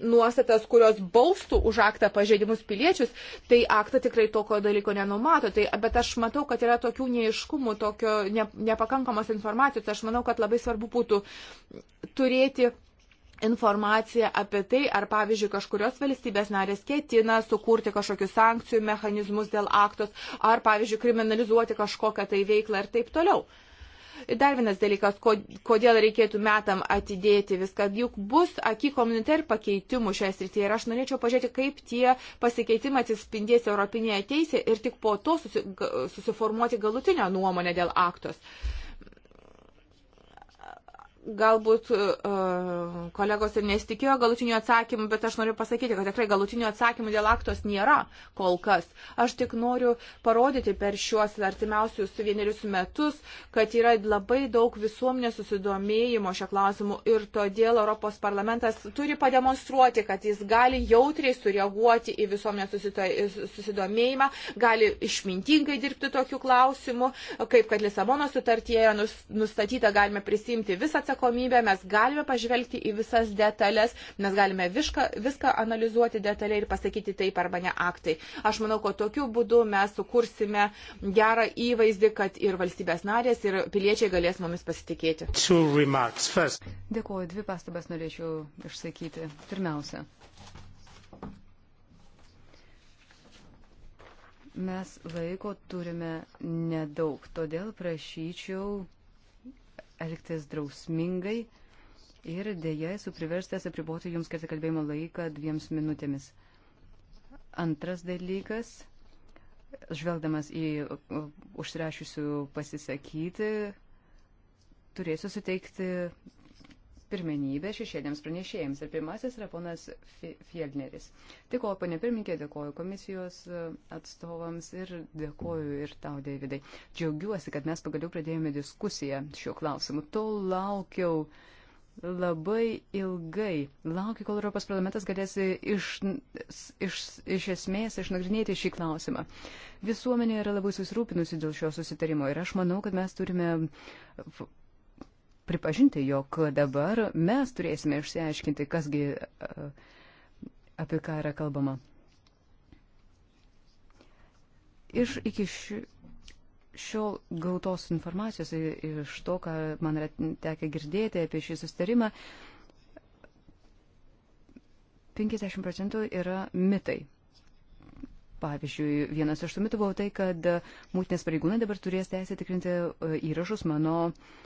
nuostatas, kurios baustų už aktą pažeidimus piliečius, tai aktą tikrai tokio dalyko nenumato. Tai, bet aš matau, kad yra tokių neiškumų, tokio ne, nepakankamos informacijos. Aš manau, kad labai svarbu būtų turėti informaciją apie tai, ar pavyzdžiui kažkurios valstybės narės ketina sukurti kažkokius sankcijų mechanizmus dėl aktos, ar pavyzdžiui kriminalizuoti kažkokią tai veiklą ir taip toliau. Uh, Dar vienas dalykas, kodėl reikėtų metam atidėti viską, juk bus aki komuniter pakeitimų šioje srityje ir aš norėčiau pažiūrėti, kaip tie pasikeitimai atsispindės Europinėje teisėje ir tik po to susiformuoti galutinę nuomonę dėl aktos. Uh, galbūt e, kolegos ir nesitikėjo galutinių atsakymų, bet aš noriu pasakyti, kad tikrai galutinių atsakymų dėl aktos nėra kol kas. Aš tik noriu parodyti per šiuos artimiausius vienerius metus, kad yra labai daug visuomenės susidomėjimo šio klausimu ir todėl Europos parlamentas turi pademonstruoti, kad jis gali jautriai sureaguoti į visuomenės susidomėjimą, gali išmintingai dirbti tokiu klausimu, kaip kad Lisabono sutartyje nustatyta galime prisimti visą atsakomybę atsakomybę, mes galime pažvelgti į visas detalės, mes galime viską, viską analizuoti detaliai ir pasakyti taip arba ne aktai. Aš manau, kad tokiu būdu mes sukursime gerą įvaizdį, kad ir valstybės narės, ir piliečiai galės mumis pasitikėti. Dėkuoju, dvi pastabas norėčiau išsakyti. Pirmiausia. mes laiko turime nedaug, todėl prašyčiau elgtis drausmingai ir dėja esu priverstas apriboti jums skirtą kalbėjimo laiką dviems minutėmis. Antras dalykas, žvelgdamas į užsirašysiu pasisakyti, turėsiu suteikti pirmenybę šešėlėms pranešėjams. Ir pirmasis yra ponas Fielneris. Dėkoju, ponė pirmininkė, dėkoju komisijos e, atstovams ir dėkoju ir tau, Davidai. Džiaugiuosi, kad mes pagaliau pradėjome diskusiją šiuo klausimu. To laukiau labai ilgai. Laukiu, kol Europos parlamentas galės iš, iš, iš esmės išnagrinėti šį klausimą. Visuomenė yra labai susirūpinusi dėl šio susitarimo ir aš manau, kad mes turime pripažinti, jog dabar mes turėsime išsiaiškinti, kasgi e, apie ką yra kalbama. Iš iki šiol gautos informacijos, iš to, ką man yra tekę girdėti apie šį sustarimą, 50 procentų yra mitai. Pavyzdžiui, vienas iš tų mitų buvo tai, kad mūtinės pareigūnai dabar turės teisę tikrinti e, įrašus mano uh,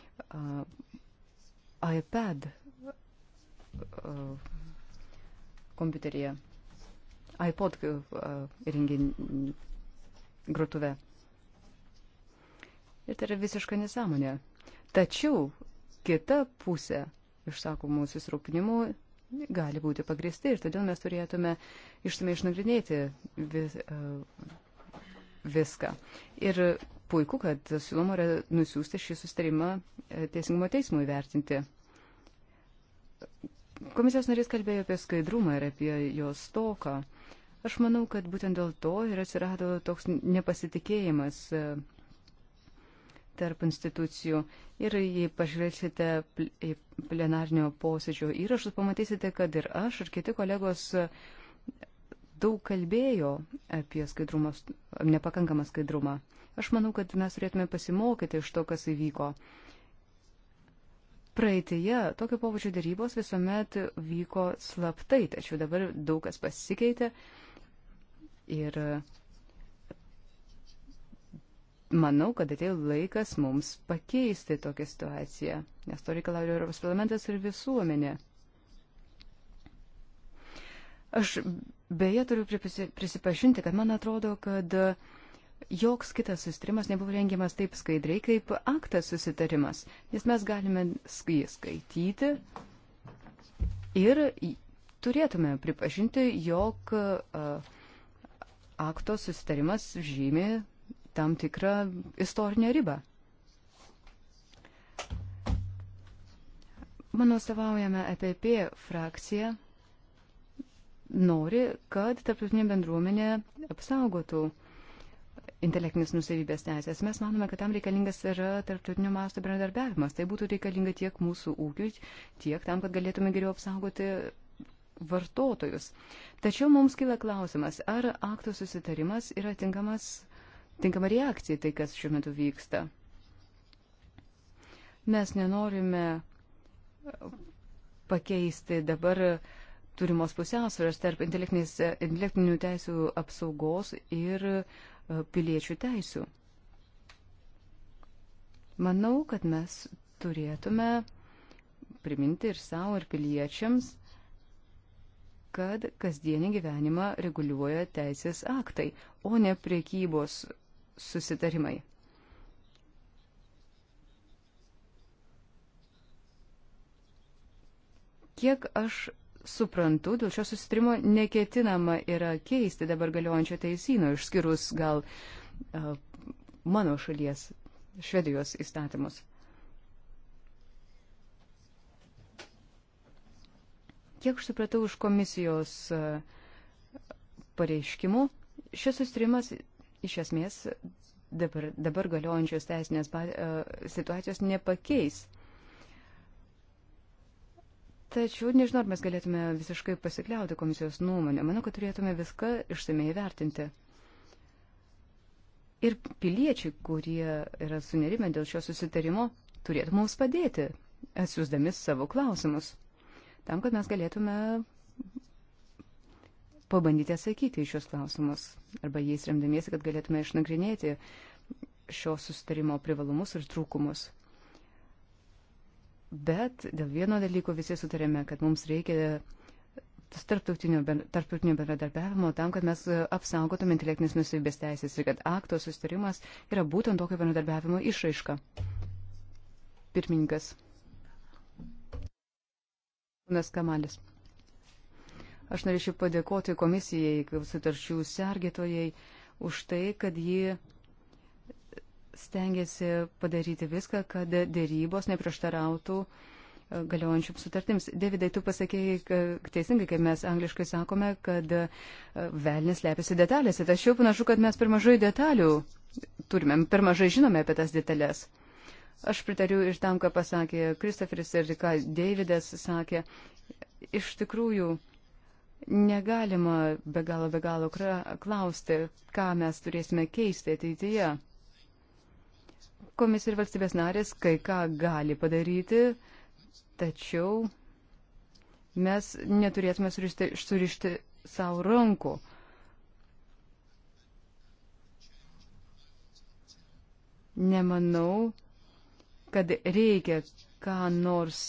iPad kompiuteryje, iPod įrenginį grotuve. Ir tai yra visiška nesąmonė. Tačiau kita pusė išsakomų susirūpinimų gali būti pagristi ir todėl mes turėtume išsamei išnagrinėti vis, viską. Ir puiku, kad siūloma yra nusiųsti šį sustarimą e, Teisingumo teismui vertinti. Komisijos narys kalbėjo apie skaidrumą ir apie jos stoką. Aš manau, kad būtent dėl to ir atsirado toks nepasitikėjimas e, tarp institucijų. Ir jei pažvelgsite į plenarnio posėdžio įrašus, pamatysite, kad ir aš, ir kiti kolegos uh, daug kalbėjo apie skaidrumą, nepakankamą skaidrumą. Aš manau, kad mes turėtume pasimokyti iš to, kas įvyko. Praeitėje tokio pobūdžio darybos visuomet vyko slaptai, tačiau dabar daug kas pasikeitė ir manau, kad atėjo laikas mums pakeisti tokią situaciją, nes to reikalauja Europos parlamentas ir visuomenė. Aš Beje, turiu prisipažinti, kad man atrodo, kad joks kitas susitarimas nebuvo rengiamas taip skaidriai kaip aktas susitarimas, nes mes galime jį skaityti ir turėtume pripažinti, jog akto susitarimas žymi tam tikrą istorinę ribą. Mano atstovaujame EPP frakciją nori, kad tarptautinė bendruomenė apsaugotų intelektinės nusavybės teisės. Mes manome, kad tam reikalingas yra tarptautinio masto bendradarbiavimas. Tai būtų reikalinga tiek mūsų ūkiui, tiek tam, kad galėtume geriau apsaugoti vartotojus. Tačiau mums kyla klausimas, ar akto susitarimas yra tinkamas, tinkama reakcija tai, kas šiuo metu vyksta. Mes nenorime pakeisti dabar uh, turimos pusiausvėros tarp intelektinių teisų apsaugos ir e, piliečių teisų. Manau, kad mes turėtume priminti ir savo, ir piliečiams, kad kasdienį gyvenimą reguliuoja teisės aktai, o ne priekybos susitarimai. Kiek aš suprantu, dėl šio susitrimo neketinama yra keisti dabar galiojančio teisino, išskyrus gal uh, mano šalies, Švedijos įstatymus. Kiek aš supratau iš komisijos uh, pareiškimų, šis susitrimas iš esmės dabar, dabar galiojančios teisinės uh, situacijos nepakeis. Tačiau nežinau, ar mes galėtume visiškai pasikliauti komisijos nuomonę. Manau, kad turėtume viską išsamei vertinti. Ir piliečiai, kurie yra sunerime dėl šio susitarimo, turėtų mums padėti, atsiūsdami savo klausimus, tam, kad mes galėtume pabandyti atsakyti į šios klausimus, arba jais remdamiesi, kad galėtume išnagrinėti šio susitarimo privalumus ir trūkumus. Bet dėl vieno dalyko visi sutarėme, kad mums reikia tarptautinio, tarptautinio bendradarbiavimo tam, kad mes e, apsaugotume intelektinės nusivybės teisės ir kad akto sustarimas yra būtent tokio bendradarbiavimo išraiška. Pirmininkas. Ponas Kamalis. Aš norėčiau padėkoti komisijai, sutarčių sergėtojai, už tai, kad ji jį stengiasi padaryti viską, kad dėrybos neprieštarautų e, galiojančiams sutartims. Davidai, tu pasakėjai teisingai, kai mes angliškai sakome, kad e, velnis lepiasi detalėse. Tačiau panašu, kad mes per mažai detalių turime, per mažai žinome apie tas detalės. Aš pritariu ir tam, ką pasakė Kristoferis ir ką Davidas sakė. Iš tikrųjų, negalima be galo, be galo klausti, ką mes turėsime keisti ateityje. Tai Komisija ir valstybės narės kai ką gali padaryti, tačiau mes neturėtume surišti, surišti savo rankų. Nemanau, kad reikia ką nors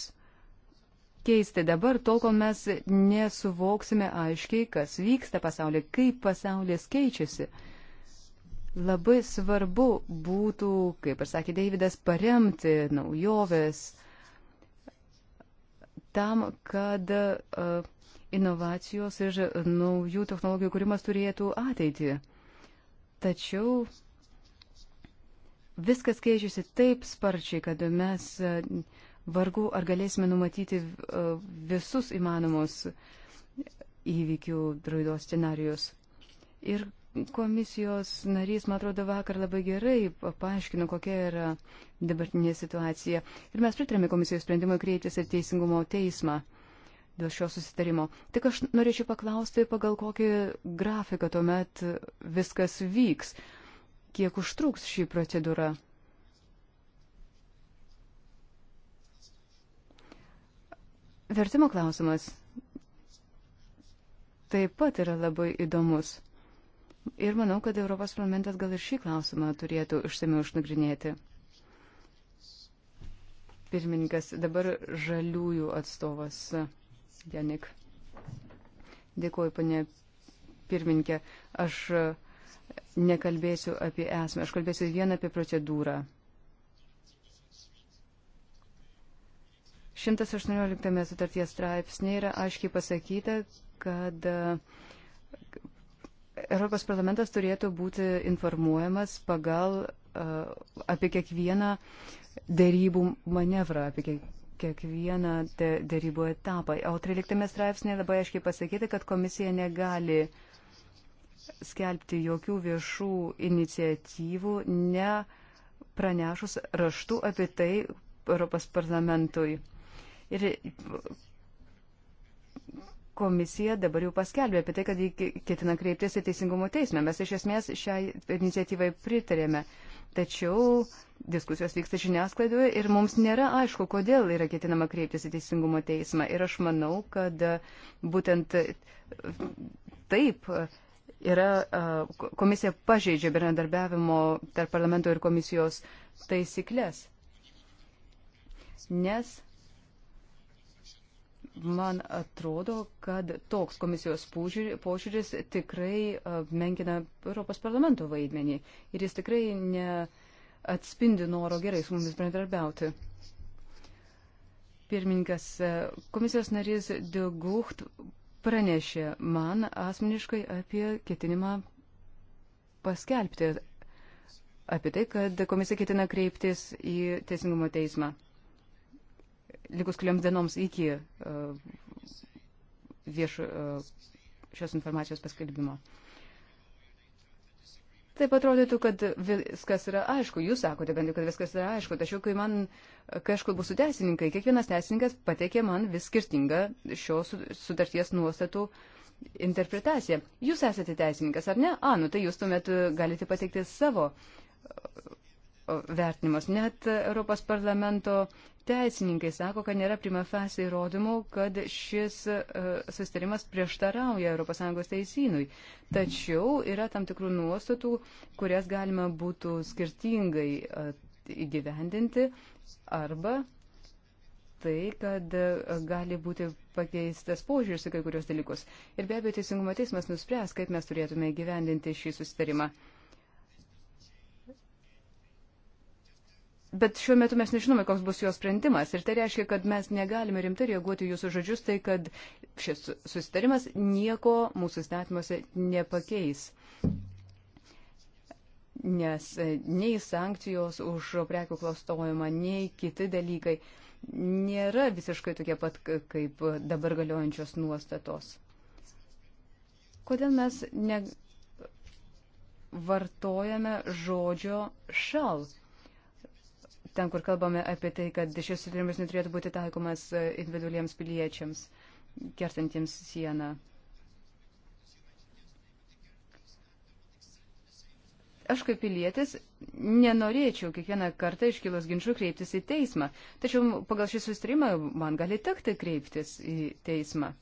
keisti dabar, tol kol mes nesuvoksime aiškiai, kas vyksta pasaulyje, kaip pasaulis keičiasi. Uh, Labai svarbu būtų, kaip ir sakė Deividas, paremti naujoves tam, kad e, inovacijos ir naujų technologijų kūrimas turėtų ateitį. Tačiau viskas keičiasi taip sparčiai, kad mes e, vargu ar galėsime numatyti e, visus įmanomus įvykių raidos scenarius. Ir komisijos narys, man atrodo, vakar labai gerai paaiškino, kokia yra dabartinė situacija. Ir mes pritarėme komisijos sprendimui kreiptis ir teisingumo teismą dėl šio susitarimo. Tik aš norėčiau paklausti, pagal kokį grafiką tuomet viskas vyks, kiek užtruks šį procedūrą. Vertimo klausimas taip pat yra labai įdomus. Ir manau, kad Europos parlamentas gal ir šį klausimą turėtų išsamiau išnagrinėti. Pirmininkas, dabar žaliųjų atstovas Janik. Dėkuoju, panė pirmininkė. Aš nekalbėsiu apie esmę, aš kalbėsiu vieną apie procedūrą. 118 sutarties straipsnė yra aiškiai pasakyta, kad Europos parlamentas turėtų būti informuojamas pagal uh, apie kiekvieną dėrybų manevrą, apie kiek, kiekvieną dėrybų etapą. O 13 straipsnė labai aiškiai pasakyti, kad komisija negali skelbti jokių viešų iniciatyvų, nepranešus raštu apie tai Europos parlamentui. Ir komisija dabar jau paskelbė apie tai, kad jį ketina kreiptis į Teisingumo teismą. Mes iš esmės šiai iniciatyvai pritarėme. Tačiau diskusijos vyksta žiniasklaidoje ir mums nėra aišku, kodėl yra ketinama kreiptis į Teisingumo teismą. Ir aš manau, kad e, būtent taip e, yra e, komisija pažeidžia bendradarbiavimo tarp parlamento ir komisijos taisyklės. Nes man atrodo, kad toks komisijos požiūris tikrai e, menkina Europos parlamento vaidmenį ir jis tikrai neatspindi noro gerai su mumis bendradarbiauti. Pirmininkas, e, komisijos narys Degucht pranešė man asmeniškai apie ketinimą paskelbti apie tai, kad komisija ketina kreiptis į Teisingumo teismą likus kelioms dienoms iki e, vieš, e, šios informacijos paskelbimo. Taip atrodytų, kad viskas yra aišku. Jūs sakote bent jau, kad viskas yra aišku. Tačiau, kai man kažkur bus su teisininkai, kiekvienas teisininkas pateikė man vis skirtingą šios sutarties nuostatų interpretaciją. Jūs esate teisininkas, ar ne? A, nu tai jūs tuomet galite pateikti savo vertinimas. Net Europos parlamento teisininkai sako, kad nėra prima fase įrodymų, kad šis e, sustarimas prieštarauja ES teisynui. Tačiau yra tam tikrų nuostatų, kurias galima būtų skirtingai e, įgyvendinti arba tai, kad e, gali būti pakeistas požiūris į kai kurios dalykus. Ir be abejo, Teisingumo teismas nuspręs, kaip mes turėtume gyvendinti šį susitarimą. Bet šiuo metu mes nežinome, koks bus jo sprendimas. Ir tai reiškia, kad mes negalime rimtai reaguoti jūsų žodžius, tai kad šis susitarimas nieko mūsų įstatymuose nepakeis. Nes e, nei sankcijos už prekių klastojimą, nei kiti dalykai nėra visiškai tokie pat kaip dabar galiojančios nuostatos. Kodėl mes nevartojame žodžio šal? ten, kur kalbame apie tai, kad šis susitarimas neturėtų būti taikomas e, individualiems piliečiams, kertantiems sieną. Aš kaip pilietis nenorėčiau kiekvieną kartą iškilus ginčių kreiptis į teismą, tačiau pagal šį sustarimą man gali tekti kreiptis į teismą.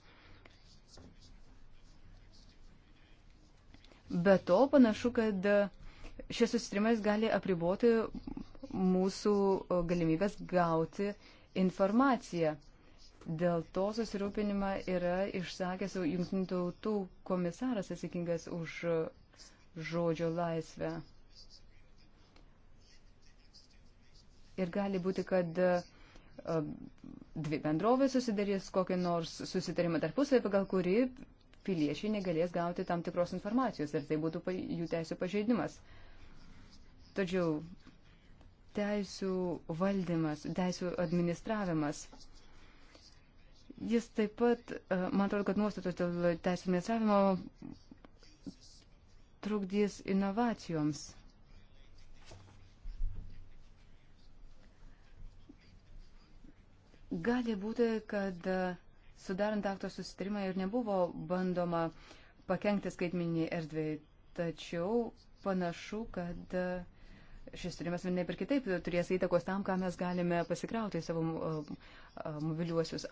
Be to panašu, kad šis sustarimas gali apriboti mūsų galimybės gauti informaciją. Dėl to susirūpinimą yra išsakęs jungtinių tautų komisaras atsakingas už žodžio laisvę. Ir gali būti, kad dvi bendrovės susidarys kokį nors susitarimą tarpusavį, pagal kurį piliečiai negalės gauti tam tikros informacijos ir tai būtų jų teisų pažeidimas. Tačiau teisų valdymas, teisų administravimas. Jis taip pat, e, man atrodo, kad nuostatos dėl teisų administravimo trukdys inovacijoms. Gali būti, kad e, sudarant akto susitarimą ir nebuvo bandoma pakengti skaitminiai erdvėjai, tačiau panašu, kad uh, Šis tyrimas vienaip ir kitaip turės įtakos tam, ką mes galime pasikrauti savo mobiliuosius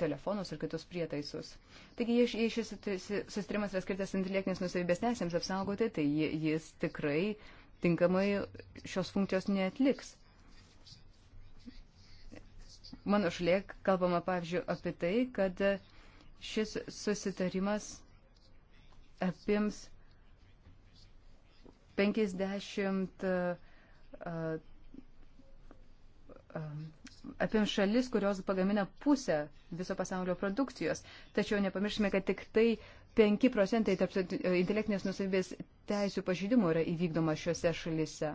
telefonus ir kitus prietaisus. Taigi, jei šis susitarimas yra skirtas intelektinės nusavybės teisėms apsaugoti, tai jis tikrai tinkamai šios funkcijos netliks. Mano šalyje kalbama, pavyzdžiui, apie tai, kad šis susitarimas apims 50 e, e, e, apie šalis, kurios pagamina pusę viso pasaulio produkcijos. Tačiau nepamirškime, kad tik tai 5 procentai intelektinės nusavybės teisų pažydimų yra įvykdoma šiuose šalise.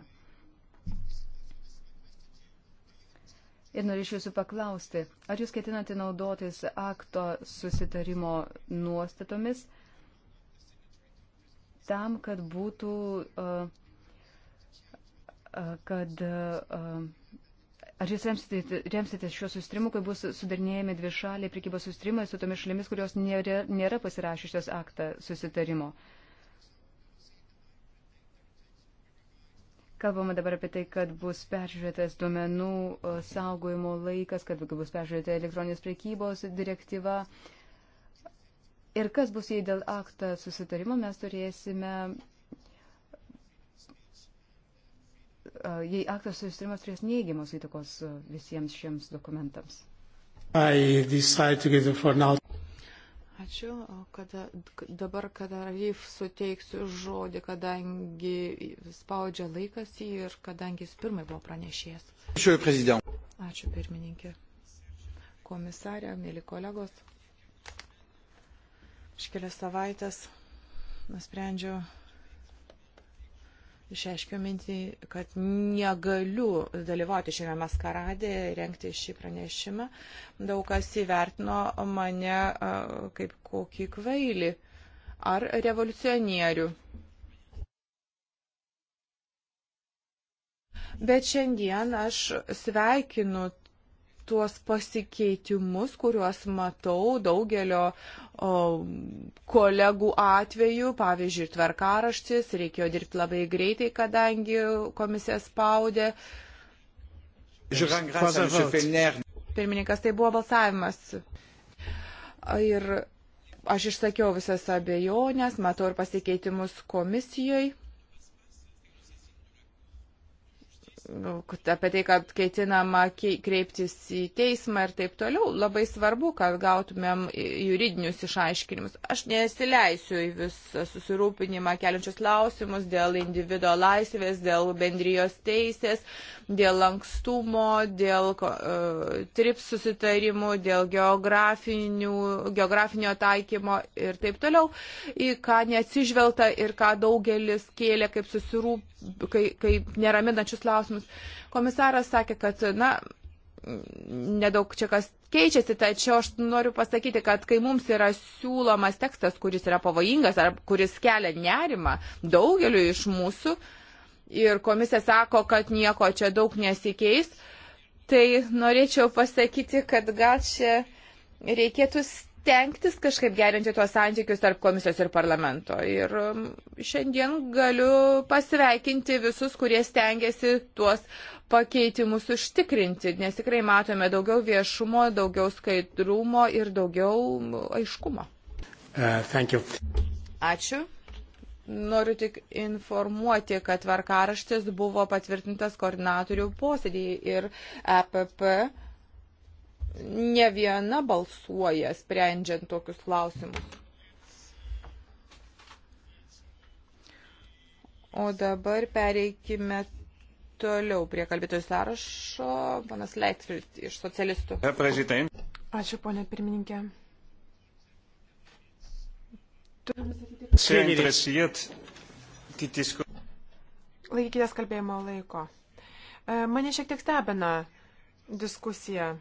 Ir norėčiau jūsų paklausti, ar jūs ketinate naudotis akto susitarimo nuostatomis? Uh, tam, kad būtų, kad Ar jūs remsite, remsite šiuo sustrimu, kai bus sudarinėjami dvišaliai prikybos sustrimai su tomis šalimis, kurios nėra, nėra pasirašyšios aktą susitarimo? Kalbama dabar apie tai, kad bus peržiūrėtas duomenų saugojimo laikas, kad bus peržiūrėta elektroninės prekybos direktyva. Uh, Ir kas bus, jei dėl aktą susitarimo mes turėsime, jei aktas susitarimas turės neigiamos įtakos visiems šiems dokumentams. Ačiū, kada, dabar, kada Ryf suteiksiu žodį, kadangi spaudžia laikas ir kadangi jis pirmai buvo pranešėjęs. Ačiū, pirmininkė. Komisarė, mėly kolegos. Iš kelias savaitės nusprendžiau išaiškiau mintį, kad negaliu dalyvauti šiame maskarade, renkti šį pranešimą. Daug kas įvertino mane kaip kokį kvailį ar revoliucionierių. Bet šiandien aš sveikinu tuos pasikeitimus, kuriuos matau daugelio o, kolegų atveju, pavyzdžiui, tvarkaraštis, reikėjo dirbti labai greitai, kadangi komisija spaudė. Pirmininkas, tai buvo balsavimas. Ir aš išsakiau visas abejonės, matau ir pasikeitimus komisijoje. Nu, apie tai, kad keitinama kreiptis į teismą ir taip toliau, labai svarbu, kad gautumėm juridinius išaiškinimus. Aš nesileisiu į visą susirūpinimą keliančius klausimus dėl individuo laisvės, dėl bendrijos teisės, dėl lankstumo, dėl uh, trips susitarimų, dėl geografinio taikymo ir taip toliau, į ką neatsižvelgta ir ką daugelis kėlė kaip susirūpinimą, kaip neraminančius klausimus klausimus. Komisaras sakė, kad, na, nedaug čia kas keičiasi, tačiau aš noriu pasakyti, kad kai mums yra siūlomas tekstas, kuris yra pavojingas ar kuris kelia nerimą daugeliu iš mūsų ir komisija sako, kad nieko čia daug nesikeis, tai norėčiau pasakyti, kad gal čia reikėtų stengtis kažkaip gerinti tuos santykius tarp komisijos ir parlamento. Ir um, šiandien galiu pasveikinti visus, kurie stengiasi tuos pakeitimus užtikrinti, nes tikrai matome daugiau viešumo, daugiau skaidrumo ir daugiau um, aiškumo. Uh, Ačiū. Noriu tik informuoti, kad varkaraštis buvo patvirtintas koordinatorių posėdėje ir EPP ne viena balsuoja sprendžiant tokius klausimus. O dabar pereikime toliau prie kalbėtojų sąrašo. Panas Leitfried iš socialistų. Ačiū, ponė pirmininkė. Laikykitės kalbėjimo laiko. E, mane šiek tiek stebina diskusija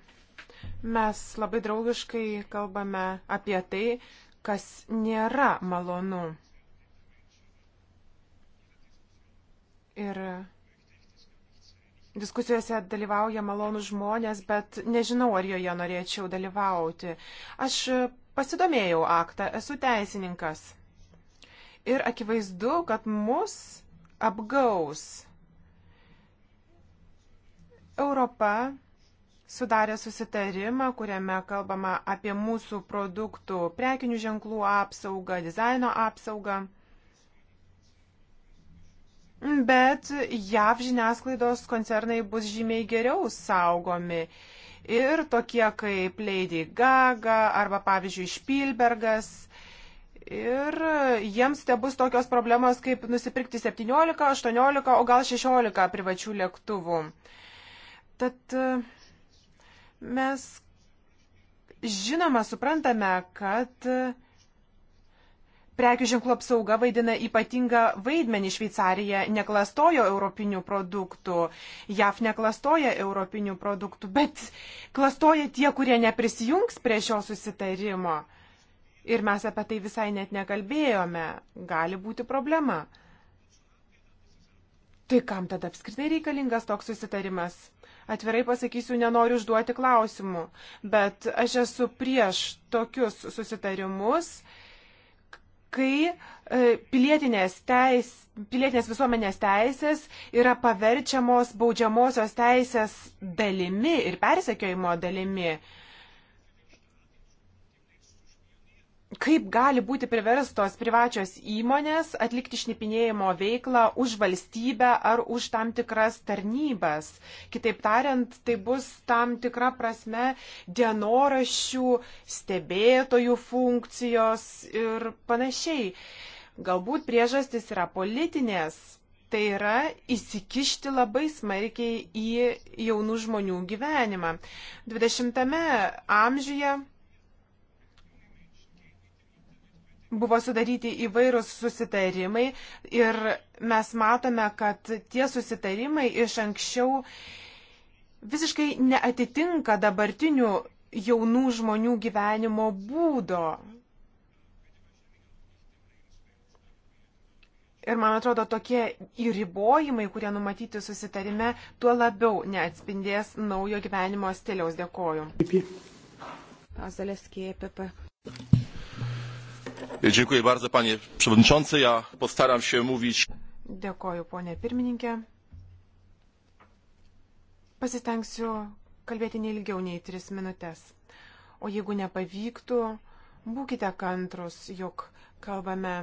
Mes labai draugiškai kalbame apie tai, kas nėra malonu. Ir diskusijose dalyvauja malonus žmonės, bet nežinau, ar joje norėčiau dalyvauti. Aš pasidomėjau aktą, esu teisininkas. Ir akivaizdu, kad mus apgaus. Europa sudarė susitarimą, kuriame kalbama apie mūsų produktų prekinių ženklų apsaugą, dizaino apsaugą. Bet JAV žiniasklaidos koncernai bus žymiai geriau saugomi. Ir tokie kaip Lady Gaga arba pavyzdžiui Spielbergas. Ir jiems te bus tokios problemos kaip nusipirkti 17, 18, o gal 16 privačių lėktuvų. Tad uh, Mes žinoma suprantame, kad prekių ženklų apsauga vaidina ypatingą vaidmenį. Šveicarija neklastojo europinių produktų, JAF neklastoja europinių produktų, bet klastoja tie, kurie neprisijungs prie šio susitarimo. Ir mes apie tai visai net nekalbėjome. Gali būti problema. Tai kam tada apskritai reikalingas toks susitarimas? Atvirai pasakysiu, nenoriu užduoti klausimų, bet aš esu prieš tokius susitarimus, kai e, pilietinės, teis, pilietinės visuomenės teisės yra paverčiamos baudžiamosios teisės dalimi ir persekiojimo dalimi. Uh, kaip gali būti priverstos privačios įmonės atlikti šnipinėjimo veiklą už valstybę ar už tam tikras tarnybas. Kitaip tariant, tai bus tam tikra prasme dienoraščių, stebėtojų funkcijos ir panašiai. Galbūt priežastis yra politinės. Tai yra įsikišti labai smarkiai į jaunų žmonių gyvenimą. 20-ame amžiuje buvo sudaryti įvairūs susitarimai ir mes matome, kad tie susitarimai iš anksčiau visiškai neatitinka dabartinių jaunų žmonių gyvenimo būdo. Ir man atrodo, tokie įribojimai, kurie numatyti susitarime, tuo labiau neatspindės naujo gyvenimo stiliaus. Dėkoju. Dziękuję bardzo, panie przewodniczący. Ja postaram się mówić. Dėkoju, ponė pirmininkė. Pasitengsiu kalbėti neilgiau nei tris minutės. O jeigu nepavyktų, būkite kantrus, jog kalbame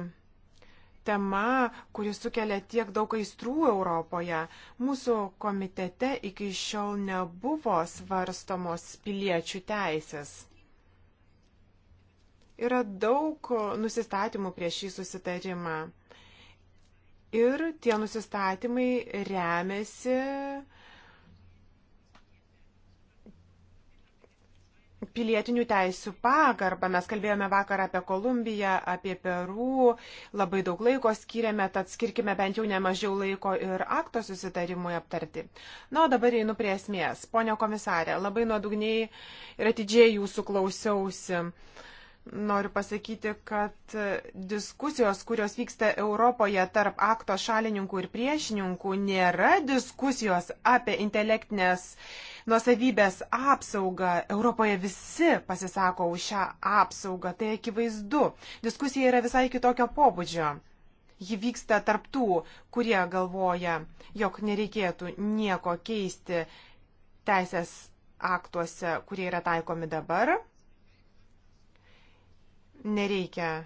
tema, kuri sukelia tiek daug aistrų Europoje. Mūsų komitete iki šiol nebuvo svarstomos piliečių teisės. Yra daug nusistatymų prieš šį susitarimą. Ir tie nusistatymai remiasi pilietinių teisių pagarbą. Mes kalbėjome vakar apie Kolumbiją, apie Perų, labai daug laiko skiriame, tad skirkime bent jau nemažiau laiko ir akto susitarimui aptarti. Na, o dabar einu prie esmės. Pone komisarė, labai nuodugniai ir atidžiai jūsų klausiausi. Uh, noriu pasakyti, kad diskusijos, kurios vyksta Europoje tarp akto šalininkų ir priešininkų, nėra diskusijos apie intelektinės nuosavybės apsaugą. Europoje visi pasisako už šią apsaugą, tai akivaizdu. Diskusija yra visai kitokio pobūdžio. Ji vyksta tarptų, kurie galvoja, jog nereikėtų nieko keisti teisės aktuose, kurie yra taikomi dabar nereikia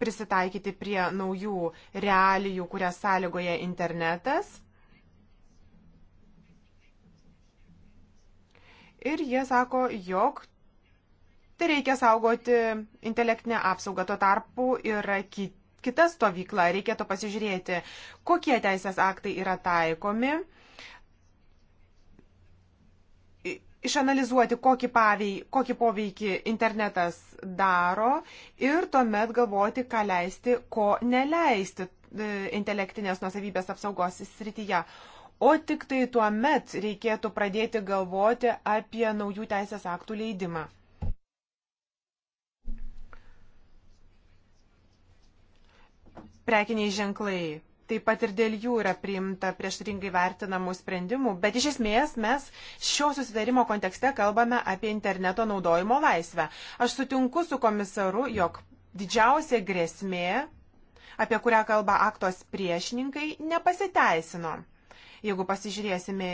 prisitaikyti prie naujų realijų, kurias sąlygoja internetas. Ir jie sako, jog tai reikia saugoti intelektinę apsaugą. Tuo tarpu yra kita stovykla, reikėtų pasižiūrėti, kokie teisės aktai yra taikomi išanalizuoti, kokį, pavei, kokį poveikį internetas daro ir tuomet galvoti, ką leisti, ko neleisti e, intelektinės nusavybės apsaugos srityje. O tik tai tuo met reikėtų pradėti galvoti apie naujų teisės aktų leidimą. Prekiniai ženklai taip pat ir dėl jų yra priimta prieštaringai vertinamų sprendimų, bet iš esmės mes šio susitarimo kontekste kalbame apie interneto naudojimo laisvę. Aš sutinku su komisaru, jog didžiausia grėsmė, apie kurią kalba aktos priešininkai, nepasiteisino. Jeigu pasižiūrėsime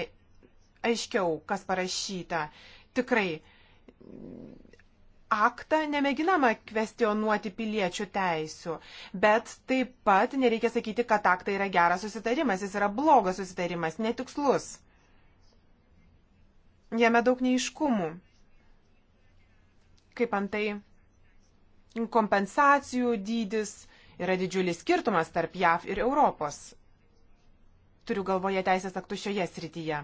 aiškiau, kas parašyta, tikrai aktą nemėginama kvestionuoti piliečių teisių, bet taip pat nereikia sakyti, kad aktai yra geras susitarimas, jis yra blogas susitarimas, netikslus. Jame daug neiškumų. Kaip antai, kompensacijų dydis yra didžiulis skirtumas tarp JAV ir Europos. Turiu galvoje teisės aktus šioje srityje,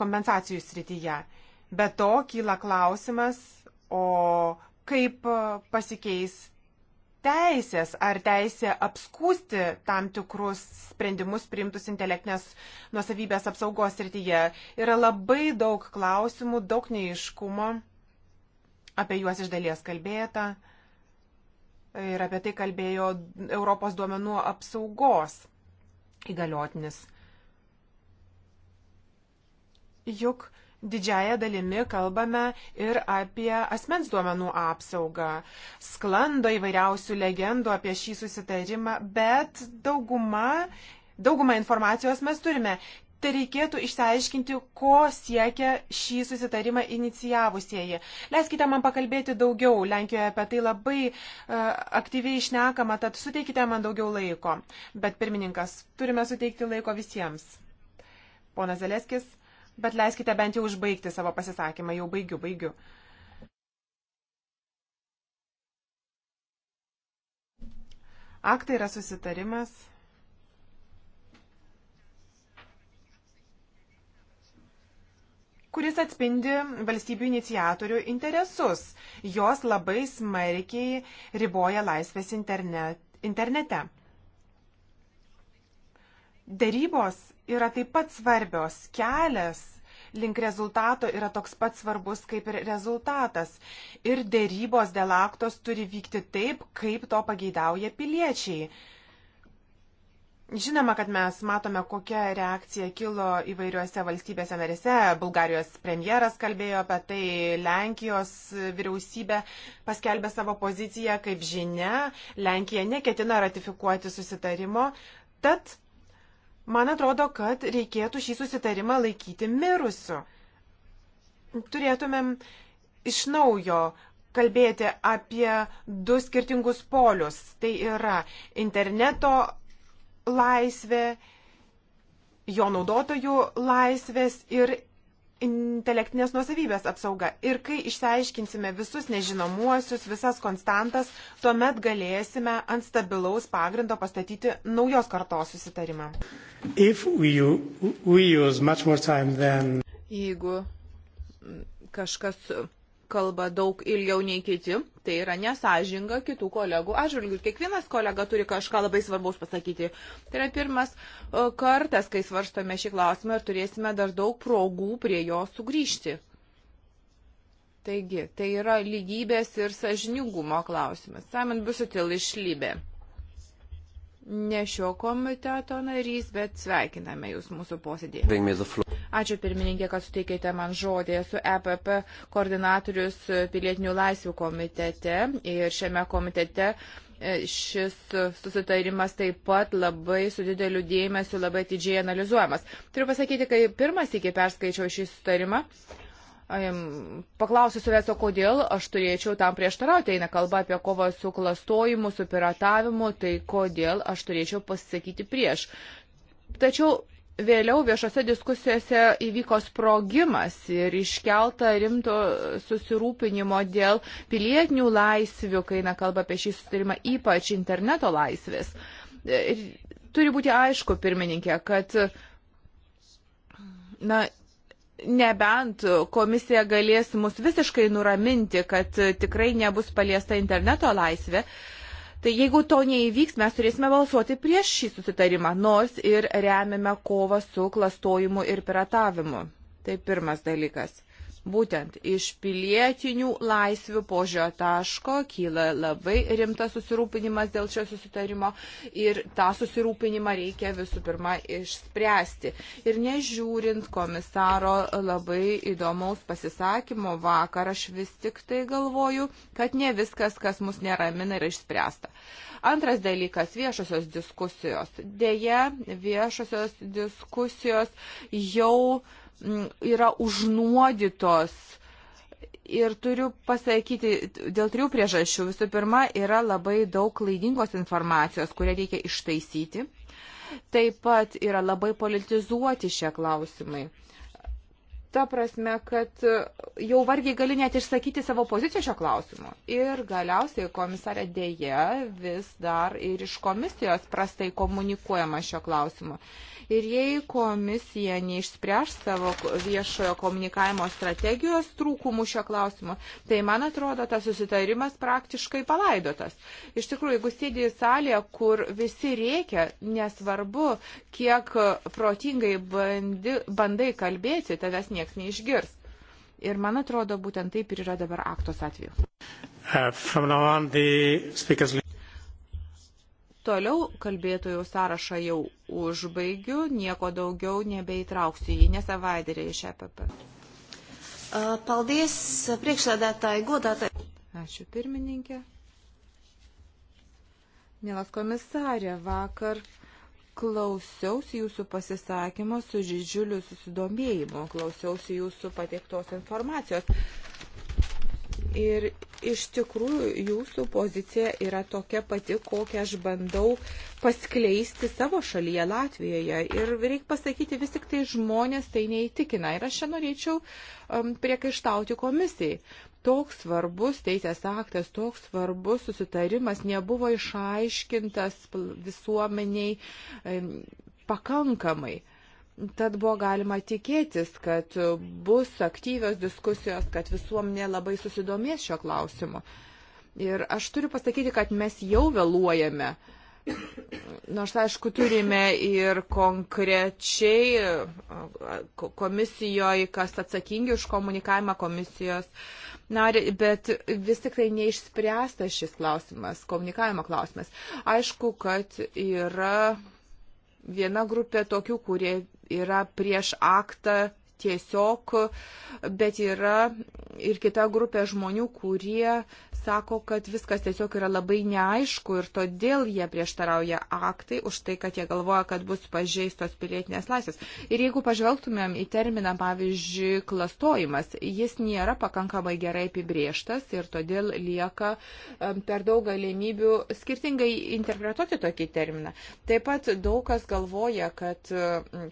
kompensacijų srityje. Be to kyla klausimas, O kaip pasikeis teisės, ar teisė apskūsti tam tikrus sprendimus priimtus intelektinės nuosavybės apsaugos srityje. Yra labai daug klausimų, daug neiškumo, apie juos iš dalies kalbėta ir apie tai kalbėjo Europos duomenų apsaugos įgaliotinis. Juk didžiaja dalimi kalbame ir apie asmens duomenų apsaugą. Sklando įvairiausių legendų apie šį susitarimą, bet dauguma, dauguma informacijos mes turime. Tai reikėtų išsiaiškinti, ko siekia šį susitarimą inicijavusieji. Leiskite man pakalbėti daugiau. Lenkijoje apie tai labai uh, aktyviai išnekama, tad suteikite man daugiau laiko. Bet pirmininkas, turime suteikti laiko visiems. Ponas Zeleskis bet leiskite bent jau užbaigti savo pasisakymą. Jau baigiu, baigiu. Aktai yra susitarimas. kuris atspindi valstybių iniciatorių interesus. Jos labai smarkiai riboja laisvės internet, internete. Darybos yra taip pat svarbios. Kelias link rezultato yra toks pat svarbus kaip ir rezultatas. Ir dėrybos dėl aktos turi vykti taip, kaip to pageidauja piliečiai. Žinoma, kad mes matome, kokia reakcija kilo įvairiuose valstybėse narėse. Bulgarijos premjeras kalbėjo apie tai, Lenkijos vyriausybė paskelbė savo poziciją, kaip žinia, Lenkija neketina ratifikuoti susitarimo. Tad Man atrodo, kad reikėtų šį susitarimą laikyti mirusiu. Turėtumėm iš naujo kalbėti apie du skirtingus polius. Tai yra interneto laisvė, jo naudotojų laisvės ir intelektinės nuosavybės apsauga. Ir kai išsiaiškinsime visus nežinomuosius, visas konstantas, tuomet galėsime ant stabilaus pagrindo pastatyti naujos kartos susitarimą. We, we than... Jeigu kažkas kalba daug ilgiau nei kiti, tai yra nesažinga kitų kolegų atžvilgių. Kiekvienas kolega turi kažką labai svarbaus pasakyti. Tai yra pirmas e, kartas, kai svarstome šį klausimą ir turėsime dar daug progų prie jo sugrįžti. Taigi, tai yra lygybės ir sažiningumo klausimas. Simon Busutil išlybė ne šio komiteto narys, bet sveikiname Jūs mūsų posėdėje. Ačiū pirmininkė, kad suteikėte man žodį. Esu EPP koordinatorius pilietinių laisvių komitete ir šiame komitete e, šis susitarimas taip pat labai su dideliu dėmesiu labai atidžiai analizuojamas. Turiu pasakyti, kai pirmas iki perskaičiau šį susitarimą, Paklausiu savęs, o kodėl aš turėčiau tam prieštarauti, eina kalba apie kovą su klastojimu, su piratavimu, tai kodėl aš turėčiau pasisakyti prieš. Tačiau vėliau viešose diskusijose įvyko sprogimas ir iškelta rimto susirūpinimo dėl pilietinių laisvių, kai eina kalba apie šį sustarimą, ypač interneto laisvės. Ir turi būti aišku, pirmininkė, kad na, nebent komisija galės mus visiškai nuraminti, kad tikrai nebus paliesta interneto laisvė, tai jeigu to neįvyks, mes turėsime balsuoti prieš šį susitarimą, nors ir remiame kovą su klastojimu ir piratavimu. Tai pirmas dalykas. Būtent iš pilietinių laisvių požio taško kyla labai rimtas susirūpinimas dėl šio susitarimo ir tą susirūpinimą reikia visų pirma išspręsti. Ir nežiūrint komisaro labai įdomaus pasisakymo vakar, aš vis tik tai galvoju, kad ne viskas, kas mus neramina, yra išspręsta. Antras dalykas - viešosios diskusijos. Deja, viešosios diskusijos jau yra užnuodytos. Ir turiu pasakyti dėl trijų priežasčių. Visų pirma, yra labai daug klaidingos informacijos, kurią reikia ištaisyti. Taip pat yra labai politizuoti šie klausimai. Ta prasme, kad jau vargiai gali net išsakyti savo poziciją šio klausimu. Ir galiausiai komisarė dėje vis dar ir iš komisijos prastai komunikuojama šio klausimu. Uh, Ir jei komisija neišspręs savo viešojo komunikavimo strategijos trūkumų šio klausimo, tai man atrodo, tas susitarimas praktiškai palaidotas. Iš tikrųjų, jeigu sėdė į salę, kur visi reikia, nesvarbu, kiek protingai bandi, bandai kalbėti, tavęs nieks neišgirs. Ir man atrodo, būtent taip ir yra dabar aktos atveju. Uh, Toliau kalbėtojų sąrašą jau užbaigiu, nieko daugiau nebeįtrauksiu jį, nesavaitėlį iš EPP. Paldies, priekšsėdėtai, godatai. Ačiū pirmininkė. Mielas komisarė, vakar klausiausi jūsų pasisakymo su didžiuliu susidomėjimu, klausiausi jūsų pateiktos informacijos. Ir iš tikrųjų jūsų pozicija yra tokia pati, kokią aš bandau paskleisti savo šalyje Latvijoje. Ir reikia pasakyti, vis tik tai žmonės tai neįtikina. Ir aš čia norėčiau um, priekaištauti komisijai. Toks svarbus teisės aktas, toks svarbus susitarimas nebuvo išaiškintas visuomeniai um, pakankamai. Uh, Tad buvo galima tikėtis, kad bus aktyvios diskusijos, kad visuomenė labai susidomės šio klausimu. Ir aš turiu pasakyti, kad mes jau vėluojame. Nors, aišku, turime ir konkrečiai komisijoje, kas atsakingi už komunikavimą komisijos narį, bet vis tik tai neišspręsta šis klausimas, komunikavimo klausimas. Aišku, kad yra viena grupė tokių, kurie yra prieš aktą tiesiog, bet yra ir kita grupė žmonių, kurie sako, kad viskas tiesiog yra labai neaišku ir todėl jie prieštarauja aktai už tai, kad jie galvoja, kad bus pažeistos pilietinės laisvės. Ir jeigu pažvelgtumėm į terminą, pavyzdžiui, klastojimas, jis nėra pakankamai gerai apibrieštas ir todėl lieka per daug galimybių skirtingai interpretuoti tokį terminą. Taip pat daug kas galvoja, kad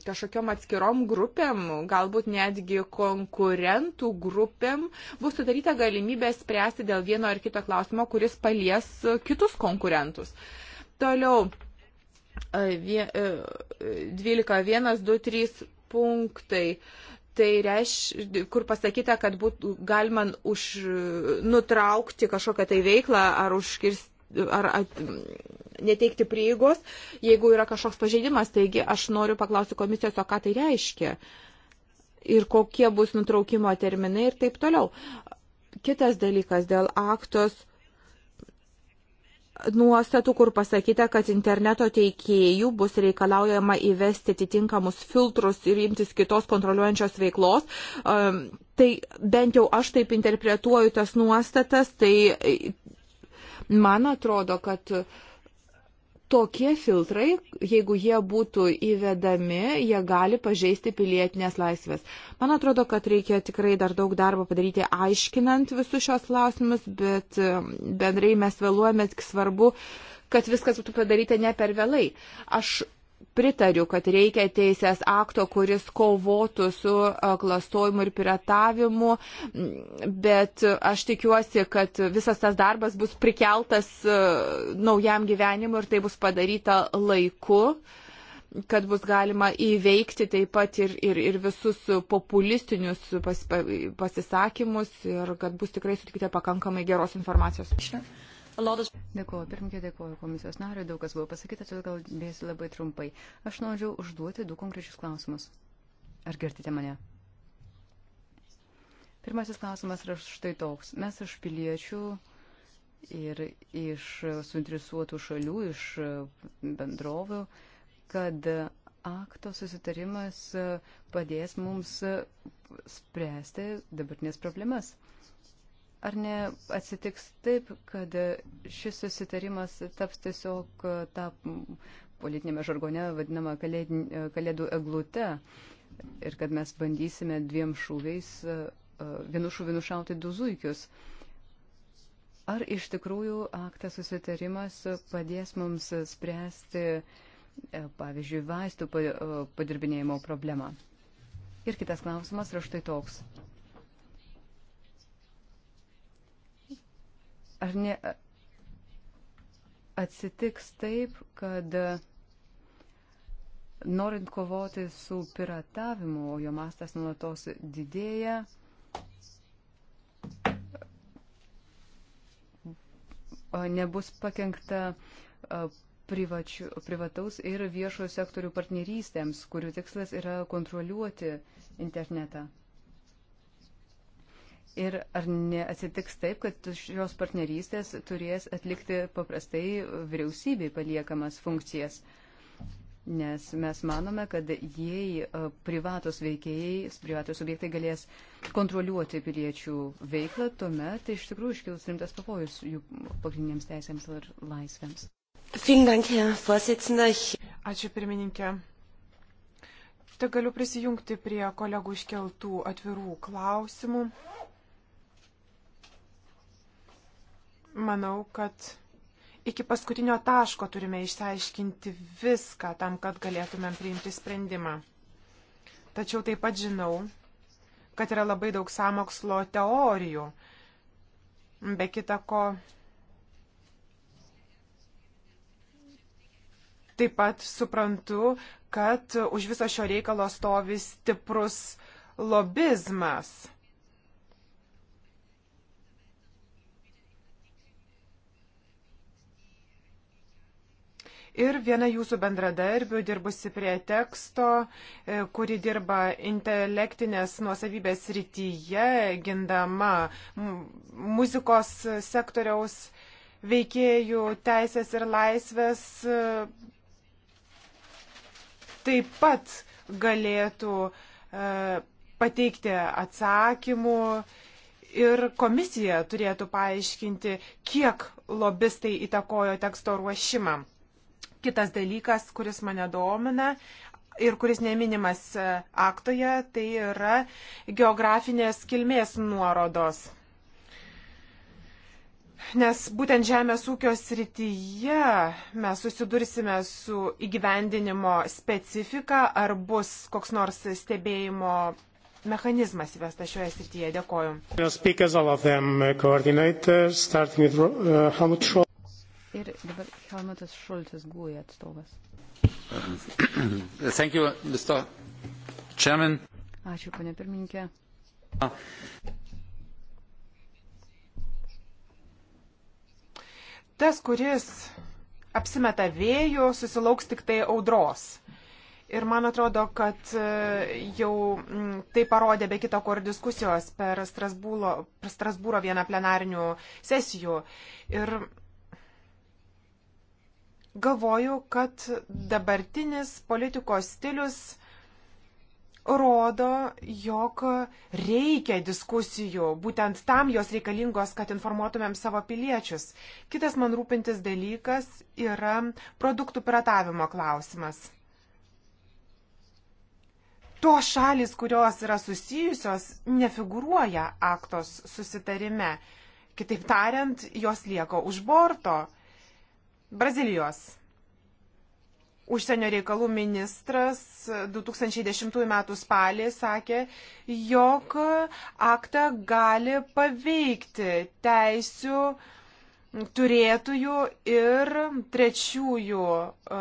kažkokiom atskirom grupėm galbūt galbūt netgi konkurentų grupėm bus sudaryta galimybė spręsti dėl vieno ar kito klausimo, kuris palies kitus konkurentus. Toliau 12, 1, 2, 3 punktai. Tai reiškia, kur pasakyta, kad būtų galima už, nutraukti kažkokią tai veiklą ar užkirsti ar at, neteikti prieigos, jeigu yra kažkoks pažeidimas. Taigi aš noriu paklausti komisijos, o ką tai reiškia. Uh, ir kokie bus nutraukimo terminai ir taip toliau. Kitas dalykas dėl aktos nuostatų, kur pasakyta, kad interneto teikėjų bus reikalaujama įvesti atitinkamus filtrus ir imtis kitos kontroliuojančios veiklos. Um, tai bent jau aš taip interpretuoju tas nuostatas, tai e, man atrodo, kad uh, tokie filtrai, jeigu jie būtų įvedami, jie gali pažeisti pilietinės laisvės. Man atrodo, kad reikia tikrai dar daug darbo padaryti aiškinant visus šios klausimus, bet um, bendrai mes vėluojame, tik svarbu, kad viskas būtų padaryta ne per vėlai. Aš pritariu, kad reikia teisės akto, kuris kovotų su klastojimu ir piratavimu, bet aš tikiuosi, kad visas tas darbas bus prikeltas naujam gyvenimui ir tai bus padaryta laiku kad bus galima įveikti taip pat ir, ir, ir visus populistinius pas, pasisakymus ir kad bus tikrai sutikite pakankamai geros informacijos. Sure. Is... Dėkuoju, pirmkė, dėkuoju komisijos nariui, daug kas buvo pasakyta, todėl gal dėsiu labai trumpai. Aš noriu užduoti du konkrečius klausimus. Ar girdite mane? Pirmasis klausimas yra štai toks. Mes iš piliečių ir iš suinteresuotų šalių, iš bendrovių, kad akto susitarimas padės mums spręsti dabartinės problemas. Ar ne atsitiks taip, kad šis susitarimas taps tiesiog e, tą politinėme žargone vadinamą e, kalėdų eglutę ir kad mes bandysime dviem šūviais, e, vienu šūviu nušauti du zuikius? Ar iš tikrųjų aktas susitarimas padės mums spręsti, pavyzdžiui, vaistų padirbinėjimo problemą? Ir kitas klausimas yra štai toks. ar ne atsitiks taip, kad norint kovoti su piratavimu, o jo mastas nuolatos didėja, nebus pakengta privačių, privataus ir viešojo sektorių partnerystėms, kurių tikslas yra kontroliuoti internetą. Ir ar neatsitiks taip, kad šios partnerystės turės atlikti paprastai vyriausybei paliekamas funkcijas? Nes mes manome, kad jei e, privatos veikėjai, privatos subjektai galės kontroliuoti piliečių veiklą, tuomet iš tikrųjų iškils rimtas pavojus jų pagrindiniams teisėms ir laisvėms. Ačiū pirmininkė. Te galiu prisijungti prie kolegų iškeltų atvirų klausimų. manau, kad iki paskutinio taško turime išsiaiškinti viską tam, kad galėtumėm priimti sprendimą. Tačiau taip pat žinau, kad yra labai daug samokslo teorijų. Be kita ko, taip pat suprantu, kad už viso šio reikalo stovi stiprus lobizmas ir viena jūsų bendradarbių dirbusi prie teksto, e, kuri dirba intelektinės nuosavybės rytyje, gindama muzikos sektoriaus veikėjų teisės ir laisvės e, taip pat galėtų e, pateikti atsakymų ir komisija turėtų paaiškinti, kiek lobistai įtakojo teksto ruošimą. Kitas dalykas, kuris mane domina ir kuris neminimas e, aktoje, tai yra geografinės kilmės nuorodos. Nes būtent žemės ūkio srityje mes susidursime su įgyvendinimo specifika, ar bus koks nors stebėjimo mechanizmas įvesta šioje srityje. Dėkoju. Ir dabar Helmutas Šulcas gūja atstovas. Thank you, Mr. Chairman. Ačiū, ponė pirmininkė. Tas, kuris apsimeta vėjų, susilauks tik tai audros. Ir man atrodo, kad e, jau tai parodė be kita ko ir diskusijos per Strasbūro, per Strasbūro vieną plenarinių sesijų. Ir galvoju, kad dabartinis politikos stilius rodo, jog reikia diskusijų, būtent tam jos reikalingos, kad informuotumėm savo piliečius. Kitas man rūpintis dalykas yra produktų piratavimo klausimas. To šalis, kurios yra susijusios, nefiguruoja aktos susitarime. Kitaip tariant, jos lieka už borto. Brazilijos užsienio reikalų ministras 2010 m. spalį sakė, jog aktą gali paveikti teisių turėtųjų ir trečiųjų e,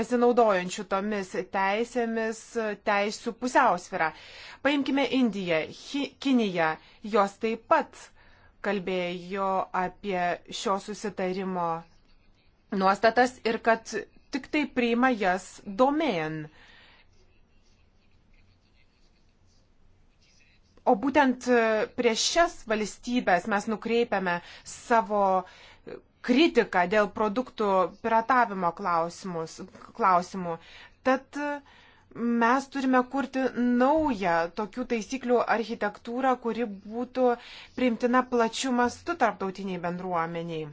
besinaudojančių tomis teisėmis teisų pusiausvirą. Paimkime Indiją, Kiniją, jos taip pat kalbėjo apie šio susitarimo nuostatas ir kad tik tai priima jas domėn. O būtent prieš šias valstybės mes nukreipiame savo kritiką dėl produktų piratavimo klausimų. Tad mes turime kurti naują tokių taisyklių architektūrą, kuri būtų priimtina plačiu mastu tarptautiniai bendruomeniai.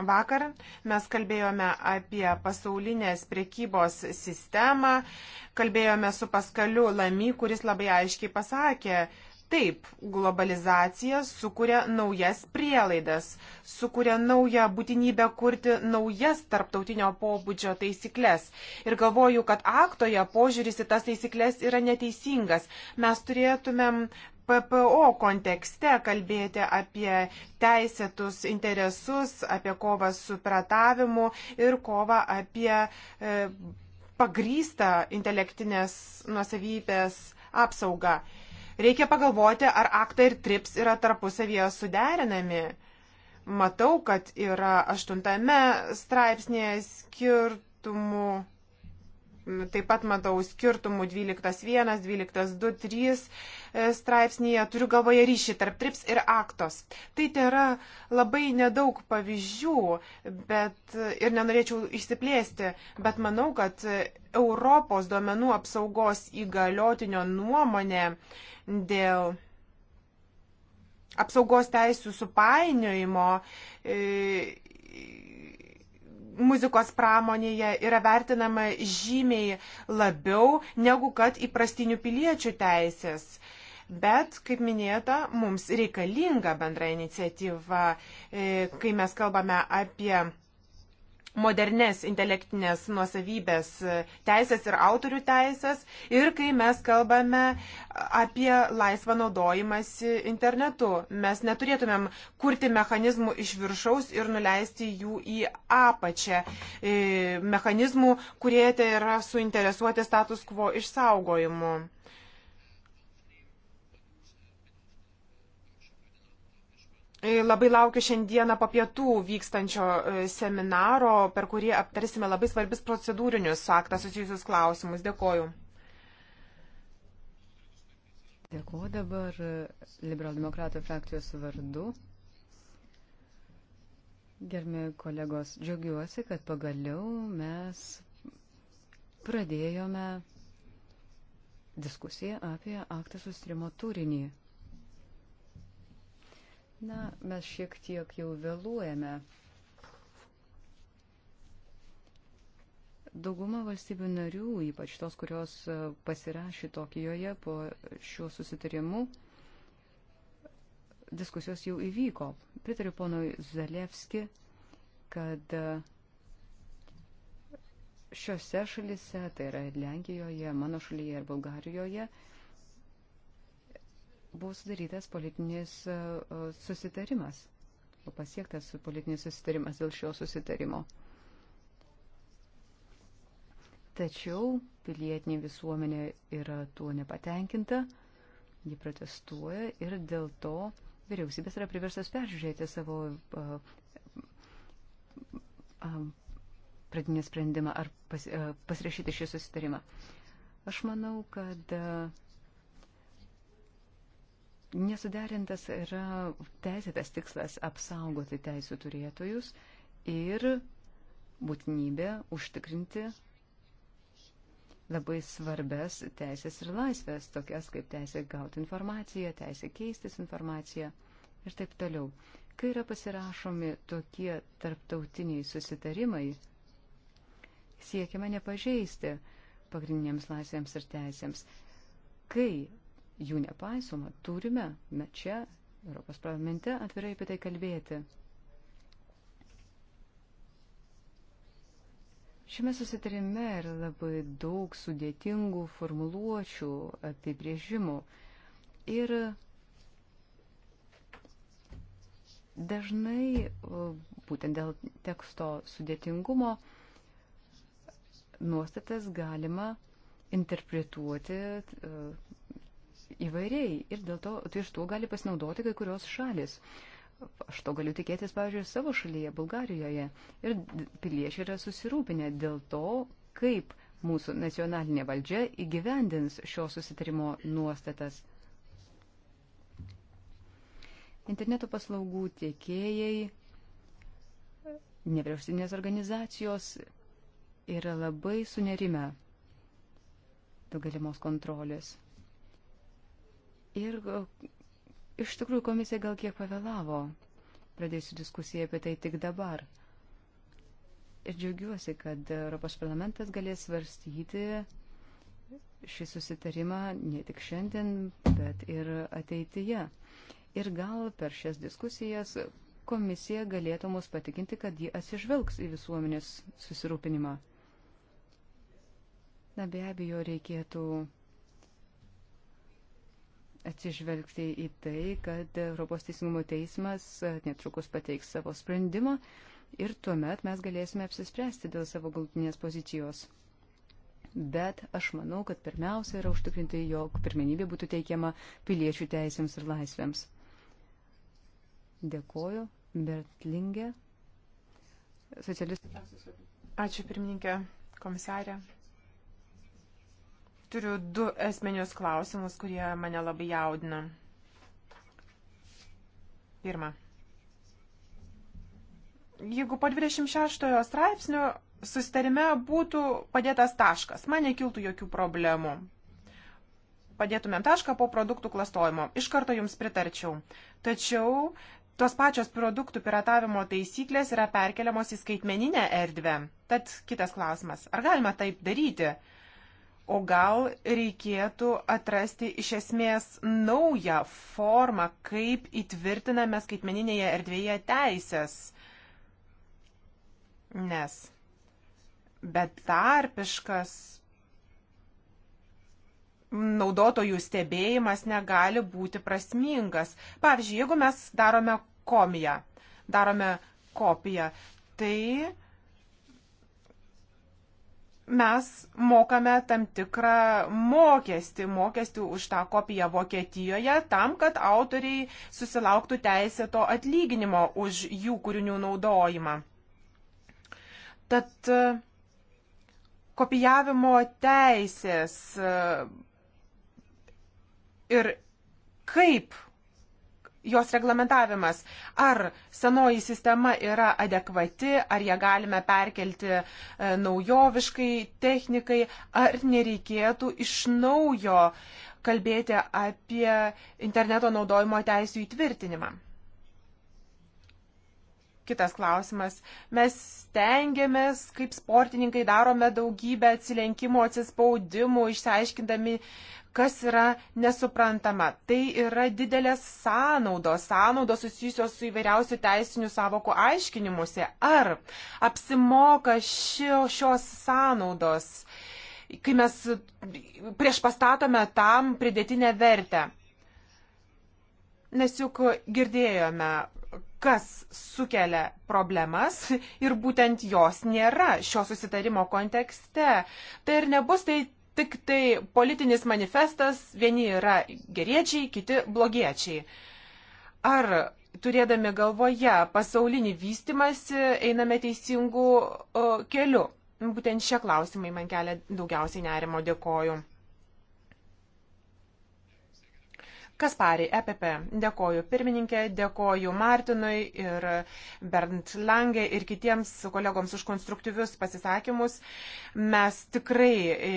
Vakar mes kalbėjome apie pasaulinės priekybos sistemą, kalbėjome su Paskaliu Lamy, kuris labai aiškiai pasakė, taip, globalizacija sukuria naujas prielaidas, sukuria naują būtinybę kurti naujas tarptautinio pobūdžio taisyklės. Ir galvoju, kad aktoje požiūris į tas taisyklės yra neteisingas. Mes turėtumėm PPO kontekste kalbėti apie teisėtus interesus, apie kovą su piratavimu ir kovą apie e, pagrystą intelektinės nuosavybės apsaugą. Reikia pagalvoti, ar aktai ir trips yra tarpusavyje suderinami. Matau, kad yra aštuntame straipsnėje skirtumų Taip pat matau skirtumų 12.1, 12.2.3 e, straipsnėje, turiu galvoje ryšį tarp trips ir aktos. Tai yra labai nedaug pavyzdžių, bet e, ir nenorėčiau išsiplėsti, bet manau, kad Europos duomenų apsaugos įgaliotinio nuomonė dėl apsaugos teisų supainiojimo e, muzikos pramonėje yra vertinama žymiai labiau negu kad įprastinių piliečių teisės. Bet, kaip minėta, mums reikalinga bendra iniciatyva, e, kai mes kalbame apie modernes intelektinės nuosavybės teisės ir autorių teisės ir kai mes kalbame apie laisvą naudojimąsi internetu. Mes neturėtumėm kurti mechanizmų iš viršaus ir nuleisti jų į apačią. E, mechanizmų, kurie tai yra suinteresuoti status quo išsaugojimu. Labai laukiu šiandieną po pietų vykstančio e, seminaro, per kurį aptarsime labai svarbius procedūrinius su aktą susijusius klausimus. Dėkoju. Dėkuoju dabar e, Liberaldemokratų frakcijos vardu. Gerbimi kolegos, džiaugiuosi, kad pagaliau mes pradėjome diskusiją apie aktą sustrimo turinį. Na, mes šiek tiek jau vėluojame. Dauguma valstybių narių, ypač tos, kurios e, pasirašė Tokijoje po šiuo susitarimu, diskusijos jau įvyko. Pritariu ponui Zalevski, kad e, šiuose šalise, tai yra Lenkijoje, mano šalyje ir Bulgarijoje, buvo sudarytas politinis e, e, susitarimas, buvo pasiektas politinis susitarimas dėl šio susitarimo. Tačiau pilietinė visuomenė yra tuo nepatenkinta, ji protestuoja ir dėl to vyriausybės yra priverstas peržiūrėti savo uh, uh, pradinį sprendimą ar pas, uh, pasirašyti šį susitarimą. Aš manau, kad uh, Nesuderintas yra teisėtas tikslas apsaugoti teisų turėtojus ir būtinybė užtikrinti labai svarbes teisės ir laisvės, tokias kaip teisė gauti informaciją, teisė keistis informaciją ir taip toliau. Kai yra pasirašomi tokie tarptautiniai susitarimai, siekiama nepažeisti pagrindiniams laisvėms ir teisėms. Kai jų nepaisoma, turime čia, Europos parlamente, atvirai apie tai kalbėti. Šiame susitarime yra labai daug sudėtingų formuluočių, apibrėžimų ir dažnai būtent dėl teksto sudėtingumo nuostatas galima interpretuoti įvairiai ir dėl to tai iš to gali pasinaudoti kai kurios šalis. Aš to galiu tikėtis, pavyzdžiui, savo šalyje, Bulgarijoje. Ir piliečiai yra susirūpinę dėl to, kaip mūsų nacionalinė valdžia įgyvendins šio susitarimo nuostatas. Interneto paslaugų tiekėjai, nevyriausybinės organizacijos yra labai sunerime dėl galimos kontrolės. Ir e, iš tikrųjų komisija gal kiek pavėlavo. Pradėsiu diskusiją apie tai tik dabar. Ir džiaugiuosi, kad Europos parlamentas galės svarstyti šį susitarimą ne tik šiandien, bet ir ateityje. Ir gal per šias diskusijas komisija galėtų mus patikinti, kad ji atsižvelgs į visuomenės susirūpinimą. Na be abejo, reikėtų atsižvelgti į tai, kad Europos teisingumo teismas e, netrukus pateiks savo sprendimą ir tuomet mes galėsime apsispręsti dėl savo galtinės pozicijos. Bet aš manau, kad pirmiausia yra užtikrinti, jog pirmenybė būtų teikiama piliečių teisėms ir laisvėms. Dėkoju. Bertlingė. Socialistų. Ačiū pirmininkė, komisarė, Turiu du esminius klausimus, kurie mane labai jaudina. Pirma. Jeigu po 26 straipsnio susitarime būtų padėtas taškas, man nekiltų jokių problemų. Padėtumėm tašką po produktų klastojimo. Iš karto jums pritarčiau. Tačiau tos pačios produktų piratavimo taisyklės yra perkeliamos į skaitmeninę erdvę. Tad kitas klausimas. Ar galima taip daryti? O gal reikėtų atrasti iš esmės naują formą, kaip įtvirtiname skaitmeninėje erdvėje teisės. Nes betarpiškas naudotojų stebėjimas negali būti prasmingas. Pavyzdžiui, jeigu mes darome komiją, darome kopiją, tai mes mokame tam tikrą mokestį, mokestį už tą kopiją Vokietijoje, tam, kad autoriai susilauktų teisėto atlyginimo už jų kūrinių naudojimą. Tad e, kopijavimo teisės e, ir kaip jos reglamentavimas. Ar senoji sistema yra adekvati, ar ją galime perkelti e, naujoviškai, technikai, ar nereikėtų iš naujo kalbėti apie interneto naudojimo teisų įtvirtinimą. Kitas klausimas. Mes stengiamės, kaip sportininkai darome daugybę atsilenkimų, atsispaudimų, išsiaiškindami kas yra nesuprantama. Tai yra didelės sąnaudos, sąnaudos susijusios su įvairiausių teisinių savokų aiškinimuose. Ar apsimoka šio, šios sąnaudos, kai mes prieš pastatome tam pridėtinę vertę? Nes juk girdėjome kas sukelia problemas ir būtent jos nėra šio susitarimo kontekste. Tai ir nebus tai tik tai politinis manifestas, vieni yra geriečiai, kiti blogiečiai. Ar turėdami galvoje pasaulinį vystimąsi einame teisingų keliu? Būtent šie klausimai man kelia daugiausiai nerimo dėkoju. Kas pari, EPP. Dėkoju pirmininkė, dėkoju Martinui ir Bernd Lange ir kitiems kolegoms už konstruktyvius pasisakymus. Mes tikrai e,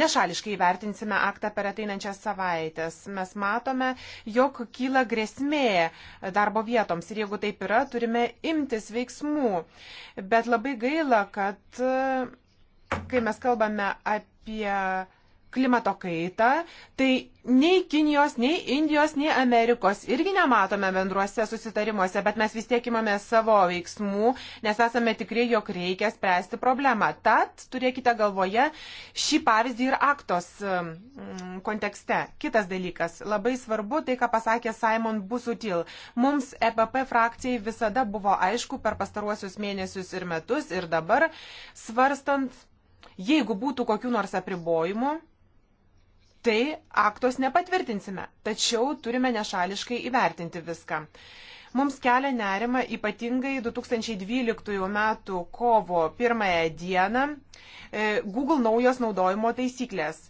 nešališkai vertinsime aktą per ateinančias savaitės. Mes matome, jog kyla grėsmė darbo vietoms ir jeigu taip yra, turime imtis veiksmų. Bet labai gaila, kad e, kai mes kalbame apie klimato kaitą, tai nei Kinijos, nei Indijos, nei Amerikos irgi nematome bendruose susitarimuose, bet mes vis tiek imame savo veiksmų, nes esame tikri, jog reikia spręsti problemą. Tad turėkite galvoje šį pavyzdį ir aktos um, kontekste. Kitas dalykas, labai svarbu tai, ką pasakė Simon Busutil. Mums EPP frakcijai visada buvo aišku per pastaruosius mėnesius ir metus ir dabar svarstant, jeigu būtų kokiu nors apribojimu, tai aktos nepatvirtinsime. Tačiau turime nešališkai įvertinti viską. Mums kelia nerima ypatingai 2012 m. kovo 1 dieną e, Google naujos naudojimo taisyklės.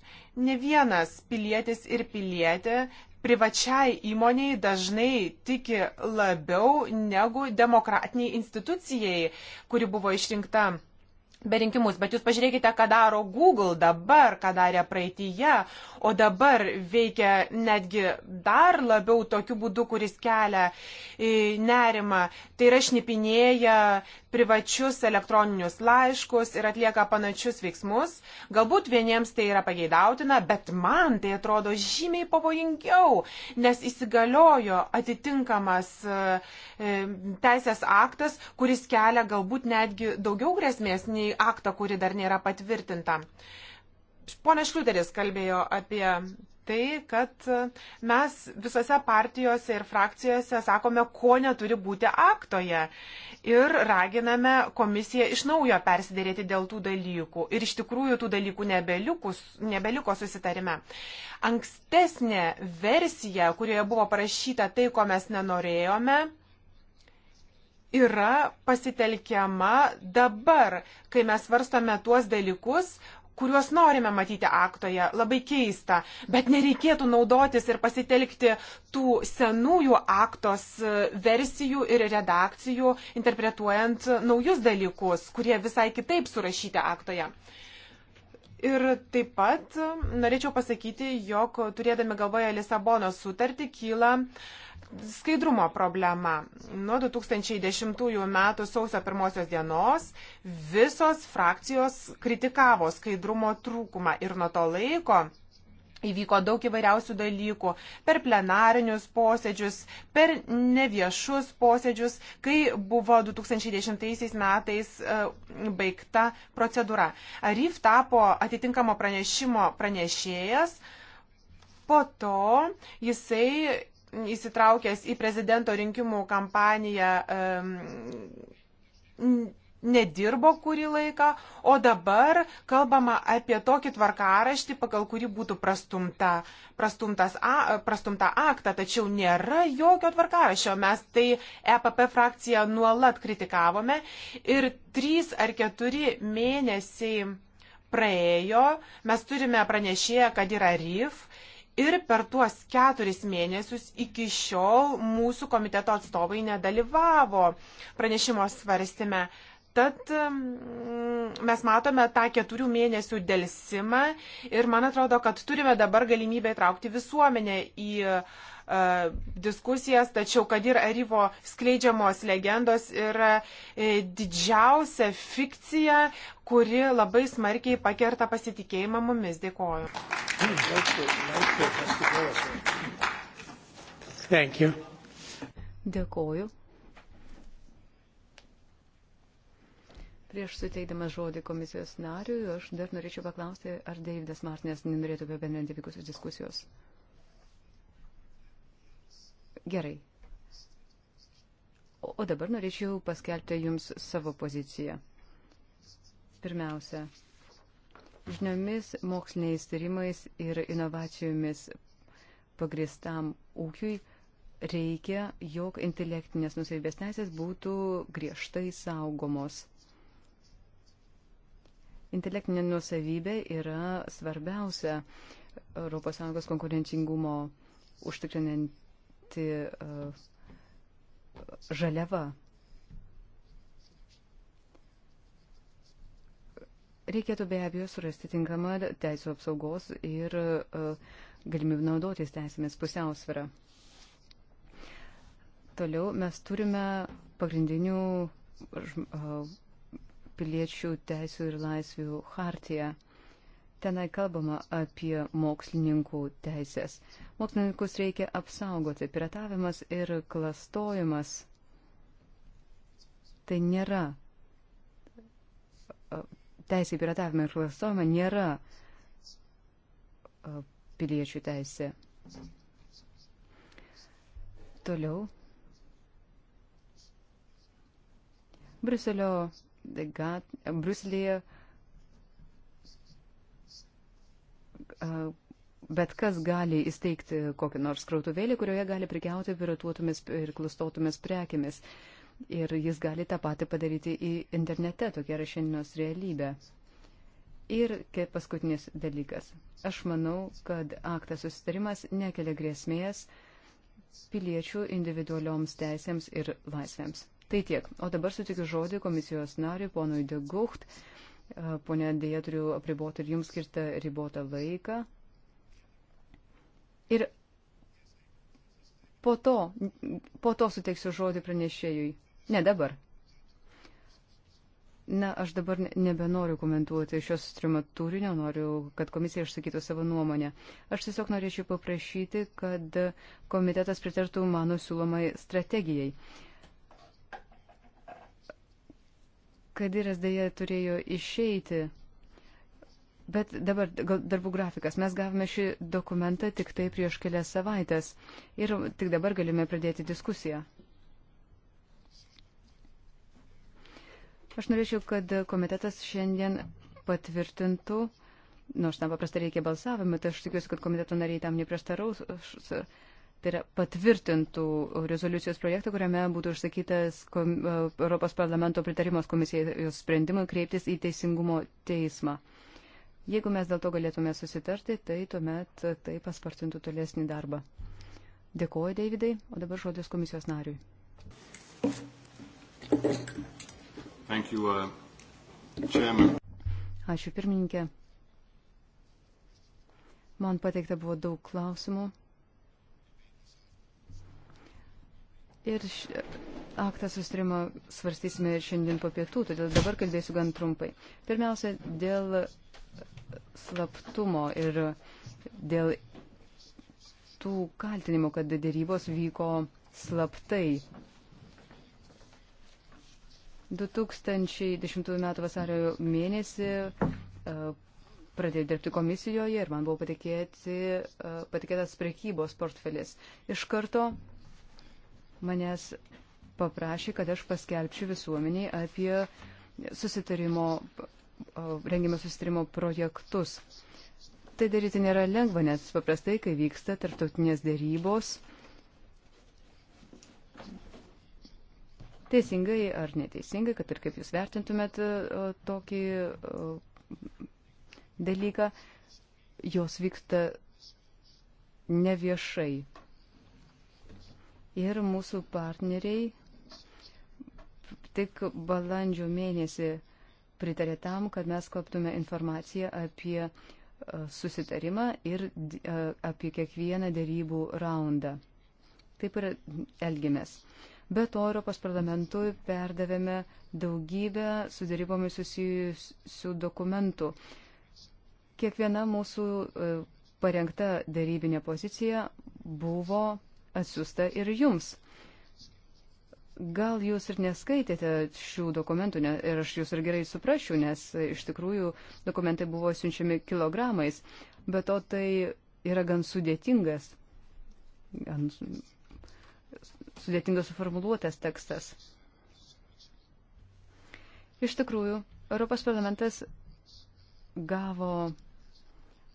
Ne vienas pilietis ir pilietė privačiai įmoniai dažnai tiki labiau negu demokratiniai institucijai, kuri buvo išrinkta be rinkimus. Bet jūs pažiūrėkite, ką daro Google dabar, ką darė praeitįje, o dabar veikia netgi dar labiau tokiu būdu, kuris kelia e, nerimą. Tai yra šnipinėja privačius elektroninius laiškus ir atlieka panašius veiksmus. Galbūt vieniems tai yra pageidautina, bet man tai atrodo žymiai pavojingiau, nes įsigaliojo atitinkamas e, e, teisės aktas, kuris kelia galbūt netgi daugiau grėsmės nei į aktą, kuri dar nėra patvirtinta. Pone Šliuderis kalbėjo apie tai, kad mes visose partijose ir frakcijose sakome, ko neturi būti aktoje ir raginame komisiją iš naujo persidėrėti dėl tų dalykų. Ir iš tikrųjų tų dalykų nebelikus, nebeliko susitarime. Ankstesnė versija, kurioje buvo parašyta tai, ko mes nenorėjome, yra pasitelkiama dabar, kai mes svarstome tuos dalykus, kuriuos norime matyti aktoje. Labai keista, bet nereikėtų naudotis ir pasitelkti tų senųjų aktos e, versijų ir redakcijų, interpretuojant naujus dalykus, kurie visai kitaip surašyti aktoje. Ir taip pat e, norėčiau pasakyti, jog turėdami galvoje Lisabono sutartį kyla uh, Skaidrumo problema. Nuo 2010 metų sausio pirmosios dienos visos frakcijos kritikavo skaidrumo trūkumą ir nuo to laiko Įvyko daug įvairiausių dalykų per plenarinius posėdžius, per neviešus posėdžius, kai buvo 2010 metais e, baigta procedūra. Arif tapo atitinkamo pranešimo pranešėjas, po to jisai įsitraukęs į prezidento rinkimų kampaniją nedirbo kurį laiką, o dabar kalbama apie tokį tvarkaraštį, pagal kurį būtų prastumta, a, prastumta aktą, tačiau nėra jokio tvarkaraščio. Mes tai EPP frakciją nuolat kritikavome ir trys ar keturi mėnesiai praėjo, mes turime pranešėję, kad yra RIF, Ir per tuos keturis mėnesius iki šiol mūsų komiteto atstovai nedalyvavo pranešimo svarstime. Tad mm, mes matome tą keturių mėnesių dėlsimą ir man atrodo, kad turime dabar galimybę įtraukti visuomenę į uh, E, diskusijas, tačiau kad ir Aryvo skleidžiamos legendos yra e, didžiausia fikcija, kuri labai smarkiai pakerta pasitikėjimą mumis. Dėkoju. Dėkoju. Prieš suteikdamas žodį komisijos nariui, aš dar norėčiau paklausti, ar Deividas Martinas nenorėtų apibendrinti vykusios diskusijos. Gerai. O, o dabar norėčiau paskelbti Jums savo poziciją. Pirmiausia, žiniomis, moksliniais tyrimais ir inovacijomis pagristam ūkiui reikia, jog intelektinės nusavybės teisės būtų griežtai saugomos. Intelektinė nusavybė yra svarbiausia ES konkurencingumo užtikrinant pati uh, žaliava. Reikėtų be abejo surasti tinkamą teisų apsaugos ir uh, e, galimybę naudotis teisėmis pusiausvyrą. Toliau mes turime pagrindinių uh, piliečių teisų ir laisvių hartiją. Tenai kalbama apie mokslininkų teisės. Mokslininkus reikia apsaugoti. Piratavimas ir klastojimas tai nėra. Teisė į piratavimą ir klastojimą nėra piliečių teisė. Toliau. Briuselio, Bruselėje bet kas gali įsteigti kokią nors krautuvėlį, kurioje gali prikiauti piratuotomis ir klastotomis prekiamis. Ir jis gali tą patį padaryti į internete, tokia yra šiandienos realybė. Ir paskutinis dalykas. Aš manau, kad aktas susitarimas nekelia grėsmės piliečių individualioms teisėms ir laisvėms. Tai tiek. O dabar sutikiu žodį komisijos nariui, ponui Degucht. Uh, Pone, dėja turiu apriboti ir jums skirtą ribotą laiką. Ir po to, po to suteiksiu žodį pranešėjui. Ne dabar. Na, aš dabar nebenoriu komentuoti šios streamo turinio, noriu, kad komisija išsakytų savo nuomonę. Aš tiesiog norėčiau paprašyti, kad komitetas pritartų mano siūlomai strategijai. Uh, Kadiras dėja turėjo išeiti. Bet dabar darbų grafikas. Mes gavome šį dokumentą tik tai prieš kelias savaitės ir tik dabar galime pradėti diskusiją. Aš norėčiau, kad komitetas šiandien patvirtintų, nors nu, tam paprastai reikia balsavimą, tai aš tikiuosi, kad komiteto nariai tam neprieštaraus tai yra patvirtintų rezoliucijos projektą, kuriame būtų užsakytas kom, e, Europos parlamento pritarimas komisijos sprendimui kreiptis į teisingumo teismą. Jeigu mes dėl to galėtume susitarti, tai tuomet tai paspartintų tolesnį darbą. Dėkuoju, Davidai, o dabar žodis komisijos nariui. Thank you, uh, chairman. Ačiū pirmininkė. Man pateikta buvo daug klausimų. Ir š... aktą sustrimo svarstysime šiandien po pietų, todėl dabar kalbėsiu gan trumpai. Pirmiausia, dėl slaptumo ir dėl tų kaltinimų, kad dėrybos vyko slaptai. 2010 m. vasario mėnesį e, pradėjau dirbti komisijoje ir man buvo patikėti, e, patikėtas prekybos portfelis. Iš karto manęs paprašė, kad aš paskelbčiau visuomeniai apie susitarimo, rengimo susitarimo projektus. Tai daryti nėra lengva, nes paprastai, kai vyksta tarptautinės dėrybos, teisingai ar neteisingai, kad ir kaip jūs vertintumėt tokį dalyką, jos vyksta neviešai ir mūsų partneriai tik balandžio mėnesį pritarė tam, kad mes koptume informaciją apie e, susitarimą ir e, apie kiekvieną dėrybų raundą. Taip ir elgiamės. Be to, Europos parlamentui perdavėme daugybę su dėrybomis susijusių dokumentų. Kiekviena mūsų e, parengta dėrybinė pozicija buvo atsiusta ir jums. Gal jūs ir neskaitėte šių dokumentų, ne, ir aš jūs ir gerai suprasčiau, nes iš tikrųjų dokumentai buvo siunčiami kilogramais, bet o tai yra gan sudėtingas, gan sudėtingas suformuluotas tekstas. Iš tikrųjų, Europos parlamentas gavo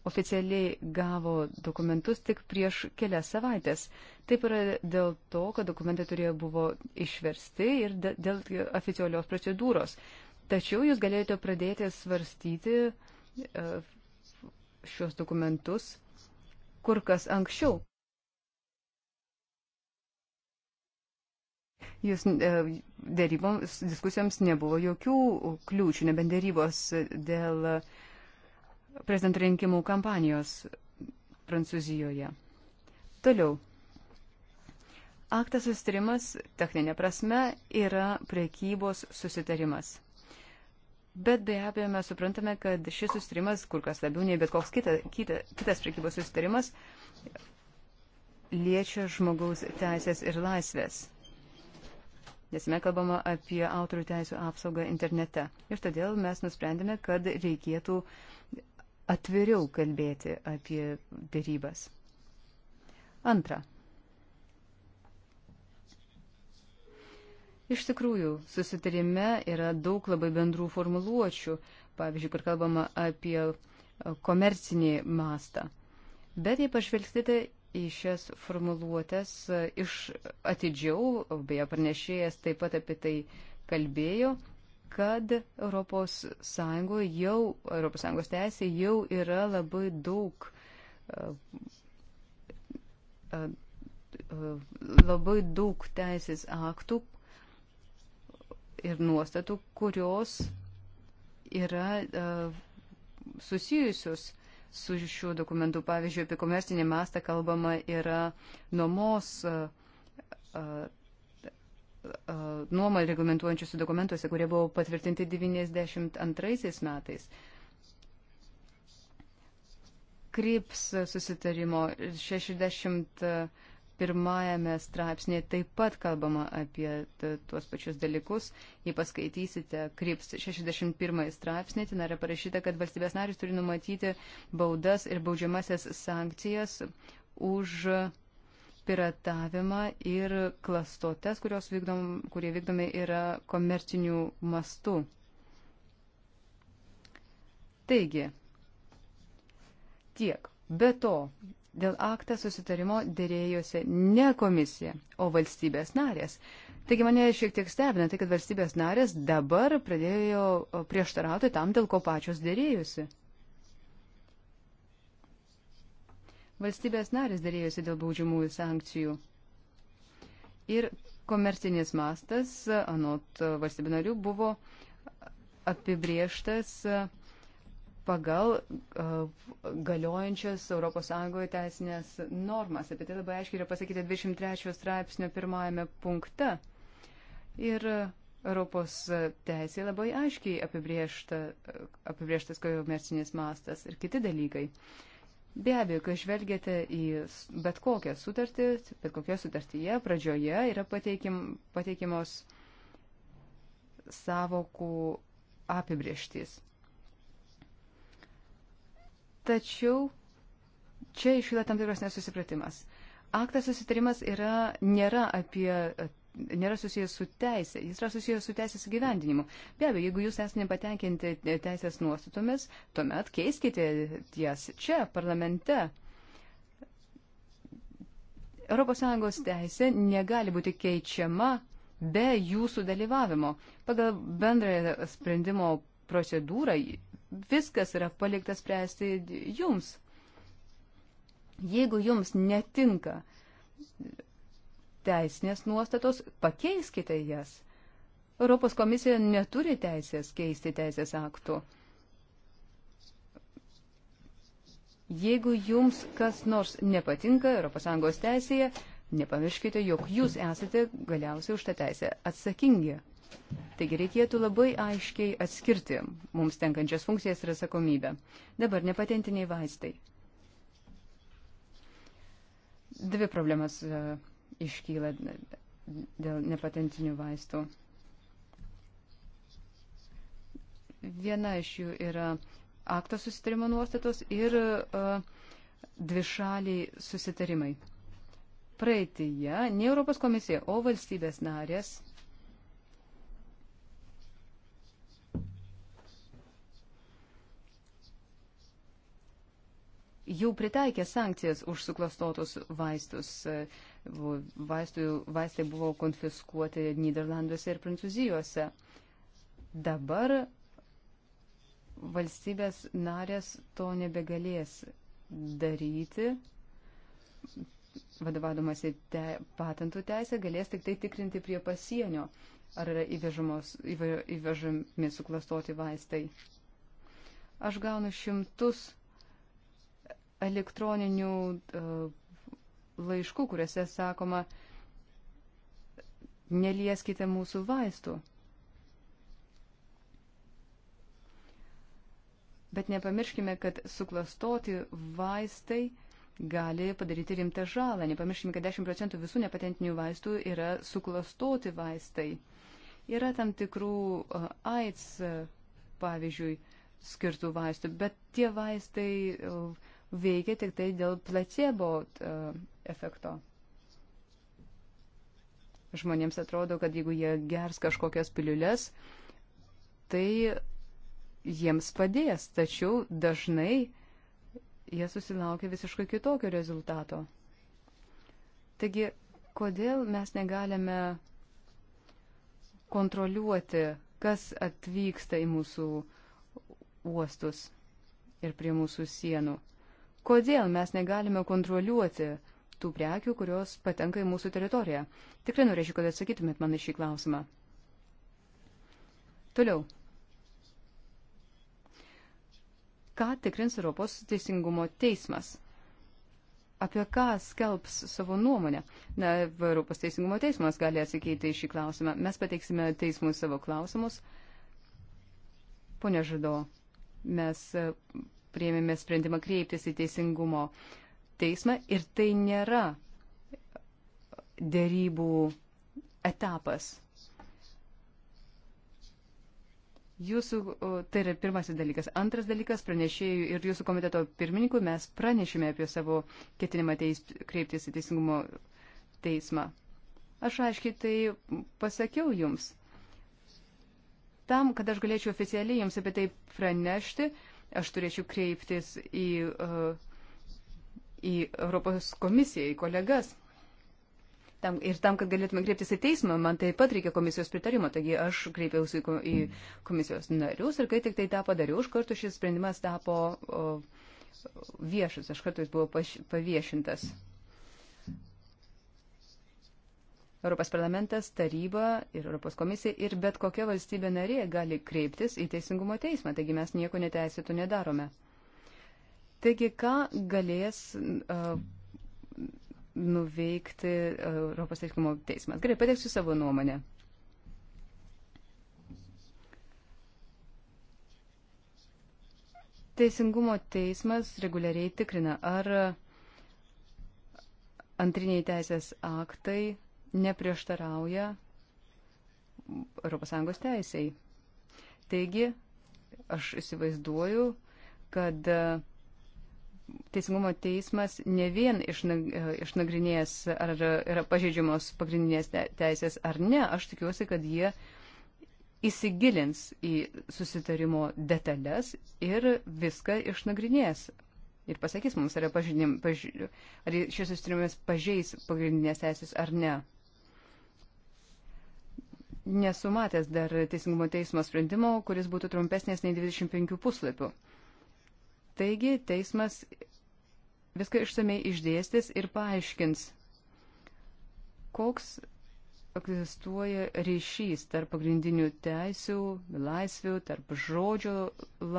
oficialiai gavo dokumentus tik prieš kelias savaitės. Taip yra dėl to, kad dokumentai turėjo buvo išversti ir dėl oficialios procedūros. Tačiau jūs galėjote pradėti svarstyti e, šios dokumentus kur kas anksčiau. Jūs e, dėryboms, diskusijoms nebuvo jokių kliūčių, nebent dėrybos dėl uh, prezidento rinkimų kampanijos Prancūzijoje. Toliau. Aktas susitarimas, techninė prasme, yra priekybos susitarimas. Bet be abejo mes suprantame, kad šis susitarimas, kur kas labiau nei bet koks kita, kita, kitas priekybos susitarimas, liečia žmogaus teisės ir laisvės. Nes mes kalbama apie autorių teisų apsaugą internete. Ir todėl mes nusprendėme, kad reikėtų atviriau kalbėti apie dėrybas. Antra. Iš tikrųjų, susitarime yra daug labai bendrų formuluočių, pavyzdžiui, kur kalbama apie komercinį mastą. Bet jei pažvelgsite į šias formuluotės iš atidžiau, beje, pranešėjas taip pat apie tai kalbėjo, kad Europos Sąjungoje jau, Europos Sąjungos teisė jau yra labai daug, e, e, e, labai daug teisės aktų ir nuostatų, kurios yra susijusios su šiuo dokumentu. Pavyzdžiui, apie komercinį mastą kalbama yra nuomos nuomą reglamentuojančiuose dokumentuose, kurie buvo patvirtinti 92 metais. Krips susitarimo 61 straipsnėje taip pat kalbama apie tuos pačius dalykus. Jei paskaitysite Krips 61 straipsnį, ten yra parašyta, kad valstybės narys turi numatyti baudas ir baudžiamasias sankcijas už uh, piratavimą ir klastotes, vykdom, kurie vykdomi yra komercinių mastų. Taigi, tiek. Be to, dėl aktą susitarimo dėrėjosi ne komisija, o valstybės narės. Taigi mane šiek tiek stebina tai, kad valstybės narės dabar pradėjo prieštarauti tam, dėl ko pačios dėrėjosi. Valstybės narės dėrėjosi dėl baudžiamųjų sankcijų. Ir komercinis mastas, anot valstybių narių, buvo apibrieštas pagal galiojančias ES teisinės normas. Apie tai labai aiškiai yra pasakyta 23 straipsnio pirmajame punkte. Ir Europos teisė labai aiškiai apibriešta, apibrieštas komercinis mastas ir kiti dalykai. Uh, Be abejo, kai žvelgiate į bet kokią sutartį, bet kokioje sutartyje pradžioje yra pateikim, pateikimos savokų apibrieštys. Tačiau čia iškyla tam tikras nesusipratimas. Aktas susitarimas yra, nėra apie nėra susijęs su teisė, jis yra susijęs su teisės gyvendinimu. Be abejo, jeigu jūs esate nepatenkinti teisės nuostatomis, tuomet keiskite jas čia, parlamente. ES teisė negali būti keičiama be jūsų dalyvavimo. Pagal bendrąją sprendimo procedūrą viskas yra palikta spręsti jums. Jeigu jums netinka teisinės nuostatos, pakeiskite jas. Europos komisija neturi teisės keisti teisės aktų. Jeigu jums kas nors nepatinka ES teisėje, nepamirškite, jog jūs esate galiausiai už tą teisę atsakingi. Taigi reikėtų labai aiškiai atskirti mums tenkančias funkcijas ir atsakomybę. Dabar nepatentiniai vaistai. Dvi problemas iškyla dėl nepatentinių vaistų. Viena iš jų yra akto susitarimo nuostatos ir uh, dvišaliai susitarimai. Praeitėje ne Europos komisija, o valstybės narės jau pritaikė sankcijas už suklastotus vaistus. Vaistų, vaistai buvo konfiskuoti Niderlanduose ir Prancūzijuose. Dabar valstybės narės to nebegalės daryti, vadovaudomasi te, patentų teisę, galės tik tai tikrinti prie pasienio, ar yra įvežami suklastoti vaistai. Aš gaunu šimtus elektroninių e, laiškų, kuriuose sakoma, nelieskite mūsų vaistų. Bet nepamirškime, kad suklastoti vaistai gali padaryti rimtą žalą. Nepamirškime, kad 10 procentų visų nepatentinių vaistų yra suklastoti vaistai. Yra tam tikrų e, AIDS, e, pavyzdžiui, skirtų vaistų, bet tie vaistai uh, veikia tik tai dėl placebo e, efekto. Žmonėms atrodo, kad jeigu jie gers kažkokias piliulės, tai jiems padės, tačiau dažnai jie susilaukia visiškai kitokio rezultato. Taigi, kodėl mes negalime kontroliuoti, kas atvyksta į mūsų uostus ir prie mūsų sienų? Kodėl mes negalime kontroliuoti tų prekių, kurios patenka į mūsų teritoriją? Tikrai norėčiau, kad atsakytumėt man į šį klausimą. Toliau. Ką tikrins Europos teisingumo teismas? Apie ką skelbs savo nuomonę? Na, Europos teisingumo teismas gali atsakyti į šį klausimą. Mes pateiksime teismui savo klausimus. Pone Žado, mes prieimėme sprendimą kreiptis į teisingumo teismą ir tai nėra dėrybų etapas. Jūsų, tai yra pirmasis dalykas. Antras dalykas, pranešėjų ir jūsų komiteto pirmininkų mes pranešėme apie savo ketinimą teis, kreiptis į teisingumo teismą. Aš aiškiai tai pasakiau jums. Tam, kad aš galėčiau oficialiai jums apie tai pranešti, aš turėčiau kreiptis į, e, į Europos komisiją, į kolegas. Tam, ir tam, kad galėtume kreiptis į teismą, man taip pat reikia komisijos pritarimo. Taigi aš kreipiausi į komisijos narius ir kai tik tai tą padariau, iš karto šis sprendimas tapo o, viešas, iš karto jis buvo paš, paviešintas. Mm. Europos parlamentas, taryba ir Europos komisija ir bet kokia valstybė narė gali kreiptis į Teisingumo teismą, taigi mes nieko neteisėtų nedarome. Taigi, ką galės uh, nuveikti uh, Europos Teisingumo teismas? Gerai, pateiksiu savo nuomonę. Teisingumo teismas reguliariai tikrina, ar antriniai teisės aktai neprieštarauja ES teisėjai. Taigi, aš įsivaizduoju, kad e, Teisingumo teismas ne vien e, išnagrinės, ar yra pažeidžiamos pagrindinės teisės ar ne, aš tikiuosi, kad jie įsigilins į susitarimo detalės ir viską išnagrinės ir pasakys mums, ar, pažinim, paž... ar šis susitarimas pažeis pagrindinės teisės ar ne nesumatęs dar Teisingumo teismo sprendimo, kuris būtų trumpesnės nei 25 puslapių. Taigi teismas viską išsamei išdėstys ir paaiškins, koks egzistuoja ryšys tarp pagrindinių teisių, laisvių, tarp žodžio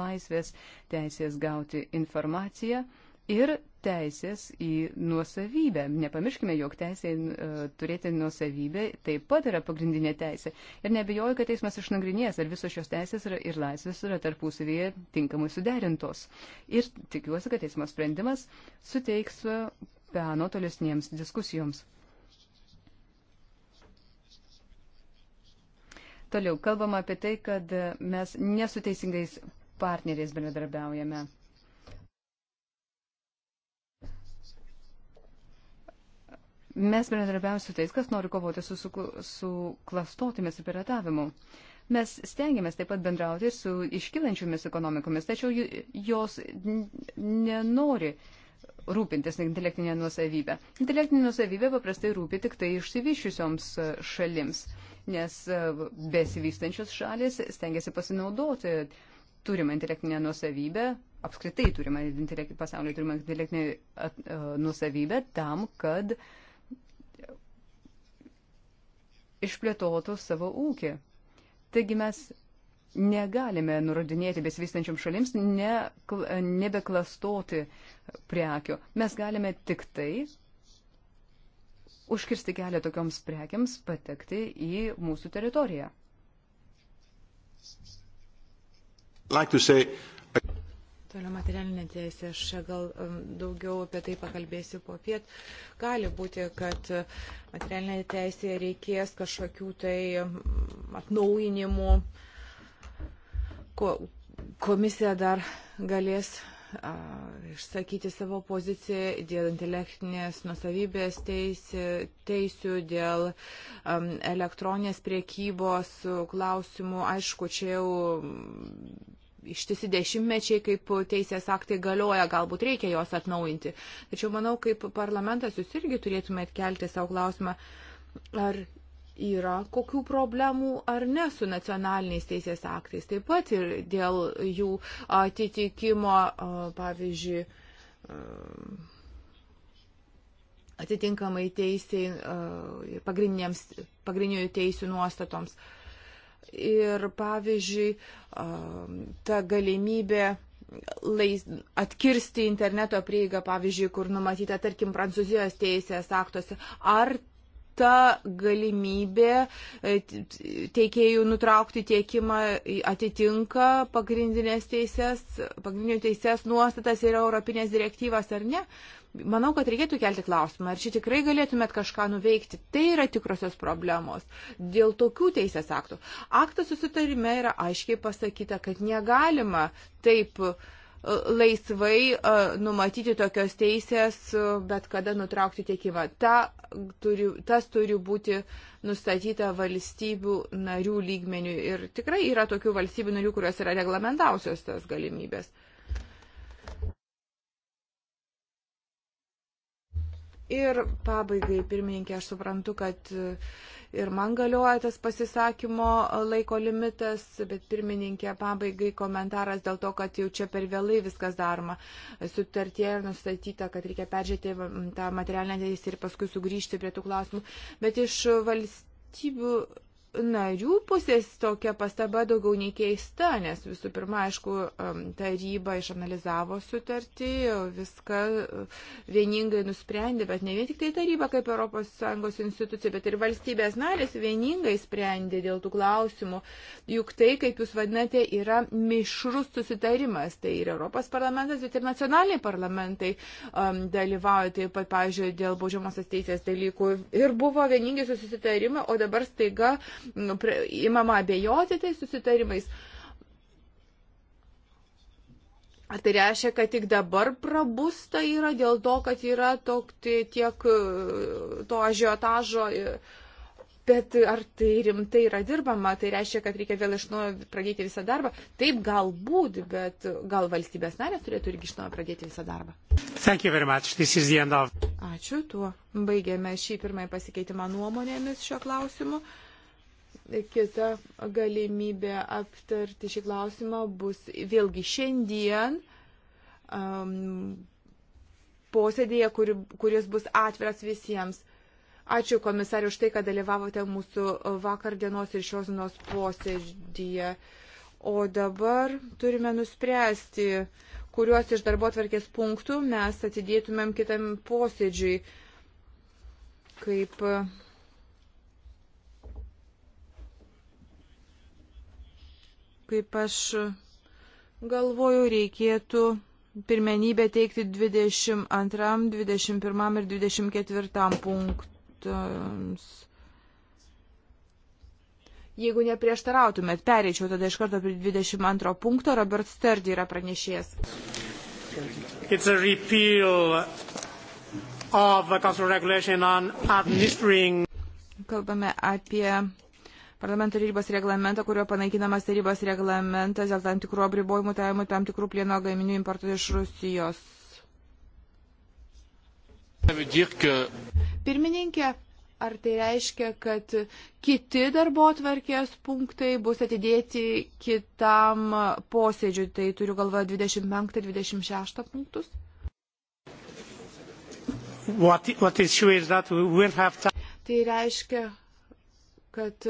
laisvės, teisės gauti informaciją ir teisės į nuosavybę. Nepamirškime, jog teisė uh, turėti nuosavybę taip pat yra pagrindinė teisė. Ir nebejoju, kad teismas išnagrinės, ar visos šios teisės yra, ir laisvės yra tarpusavyje tinkamai suderintos. Ir tikiuosi, kad teismo sprendimas suteiks peno tolesniems diskusijoms. Toliau kalbama apie tai, kad mes nesuteisingais partneriais bendradarbiaujame. Mes bendradarbiavame su tais, kas nori kovoti su, su, su klastotėmis ir piratavimu. Mes stengiamės taip pat bendrauti ir su iškilančiomis ekonomikomis, tačiau jos nenori rūpintis intelektinė nuosavybė. Intelektinė nuosavybė paprastai rūpi tik tai išsivyščiusioms šalims, nes besivystančios šalis stengiasi pasinaudoti turimą intelektinę nuosavybę, apskritai turimą pasaulyje turimą intelektinę e, nuosavybę tam, kad uh, išplėtotų savo ūkį. Taigi mes negalime nurodinėti besivystančiam šalims ne, nebeklastoti prekių. Mes galime tik tai užkirsti kelią tokioms prekiams patekti į mūsų teritoriją. Like say, Toliau materialinė teisė, aš gal daugiau apie tai pakalbėsiu po piet. Gali būti, kad materialinė teisė reikės kažkokių tai atnaujinimų. Ko, komisija dar galės a, išsakyti savo poziciją dėl intelektinės nusavybės teisė, teisių, dėl a, elektroninės priekybos klausimų. Aišku, čia jau ištisi dešimtmečiai, kaip teisės aktai galioja, galbūt reikia juos atnaujinti. Tačiau manau, kaip parlamentas jūs irgi turėtumėt kelti savo klausimą, ar yra kokių problemų ar ne su nacionaliniais teisės aktais. Taip pat ir dėl jų atitikimo, pavyzdžiui, atitinkamai teisiai ir pagrindinių teisių nuostatoms. Uh, ir pavyzdžiui ta galimybė lais, atkirsti interneto prieigą, pavyzdžiui, kur numatyta, tarkim, Prancūzijos teisės aktuose, ar ta galimybė e, teikėjų nutraukti tiekimą atitinka pagrindinės teisės, pagrindinių teisės nuostatas ir Europinės direktyvas ar ne. Uh, Manau, kad reikėtų kelti klausimą, ar čia tikrai galėtumėt kažką nuveikti. Tai yra tikrosios problemos dėl tokių teisės aktų. Aktas susitarime yra aiškiai pasakyta, kad negalima taip uh, laisvai uh, numatyti tokios teisės, uh, bet kada nutraukti tiekimą. Ta, turi, tas turi būti nustatyta valstybių narių lygmenių. Ir tikrai yra tokių valstybių narių, kurios yra reglamentavusios tas galimybės. Ir pabaigai, pirmininkė, aš suprantu, kad e, ir man galioja tas pasisakymo laiko limitas, bet pirmininkė, pabaigai komentaras dėl to, kad jau čia per vėlai viskas daroma. Sutartie ir nustatyta, kad reikia peržiūrėti tą materialinę teisę ir paskui sugrįžti prie tų klausimų. Bet iš valstybių narių pusės tokia pastaba daugiau nei keista, nes visų pirma, aišku, taryba išanalizavo sutartį, viską e, vieningai nusprendė, bet ne vien tik tai taryba kaip ES institucija, bet ir valstybės narės vieningai sprendė dėl tų klausimų. Juk tai, kaip jūs vadinate, yra mišrus susitarimas. Tai ir Europos parlamentas, bet ir nacionaliniai parlamentai um, dalyvauja taip pat, pavyzdžiui, dėl baudžiamosios teisės dalykų. Ir buvo vieningi susitarimai, o dabar staiga uh, Nu, imama abejoti tais susitarimais. Ar tai reiškia, kad tik dabar prabusta yra dėl to, kad yra tok, tiek to ažiotažo, bet ar tai rimtai yra dirbama, tai reiškia, kad reikia vėl iš naujo pradėti visą darbą. Taip galbūt, bet gal valstybės narės turėtų irgi iš naujo pradėti visą darbą. Of... Ačiū, tuo baigėme šį pirmąjį pasikeitimą nuomonėmis šio klausimu. Kita galimybė aptarti šį klausimą bus vėlgi šiandien um, posėdėje, kuri, kuris bus atviras visiems. Ačiū komisariu už tai, kad dalyvavote mūsų vakar dienos ir šios dienos posėdėje. O dabar turime nuspręsti, kuriuos iš darbo atvarkės punktų mes atidėtumėm kitam posėdžiui kaip kaip aš galvoju, reikėtų pirmenybę teikti 22, 21 ir 24 punktams. Jeigu neprieštarautumėt, pereičiau tada iš karto prie 22 punkto. Robert Sturdy yra pranešėjęs. Kalbame apie parlamento tarybos reglamentą, kurio panaikinamas tarybos reglamentas dėl tam tikrų apribojimų taimų tam tikrų plieno gaminių importo iš Rusijos. Pirmininkė, ar tai reiškia, kad kiti darbo atvarkės punktai bus atidėti kitam posėdžiui, tai turiu galvoje 25-26 punktus? What, what is sure is that we will have time. Tai reiškia, kad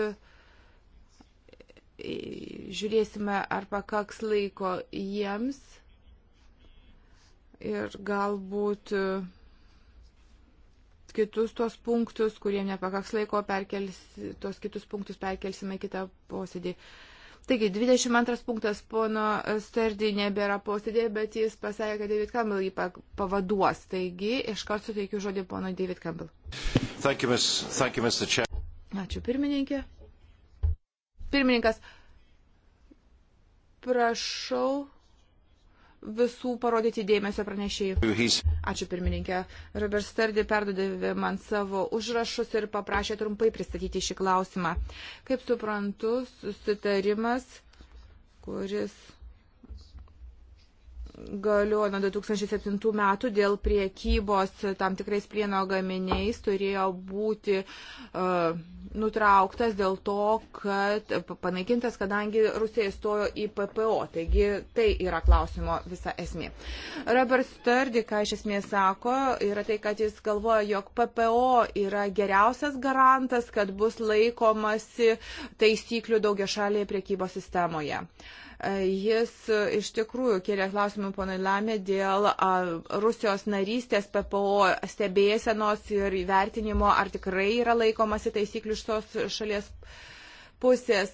žiūrėsime, ar pakaks laiko jiems ir galbūt kitus tos punktus, kuriem nepakaks laiko, perkels, tos kitus punktus perkelsime kitą posėdį. Taigi, 22 punktas pono Stardį nebėra posėdėje, bet jis pasakė, kad David Campbell jį pavaduos. Taigi, iškart suteikiu žodį pono David Campbell. Thank you, Ms. Thank you, Mr. Chair. Ačiū pirmininkė. Pirmininkas, prašau visų parodyti dėmesio pranešėjų. Ačiū pirmininkė. Robert Stardi perdodavė man savo užrašus ir paprašė trumpai pristatyti šį klausimą. Kaip suprantu, susitarimas, kuris galiojo nuo 2007 metų dėl priekybos tam tikrais plieno gaminiais turėjo būti uh, nutrauktas dėl to, kad panaikintas, kadangi Rusija įstojo į PPO. Taigi tai yra klausimo visa esmė. Robert Sturdy, ką iš esmės sako, yra tai, kad jis galvoja, jog PPO yra geriausias garantas, kad bus laikomasi taisyklių daugia šalėje priekybos sistemoje. Uh, Jis e, iš tikrųjų kėlė klausimą ponai Lamė dėl Rusijos narystės PPO stebėsenos ir įvertinimo, ar tikrai yra laikomasi taisyklių iš tos šalies pusės,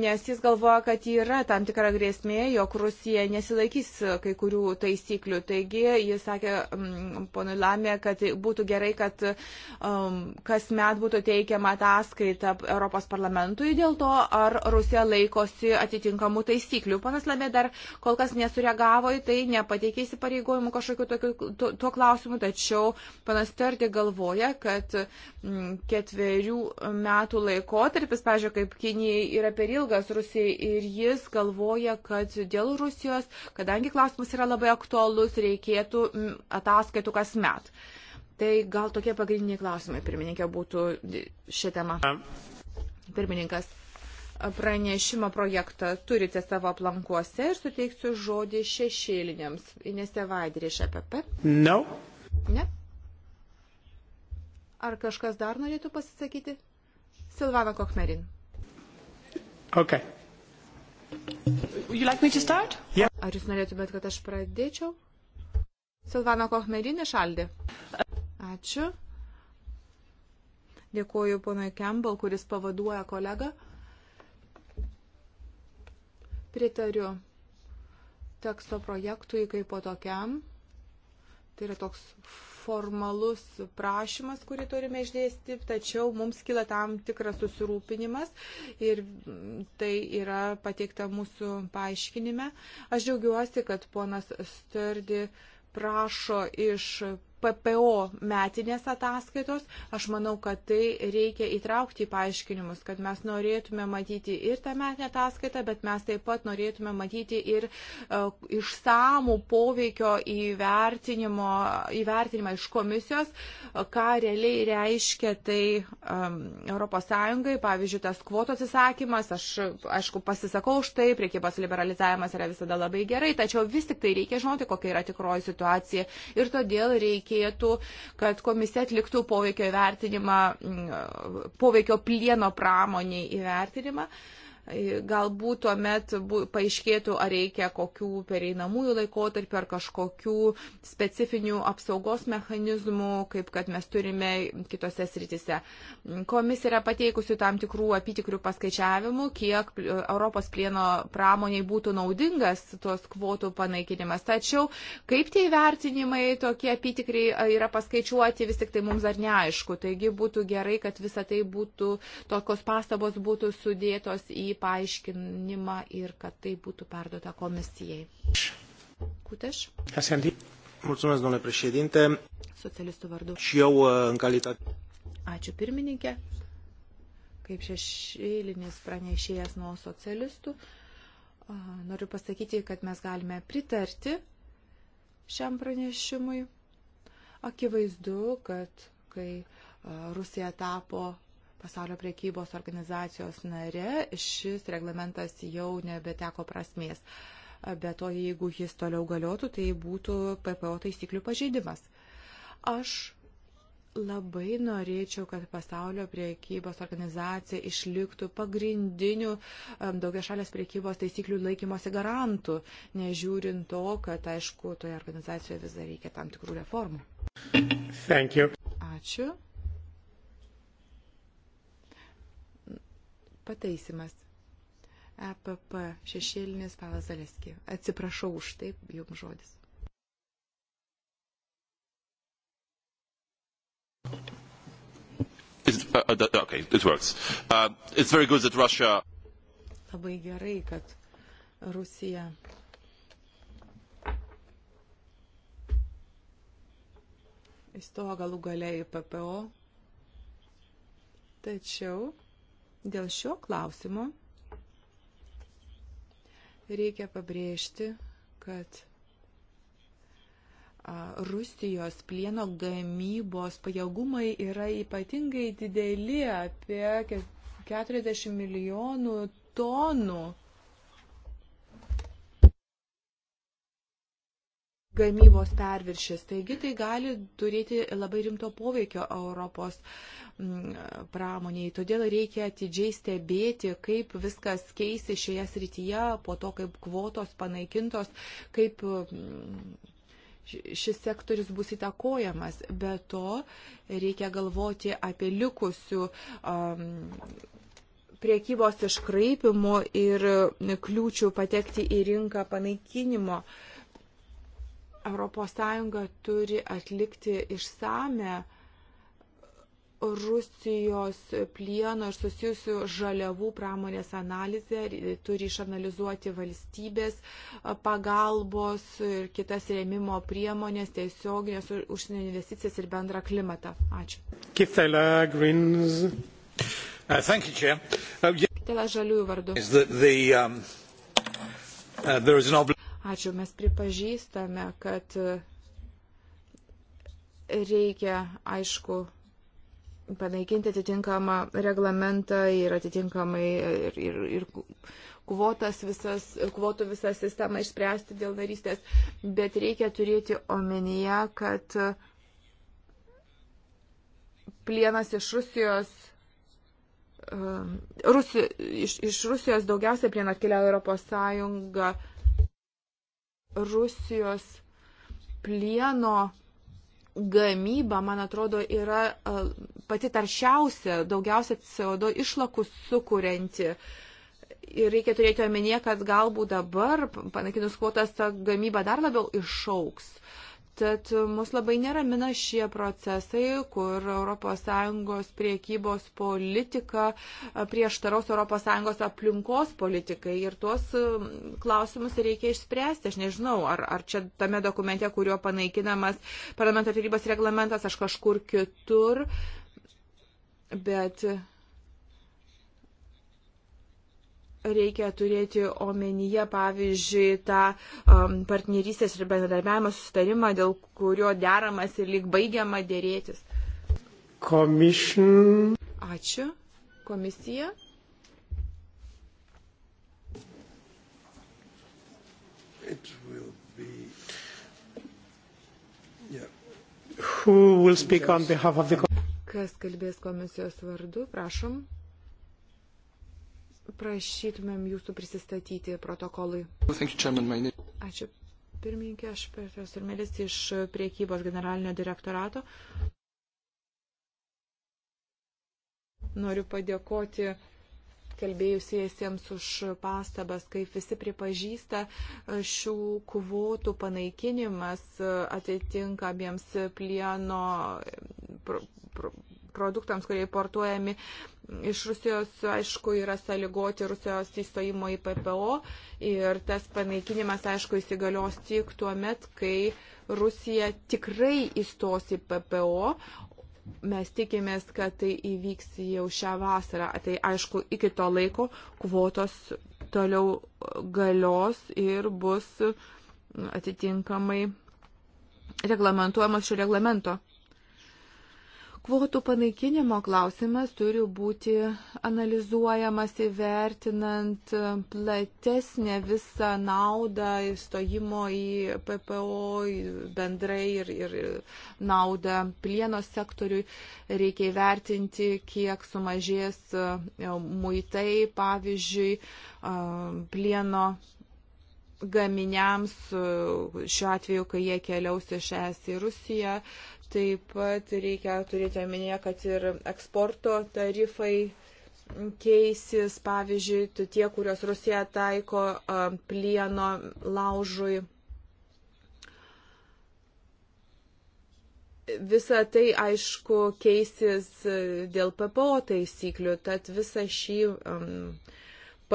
nes jis galvoja, kad yra tam tikra grėsmė, jog Rusija nesilaikys kai kurių taisyklių. Taigi jis sakė mm, ponui Lamė, kad būtų gerai, kad um, kasmet būtų teikiama ataskaita Europos parlamentui dėl to, ar Rusija laikosi atitinkamų taisyklių. Panas Lamė dar kol kas nesureagavo į tai, nepateikė įsipareigojimų kažkokiu tokiu tuo, tuo klausimu, tačiau panas Terti galvoja, kad m, mm, ketverių metų laikotarpis, pažiūrėjau, kaip Kinijai yra per ilgas Rusijai ir jis galvoja, kad dėl Rusijos, kadangi klausimas yra labai aktuolus, reikėtų ataskaitų kasmet. Tai gal tokie pagrindiniai klausimai, pirmininkė, būtų šią temą. Pirmininkas, pranešimo projektą turite savo aplankuose ir suteiksiu žodį šešėliniams. Inese Vaidrė iš EPP. No. Ne? Ar kažkas dar norėtų pasisakyti? Silvana Kochmerin. Okay. Like yeah. Ar jūs norėtumėt, kad aš pradėčiau? Silvana Kohmerinė šaldė. Ačiū. Dėkuoju ponui Campbell, kuris pavaduoja kolegą. Pritariu teksto projektui kaip po tokiam. Tai yra toks formalus prašymas, kurį turime išdėsti, tačiau mums kyla tam tikras susirūpinimas ir tai yra pateikta mūsų paaiškinime. Aš džiaugiuosi, kad ponas Sturdi prašo iš PPO metinės ataskaitos, aš manau, kad tai reikia įtraukti į paaiškinimus, kad mes norėtume matyti ir tą metinę ataskaitą, bet mes taip pat norėtume matyti ir uh, išsamų poveikio įvertinimą iš komisijos, uh, ką realiai reiškia tai um, ES, pavyzdžiui, tas kvotų atsisakymas, aš aišku pasisakau už tai, priekybos liberalizavimas yra visada labai gerai, tačiau vis tik tai reikia žinoti, kokia yra tikroji situacija ir todėl reikia reikėtų, kad komisija atliktų poveikio įvertinimą, mm, poveikio plieno pramoniai įvertinimą. Uh, galbūt tuomet paaiškėtų, ar reikia kokių pereinamųjų laikotarpių ar kažkokių specifinių apsaugos mechanizmų, kaip kad mes turime kitose sritise. Komisija yra pateikusi tam tikrų apitikrių paskaičiavimų, kiek Europos plieno pramoniai būtų naudingas tos kvotų panaikinimas. Tačiau kaip tie vertinimai tokie apitikriai yra paskaičiuoti, vis tik tai mums dar neaišku. Taigi būtų gerai, kad visa tai būtų, tokios pastabos būtų sudėtos į paaiškinimą ir kad tai būtų perduota komisijai. Cutăș. Asendi. Mulțumesc, domnule președinte. Socialistul Vardu. Și eu, uh, în calitate. Ačiū pirmininkė, kaip šešėlinis pranešėjas nuo socialistų. Noriu pasakyti, kad mes galime pritarti šiam pranešimui. Akivaizdu, kad kai Rusija tapo pasaulio priekybos organizacijos nare, šis reglamentas jau nebeteko prasmės. Be to, jeigu jis toliau galiotų, tai būtų PPO taisyklių pažeidimas. Aš labai norėčiau, kad pasaulio priekybos organizacija išliktų pagrindiniu daugia šalės priekybos taisyklių laikymosi garantų, nežiūrint to, kad, aišku, toje organizacijoje vis dar reikia tam tikrų reformų. Ačiū. Pataisimas. EPP šešėlinis Pavas Zaleski. Atsiprašau už taip, jums žodis. Uh, uh, okay, uh, Russia... Labai gerai, kad Rusija įstojo galų galiai į PPO, tačiau Dėl šio klausimo reikia pabrėžti, kad Rusijos plieno gamybos pajėgumai yra ypatingai dideli apie 40 milijonų tonų gamybos perviršis. Taigi tai gali turėti labai rimto poveikio Europos mm, pramoniai. Todėl reikia atidžiai stebėti, kaip viskas keisi šioje srityje po to, kaip kvotos panaikintos, kaip mm, šis sektorius bus įtakojamas. Be to reikia galvoti apie likusių um, priekybos iškraipimų ir kliūčių patekti į rinką panaikinimo. Uh, ES turi atlikti išsame Rusijos plieno ir susijusių žaliavų pramonės analizę, turi išanalizuoti valstybės pagalbos ir kitas rėmimo priemonės, tiesioginės užsienio investicijas ir bendrą klimatą. Ačiū. Kitela Greens. Uh, thank you, Chair. Uh, yeah. Kitela žaliųjų vardu. The, the, um, uh, Ačiū, mes pripažįstame, kad reikia, aišku, panaikinti atitinkamą reglamentą ir atitinkamai ir, ir, ir kvotas visas, kvotų visą sistemą išspręsti dėl narystės, bet reikia turėti omenyje, kad plienas iš Rusijos. Um, Rusi, iš, iš Rusijos daugiausia plieno atkeliauja Europos Sąjunga, uh, Rusijos plieno gamyba, man atrodo, yra e, pati taršiausia, daugiausia CO2 išlakų sukūrenti. Ir reikia turėti omenyje, kad galbūt dabar, panakinus kvotas, ta gamyba dar labiau išauks. Uh, Tad mus labai neramina šie procesai, kur ES priekybos politika prieštaraus ES aplinkos politikai ir tuos um, klausimus reikia išspręsti. Aš nežinau, ar, ar čia tame dokumente, kuriuo panaikinamas parlamento tarybos reglamentas, aš kažkur kitur, bet reikia turėti omenyje, pavyzdžiui, tą um, partnerystės ir bendradarbiavimo sustarimą, dėl kurio deramas ir lyg baigiama dėrėtis. Commission. Ačiū. Komisija. It will be. Yeah. Who will speak on behalf of the Kas kalbės komisijos vardu? Prašom. Prašytumėm jūsų prisistatyti protokolui. Ačiū. Pirmininkė, aš profesor Melis iš priekybos generalinio direktorato. Noriu padėkoti kalbėjusiesiems už pastabas, kaip visi pripažįsta, šių kvotų panaikinimas atitinka abiems plieno produktams, kurie importuojami iš Rusijos, aišku, yra sąlygoti Rusijos įstojimo į PPO ir tas panaikinimas, aišku, įsigalios tik tuo met, kai Rusija tikrai įstos į PPO. Mes tikimės, kad tai įvyks jau šią vasarą. Tai aišku, iki to laiko kvotos toliau galios ir bus atitinkamai reglamentuojamos šio reglamento. Kvotų panaikinimo klausimas turi būti analizuojamas įvertinant platesnę visą naudą įstojimo į PPO bendrai ir, ir naudą plieno sektoriui. Reikia įvertinti, kiek sumažės muitai, pavyzdžiui, plieno gaminiams, šiuo atveju, kai jie keliaus iš ES į Rusiją, Taip pat reikia turėti omenyje, kad ir eksporto tarifai keisis, pavyzdžiui, tie, kuriuos Rusija taiko plieno laužui. Visa tai, aišku, keisis dėl PPO taisyklių, tad visą šį um,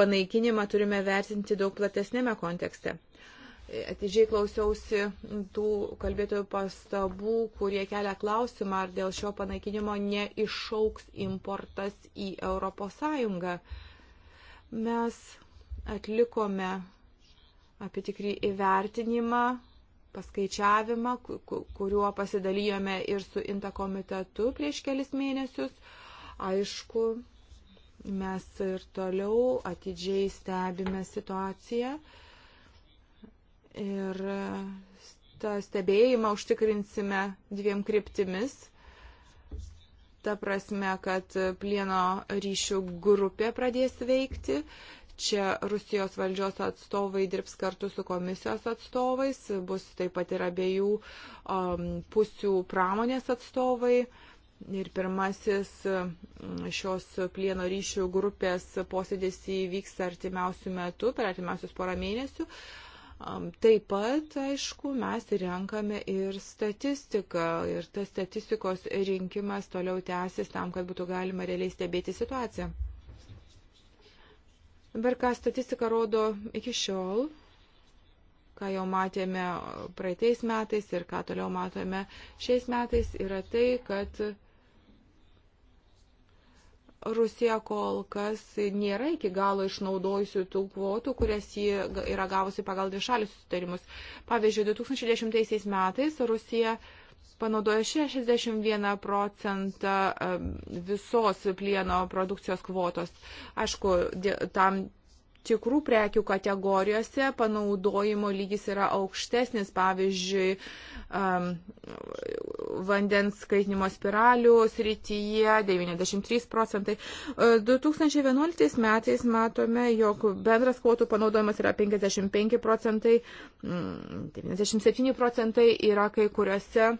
panaikinimą turime vertinti daug platesnėme kontekste atidžiai klausiausi tų kalbėtojų pastabų, kurie kelia klausimą, ar dėl šio panaikinimo neišauks importas į ES. Mes atlikome apitikrį įvertinimą, paskaičiavimą, kuriuo pasidalijome ir su INTA komitetu prieš kelis mėnesius. Aišku, mes ir toliau atidžiai stebime situaciją. Uh, Ir e, tą stebėjimą užtikrinsime dviem kryptimis. Ta prasme, kad plieno ryšių grupė pradės veikti. Čia Rusijos valdžios atstovai dirbs kartu su komisijos atstovais, bus taip pat ir abiejų um, pusių pramonės atstovai. Ir pirmasis šios plieno ryšių grupės posėdės įvyks artimiausių metų, per artimiausius porą mėnesių. Uh, Taip pat, aišku, mes renkame ir statistiką ir tas statistikos rinkimas toliau tęsis tam, kad būtų galima realiai stebėti situaciją. Dabar ką statistika rodo iki šiol, ką jau matėme praeitais metais ir ką toliau matome šiais metais, yra tai, kad Rusija kol kas nėra iki galo išnaudojusi tų kvotų, kurias ji yra gavusi pagal dvišalius sutarimus. Pavyzdžiui, 2010 metais Rusija panaudojo 61 procentą visos plieno produkcijos kvotos. Aišku, tam tikrų prekių kategorijose panaudojimo lygis yra aukštesnis, pavyzdžiui, um, vandens skaitinimo spiralių srityje 93 procentai. 2011 e, metais matome, jog bendras kvotų panaudojimas yra 55 procentai, 97 mm, procentai yra kai kuriuose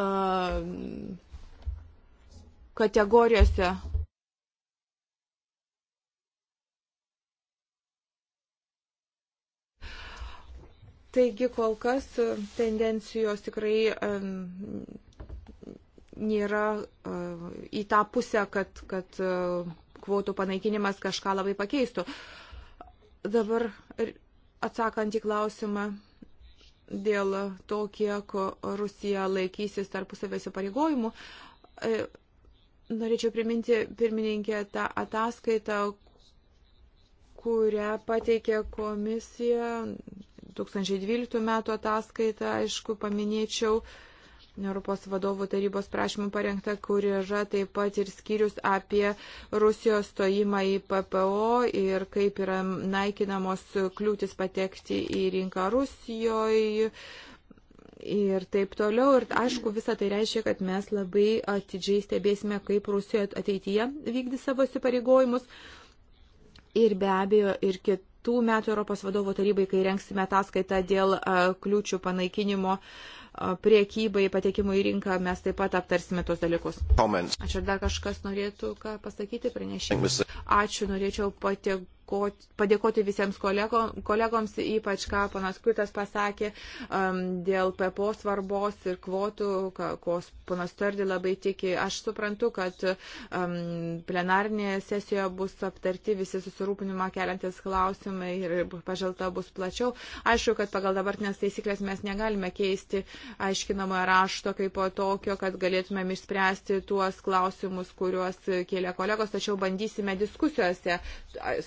um, kategorijose Taigi kol kas e, tendencijos tikrai e, nėra e, į tą pusę, kad, kad kvotų panaikinimas kažką labai pakeistų. Dabar atsakant į klausimą dėl to, kiek Rusija laikysis tarpusavės įpareigojimų, norėčiau priminti pirmininkė tą ataskaitą, kurią pateikė komisija 2012 metų ataskaitą, aišku, paminėčiau. Europos vadovų tarybos prašymų parengta, kur yra taip pat ir skyrius apie Rusijos stojimą į PPO ir kaip yra naikinamos kliūtis patekti į rinką Rusijoje ir taip toliau. Ir aišku, visą tai reiškia, kad mes labai atidžiai stebėsime, kaip Rusija ateityje vykdys savo įsipareigojimus. Ir be abejo, ir kit, kitų metų Europos vadovo tarybai, kai rengsime ataskaitą dėl kliūčių panaikinimo priekybai, patekimui į rinką, mes taip pat aptarsime tos dalykus. Comments. Ačiū, ar dar kažkas norėtų ką pasakyti pranešimui? Ačiū, norėčiau patekti padėkoti, padėkoti visiems kolego, kolegoms, ypač ką panas Kuitas pasakė um, dėl PPO svarbos ir kvotų, ka, ko panas Turdi labai tiki. Aš suprantu, kad um, plenarnėje sesijoje bus aptarti visi susirūpinimą keliantis klausimai ir pažalta bus plačiau. Aišku, kad pagal dabartinės taisyklės mes negalime keisti aiškinamojo rašto kaip po tokio, kad galėtumėm išspręsti tuos klausimus, kuriuos kėlė kolegos, tačiau bandysime diskusijose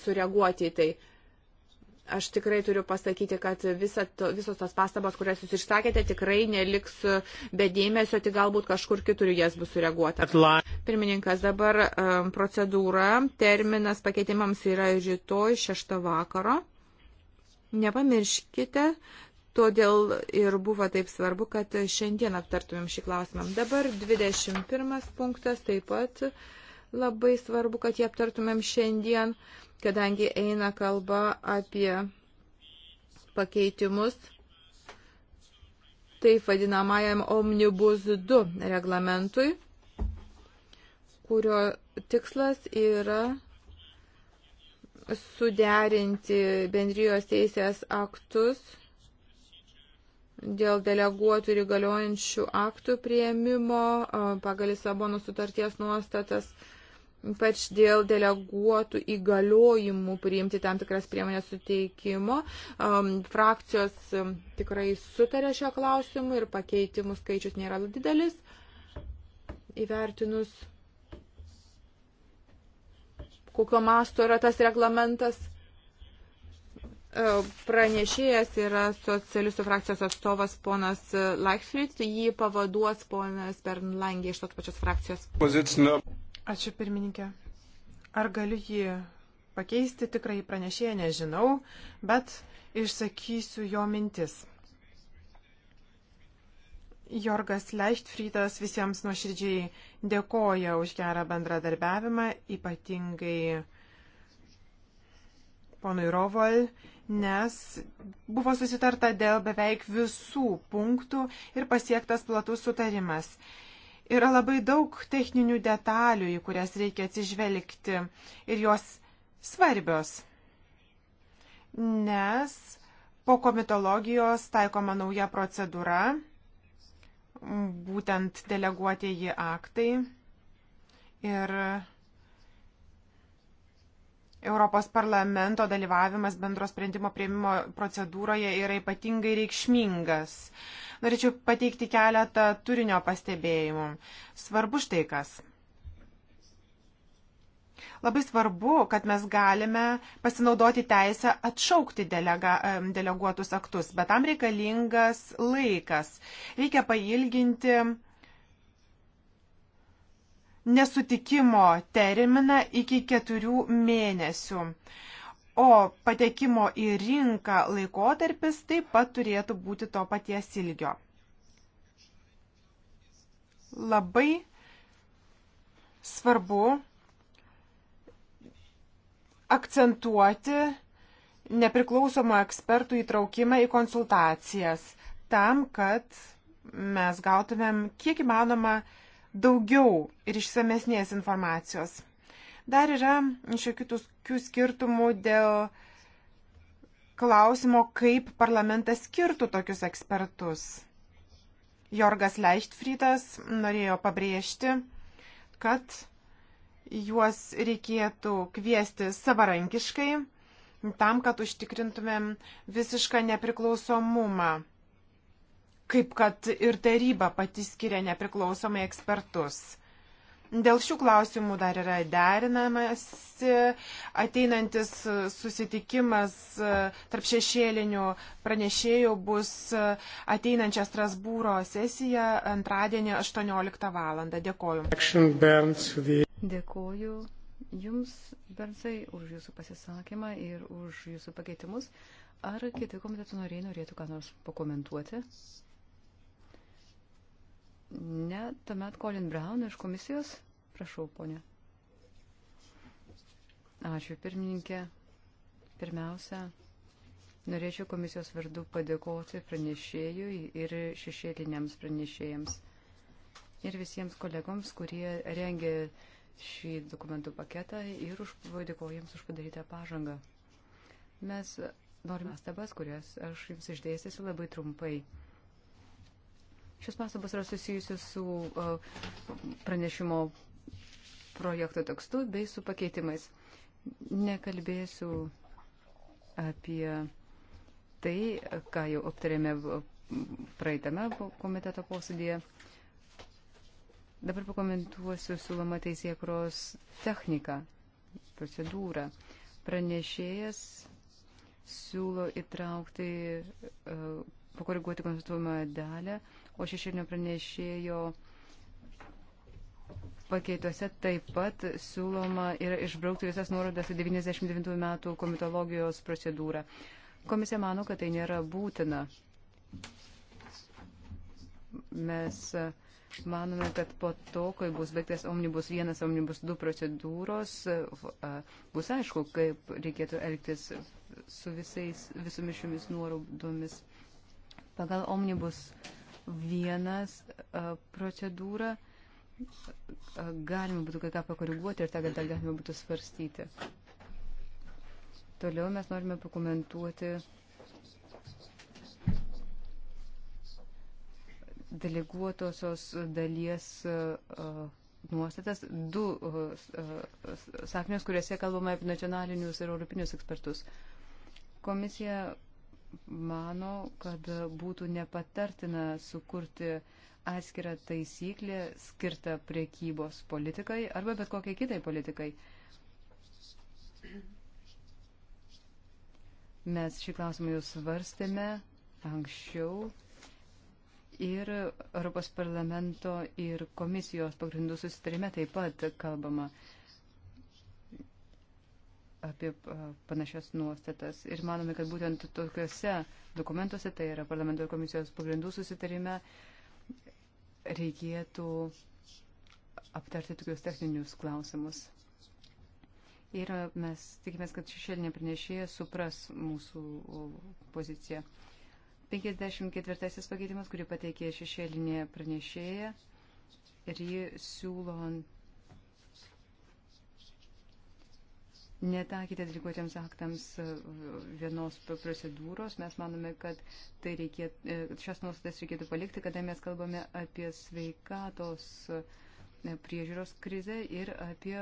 sureaguoti reaguoti į tai. Aš tikrai turiu pasakyti, kad visa to, visos tos pastabos, kurias jūs išsakėte, tikrai neliks be dėmesio, tik galbūt kažkur kitur jas bus sureaguota. Pirmininkas, dabar um, procedūra, terminas pakeitimams yra rytoj 6 vakaro. Nepamirškite, Todėl ir buvo taip svarbu, kad šiandien aptartumėm šį klausimą. Dabar 21 punktas taip pat labai svarbu, kad jie aptartumėm šiandien, kadangi eina kalba apie pakeitimus taip vadinamajam Omnibus 2 reglamentui, kurio tikslas yra suderinti bendrijos teisės aktus dėl deleguotų ir įgaliojančių aktų prieimimo pagal Lisabono sutarties nuostatas ypač dėl deleguotų įgaliojimų priimti tam tikras priemonės suteikimo. Um, frakcijos um, tikrai sutarė šio klausimu ir pakeitimų skaičius nėra didelis. Įvertinus, kokio masto yra tas reglamentas. E, pranešėjas yra socialistų frakcijos atstovas ponas e, Leichfried, jį pavaduos ponas Bernlangė iš tos pačios frakcijos. Pozicinio. Ačiū pirmininkė. Ar galiu jį pakeisti tikrai pranešėją, nežinau, bet išsakysiu jo mintis. Jorgas Leichtfriedas visiems nuoširdžiai dėkoja už gerą bendradarbiavimą, ypatingai ponui Rovol, nes buvo susitarta dėl beveik visų punktų ir pasiektas platus sutarimas. Yra labai daug techninių detalių, į kurias reikia atsižvelgti ir jos svarbios, nes po komitologijos taikoma nauja procedūra, būtent deleguotieji aktai ir Europos parlamento dalyvavimas bendro sprendimo prieimimo procedūroje yra ypatingai reikšmingas. Uh, Norėčiau pateikti keletą turinio pastebėjimų. Svarbu štai kas. Labai svarbu, kad mes galime pasinaudoti teisę atšaukti delega, deleguotus aktus, bet tam reikalingas laikas. Reikia pailginti nesutikimo terminą iki keturių mėnesių. Uh, o patekimo į rinką laikotarpis taip pat turėtų būti to paties ilgio. Labai svarbu akcentuoti nepriklausomų ekspertų įtraukimą į konsultacijas tam, kad mes gautumėm kiek įmanoma daugiau ir išsamesnės informacijos. Dar yra šiokių tokių skirtumų dėl klausimo, kaip parlamentas skirtų tokius ekspertus. Jorgas Leichtfriedas norėjo pabrėžti, kad juos reikėtų kviesti savarankiškai, tam, kad užtikrintumėm visišką nepriklausomumą, kaip kad ir taryba pati skiria nepriklausomai ekspertus. Dėl šių klausimų dar yra derinamas ateinantis susitikimas e, tarp šešėlinių pranešėjų bus e, ateinančią Strasbūro sesiją antradienį 18 val. Dėkoju. Dėkoju Jums, Bernsai, už Jūsų pasisakymą ir už Jūsų pakeitimus. Ar kiti komiteto nariai norėtų ką nors pakomentuoti? Ne, tuomet Colin Brown iš komisijos. Prašau, ponė. Ačiū, pirmininkė. Pirmiausia, norėčiau komisijos vardu padėkoti pranešėjui ir šešėliniams pranešėjams. Ir visiems kolegoms, kurie rengė šį dokumentų paketą ir už, dėkoju Jums už padarytą pažangą. Mes norime stabas, kurias aš Jums išdėstysiu labai trumpai. Šios pastabos yra susijusios su uh, pranešimo projekto tekstu bei su pakeitimais. Nekalbėsiu apie tai, ką jau aptarėme uh, praeitame komiteto posėdėje. Dabar pakomentuosiu siūlomą teisėkros techniką, procedūrą. Pranešėjas siūlo įtraukti, uh, pakoreguoti konstatuojamą dalę, o šešėlinio pranešėjo pakeituose taip pat siūloma ir išbraukti visas nuorodas į 99 metų komitologijos procedūrą. Komisija mano, kad tai nėra būtina. Mes manome, kad po to, kai bus baigtas Omnibus 1, Omnibus 2 procedūros, bus aišku, kaip reikėtų elgtis su visais, visomis šiomis nuorodomis. Pagal Omnibus 1 vienas procedūrą galima būtų kai ką pakoreguoti ir tą gal galima būtų svarstyti. Toliau mes norime pakomentuoti deleguotosios dalies nuostatas, du sakinius, kuriuose kalbama apie nacionalinius ir europinius ekspertus. Komisija mano, kad būtų nepatartina sukurti atskirą taisyklę skirtą priekybos politikai arba bet kokiai kitai politikai. Mes šį klausimą jau svarstėme anksčiau ir Europos parlamento ir komisijos pagrindų susitarime taip pat kalbama apie panašias nuostatas. Ir manome, kad būtent tokiuose dokumentuose, tai yra parlamento komisijos pagrindų susitarime, reikėtų aptarti tokius techninius klausimus. Ir mes tikimės, kad šešėlinė pranešėja supras mūsų poziciją. 54 pakeitimas, kurį pateikė šešėlinė pranešėja ir ji siūlo netaikyti deleguotiems aktams e, vienos procedūros. Mes manome, kad tai reikėt, e, šias nuostatas reikėtų palikti, kada mes kalbame apie sveikatos e, priežiūros krizę ir apie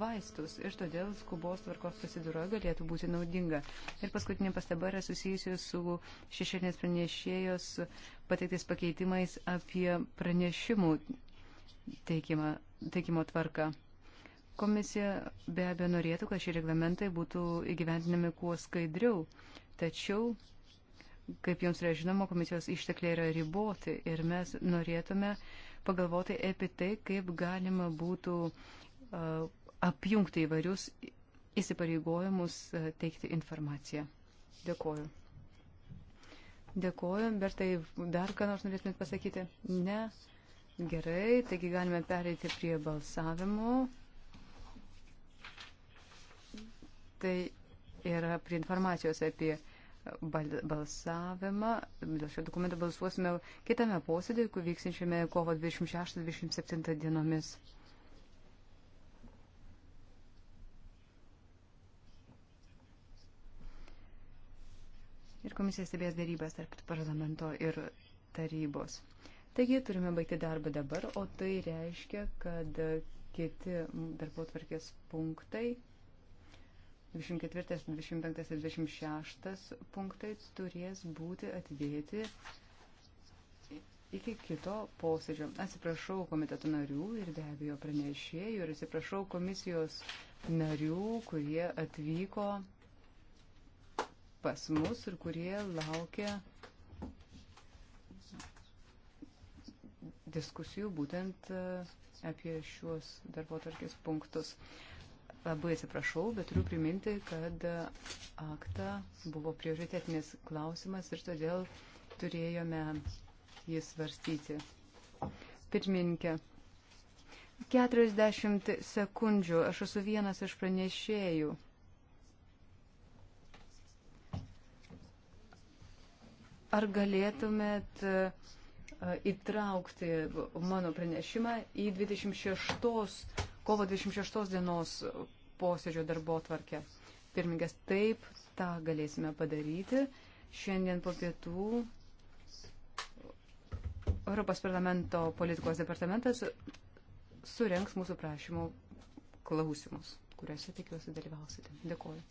vaistus ir todėl skubos tvarkos procedūra galėtų būti naudinga. Ir paskutinė pastaba yra susijusi su šešėlinės pranešėjos pateiktais pakeitimais apie pranešimų teikimą, teikimo tvarką. Komisija be abejo norėtų, kad šie reglamentai būtų įgyventinami kuo skaidriau, tačiau, kaip jums yra žinoma, komisijos ištekliai yra riboti ir mes norėtume pagalvoti apie tai, kaip galima būtų uh, apjungti įvairius įsipareigojimus uh, teikti informaciją. Dėkuoju. Dėkuoju, Bertai, dar ką nors norėtumėt pasakyti? Ne. Gerai, taigi galime pereiti prie balsavimo. tai yra prie informacijos apie balsavimą. Dėl šio dokumento balsuosime kitame posėdėje, kur vyksinčiame kovo 26-27 dienomis. Ir komisija stebės darybas tarp parlamento ir tarybos. Taigi turime baigti darbą dabar, o tai reiškia, kad kiti darbo tvarkės punktai 24, 25 ir 26 punktai turės būti atidėti iki kito posėdžio. Atsiprašau komiteto narių ir be abejo pranešėjų ir atsiprašau komisijos narių, kurie atvyko pas mus ir kurie laukia diskusijų būtent e, apie šiuos darbo tarkės punktus. Labai atsiprašau, bet turiu priminti, kad aktą buvo prioritetinis klausimas ir todėl turėjome jį svarstyti. Pirmininkė, 40 sekundžių, aš esu vienas iš pranešėjų. Ar galėtumėt e, įtraukti mano pranešimą į 26 kovo 26 dienos posėdžio darbo tvarkę. Pirmingas taip, tą galėsime padaryti. Šiandien po pietų Europos parlamento politikos departamentas surenks mūsų prašymų klausimus, kuriuose tikiuosi dalyvausite. Dėkuoju.